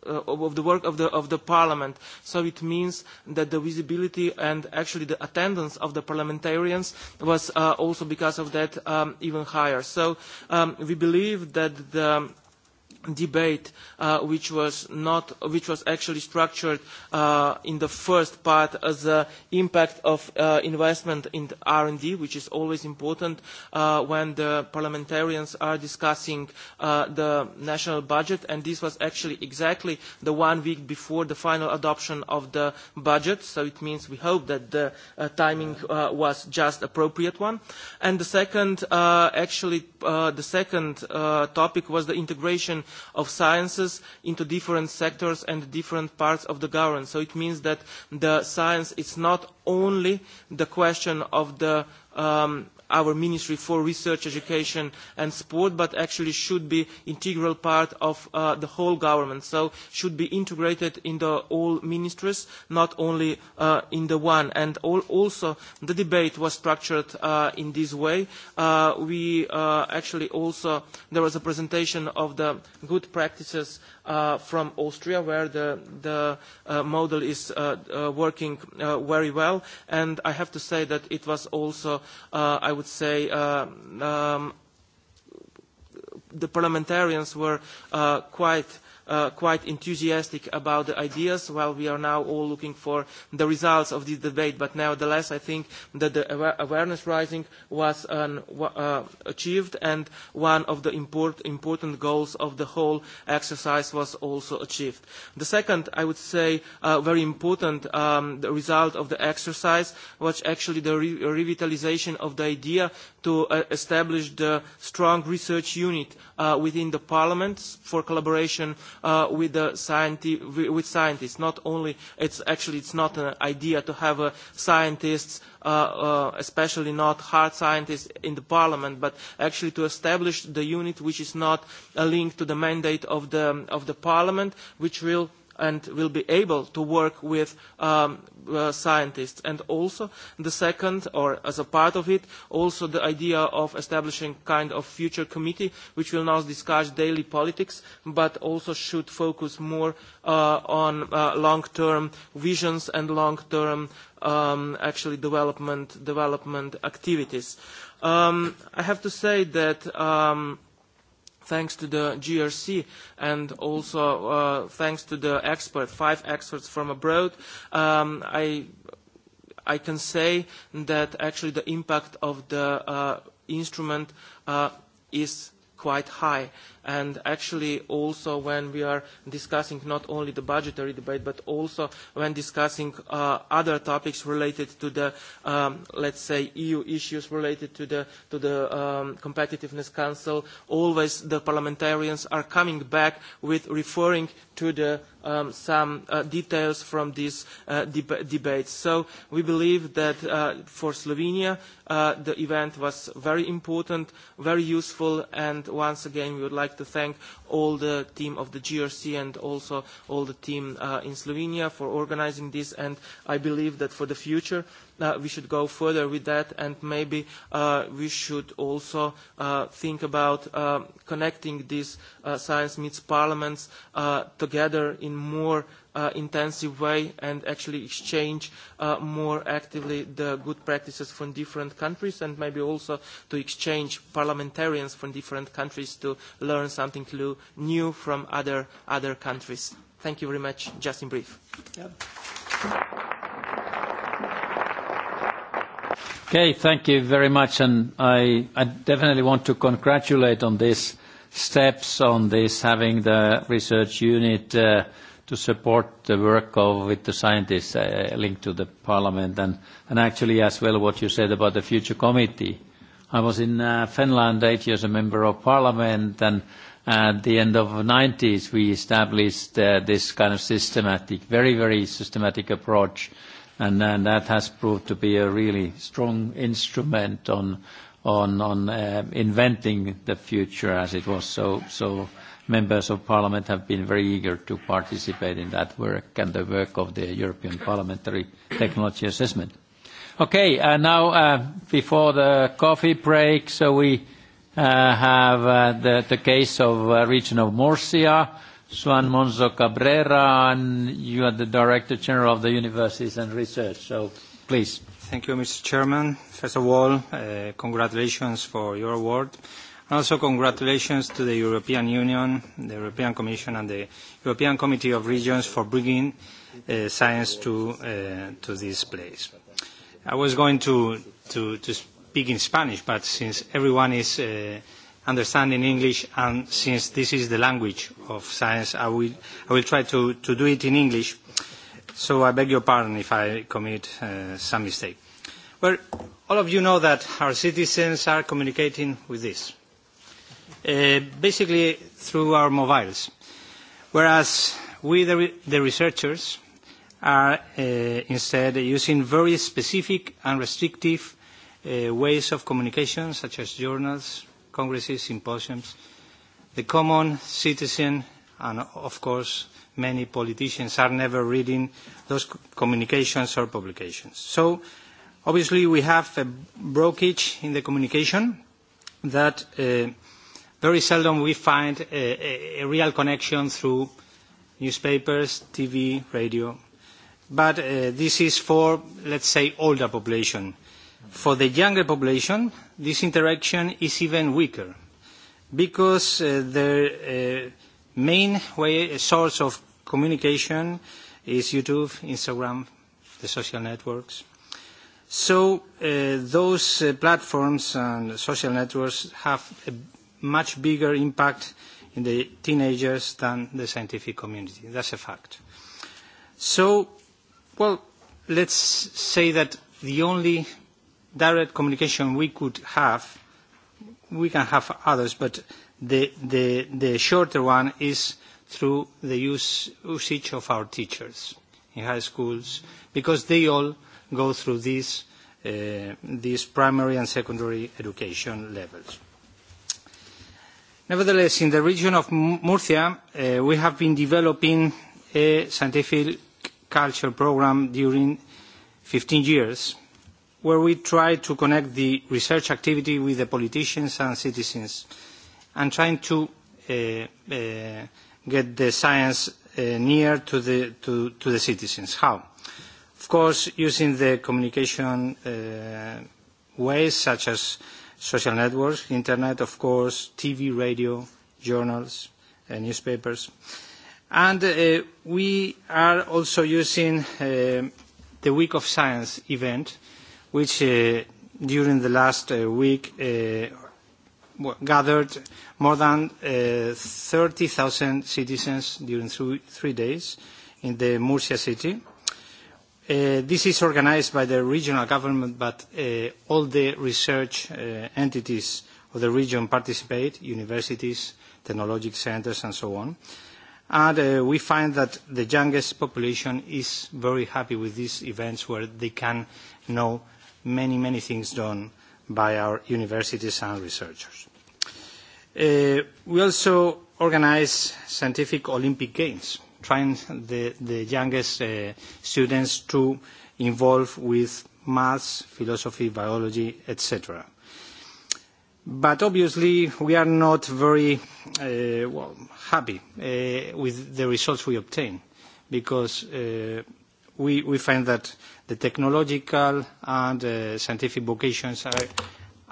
of the work of the, of the parliament. So it means that the visibility and actually the attendance of the parliamentarians was uh, also because of that um, even higher. So um, we believe that the debate which was not which was actually structured in the first part as the impact of investment in R&D which is always important when the parliamentarians are discussing the national budget and this was actually exactly the one week before the final adoption of the budget so it means we hope that the timing was just appropriate one and the second actually the second topic was the integration of sciences into different sectors and different parts of the government. So it means that the science is not only the question of the um, our ministry for research, education and sport, but actually should be an integral part of the whole government. So should be integrated in all ministries, not only in the one. And also the debate was structured in this way. we actually also, there was a presentation of the good practices uh, from Austria, where the, the uh, model is uh, uh, working uh, very well. And I have to say that it was also, uh, I would say, uh, um, the parliamentarians were uh, quite uh, quite enthusiastic about the ideas while we are now all looking for the results of this debate. But nevertheless, I think that the awareness rising was an, uh, achieved and one of the import, important goals of the whole exercise was also achieved. The second, I would say, uh, very important um, the result of the exercise was actually the re revitalization of the idea to uh, establish the strong research unit uh, within the parliament for collaboration with the with scientists. Not only it's actually it's not an idea to have scientists, especially not hard scientists, in the parliament, but actually to establish the unit which is not linked to the mandate of the parliament, which will and will be able to work with scientists. And also the second, or as a part of it, also the idea of establishing kind of future committee, which will not discuss daily politics, but also should focus more on long-term visions and long-term actually development, development activities. I have to say that thanks to the GRC and also uh, thanks to the experts, five experts from abroad, um, I, I can say that actually the impact of the uh, instrument uh, is quite high. And actually also when we are discussing not only the budgetary debate, but also when discussing uh, other topics related to the, um, let's say, EU issues related to the, to the um, Competitiveness Council, always the parliamentarians are coming back with referring to the some details from these debates. So we believe that for Slovenia, the event was very important, very useful, and once again, we would like to thank all the team of the GRC and also all the team in Slovenia for organising this, and I believe that for the future, uh, we should go further with that and maybe uh, we should also uh, think about uh, connecting these uh, science meets parliaments uh, together in more uh, intensive way and actually exchange uh, more actively the good practices from different countries and maybe also to exchange parliamentarians from different countries to learn something new from other, other countries. Thank you very much, just in brief. Okay, thank you very much. and I definitely want to congratulate on these steps on this, having the research unit to support the work of with the scientists linked to the parliament. and Actually as well what you said about the future committee. I was in Finland eight years a member of parliament, and at the end of the 90s, we established this kind of systematic, very very systematic approach and then that has proved to be a really strong instrument on on on uh inventing the future as it was. So so Members of Parliament have been very eager to participate in that work and the work of the European Parliamentary Technology Assessment. Okay, uh now uh before the coffee break, so we uh have uh the the case of uh region of Murcia, Juan Monzo Cabrera, and you are the Director General of the Universities and Research. So please. Thank you, Mr. Chairman. First of all, uh, congratulations for your award. And also congratulations to the European Union, the European Commission and the European Committee of Regions for bringing uh, science to, uh, to this place. I was going to, to, to speak in Spanish, but since everyone is uh, understand in English, and since this is the language of science, I will, I will try to, to do it in English. So I beg your pardon if I commit uh, some mistake. Well, all of you know that our citizens are communicating with this, uh, basically through our mobiles, whereas we, the, re the researchers, are uh, instead using very specific and restrictive uh, ways of communication, such as journals, congresses, symposiums, the common citizen, and of course, many politicians are never reading those communications or publications. So, obviously, we have a brokerage in the communication that very seldom we find a real connection through newspapers, TV, radio. But this is for, let's say, older population For the younger population, this interaction is even weaker because their main way, source of communication is YouTube, Instagram, the social networks. So those platforms and social networks have a much bigger impact in the teenagers than the scientific community. That's a fact. So, well, let's say that the only direct communication we could have, we can have others, but the, the, the shorter one is through the use, usage of our teachers in high schools, because they all go through these, uh, these primary and secondary education levels. Nevertheless, in the region of Murcia, uh, we have been developing a scientific culture program during 15 years, where we try to connect the research activity with the politicians and citizens and trying to get the science near to the, to, to the citizens. How? Of course, using the communication ways such as social networks, internet, of course, TV, radio, journals, and newspapers. And we are also using the Week of Science event which during the last week gathered more than 30,000 citizens during three days in the Murcia city. This is organized by the regional government, but all the research entities of the region participate, universities, technological centers, and so on. And we find that the youngest population is very happy with these events where they can know many, many things done by our universities and researchers. we also organise scientific Olympic Games, trying the, the youngest students to involve with maths, philosophy, biology, etc. But obviously, we are not very well, happy with the results we obtain because we, we find that The technological and scientific vocations are,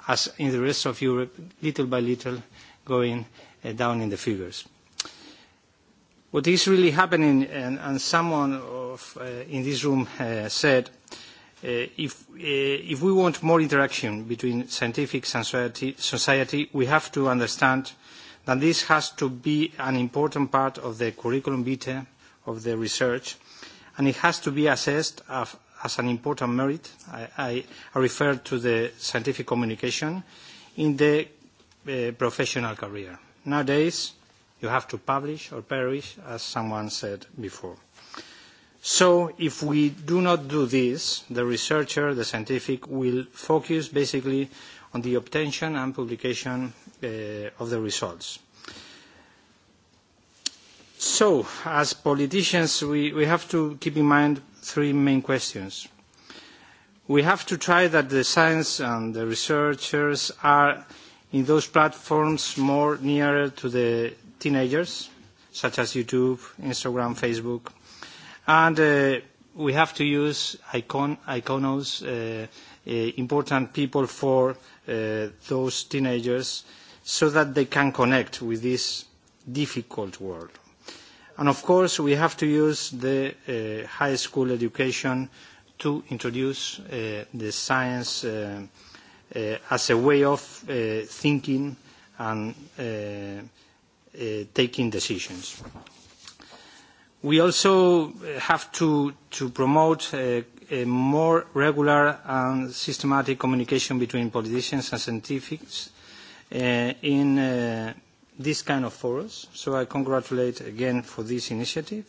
as in the rest of Europe, little by little going down in the figures. What is really happening, and, and someone in this room said, if, we want more interaction between scientific and society, society, we have to understand that this has to be an important part of the curriculum vitae of the research, and it has to be assessed as an important merit. I, I refer to the scientific communication in the professional career. Nowadays, you have to publish or perish, as someone said before. So if we do not do this, the researcher, the scientific, will focus basically on the obtention and publication of the results. So, as politicians, we, we have to keep in mind three main questions. We have to try that the science and the researchers are in those platforms more nearer to the teenagers, such as YouTube, Instagram, Facebook. And we have to use icon, iconos, important people for those teenagers so that they can connect with this difficult world And of course, we have to use the high school education to introduce the science as a way of thinking and taking decisions. We also have to, promote a, more regular and systematic communication between politicians and scientists in these kind of forums. So I congratulate again for this initiative.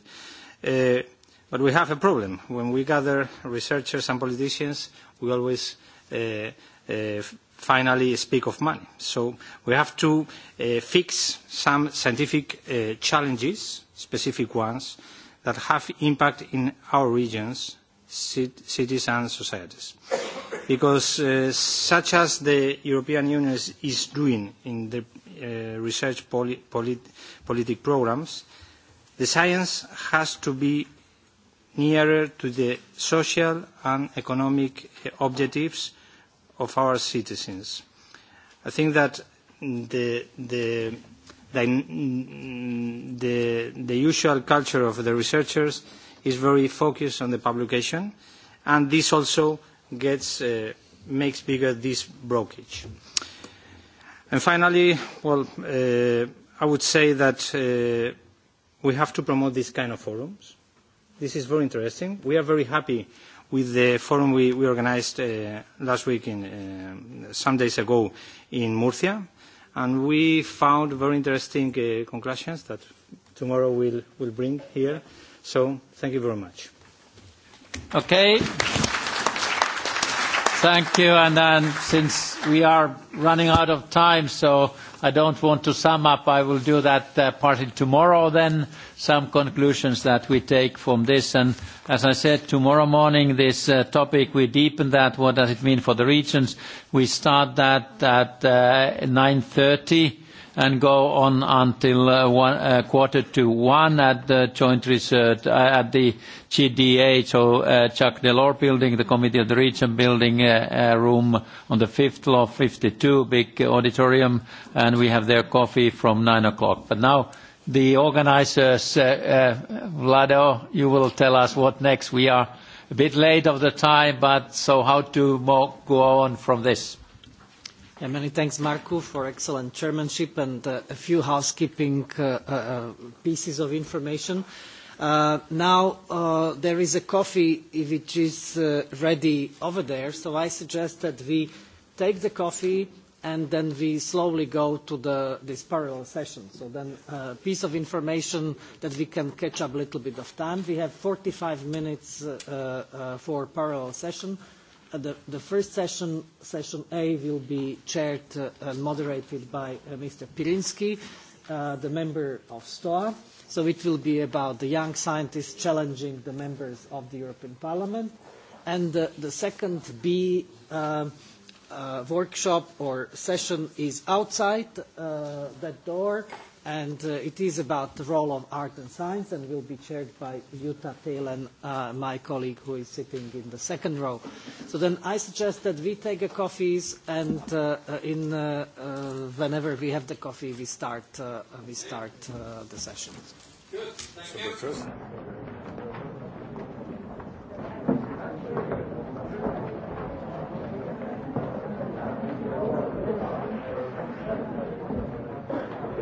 but we have a problem. When we gather researchers and politicians, we always finally speak of money. So we have to fix some scientific challenges, specific ones, that have impact in our regions, cities and societies. Because such as the European Union is doing in the research politic programmes, the science has to be nearer to the social and economic objectives of our citizens. I think that the, the, the, the usual culture of the researchers is very focused on the publication, and this also gets, uh, makes bigger this brokerage. Finally, well, I would say that we have to promote these kind of forums. This is very interesting. We are very happy with the forum we we organized last week in some days ago in Murcia, and we found very interesting conclusions that tomorrow we'll will bring here. So Thank you very much. Okay. Thank you. And then since we are running out of time, so I don't want to sum up, I will do that uh, partly tomorrow then, some conclusions that we take from this. And as I said, tomorrow morning, this uh, topic, we deepen that. What does it mean for the regions? We start that at uh, 9.30 and go on until uh, one, uh, quarter to one at the joint research uh, at the GDA, so uh, Chuck Delors building, the Committee of the Region building uh, room on the fifth floor, 52, big auditorium, and we have their coffee from nine o'clock. But now the organizers, uh, Vlado, you will tell us what next. We are a bit late of the time, but so how to mo- go on from this? Many thanks, Marco, for excellent chairmanship and a few housekeeping pieces of information. Now, there is a coffee which is ready over there, so I suggest that we take the coffee and then we slowly go to the, this parallel session. So then a piece of information that we can catch up a little bit of time. We have 45 minutes for parallel session the, the first session, session A, will be chaired and moderated by Mr. Pirinsky, the member of STOA. So it will be about the young scientists challenging the members of the European Parliament. And the second B workshop or session is outside that door and uh, it is about the role of art and science and will be chaired by Jutta Thelen, uh, my colleague who is sitting in the second row. So then I suggest that we take a coffees and uh, in, uh, uh, whenever we have the coffee we start, uh, we start uh, the session. Good, thank you.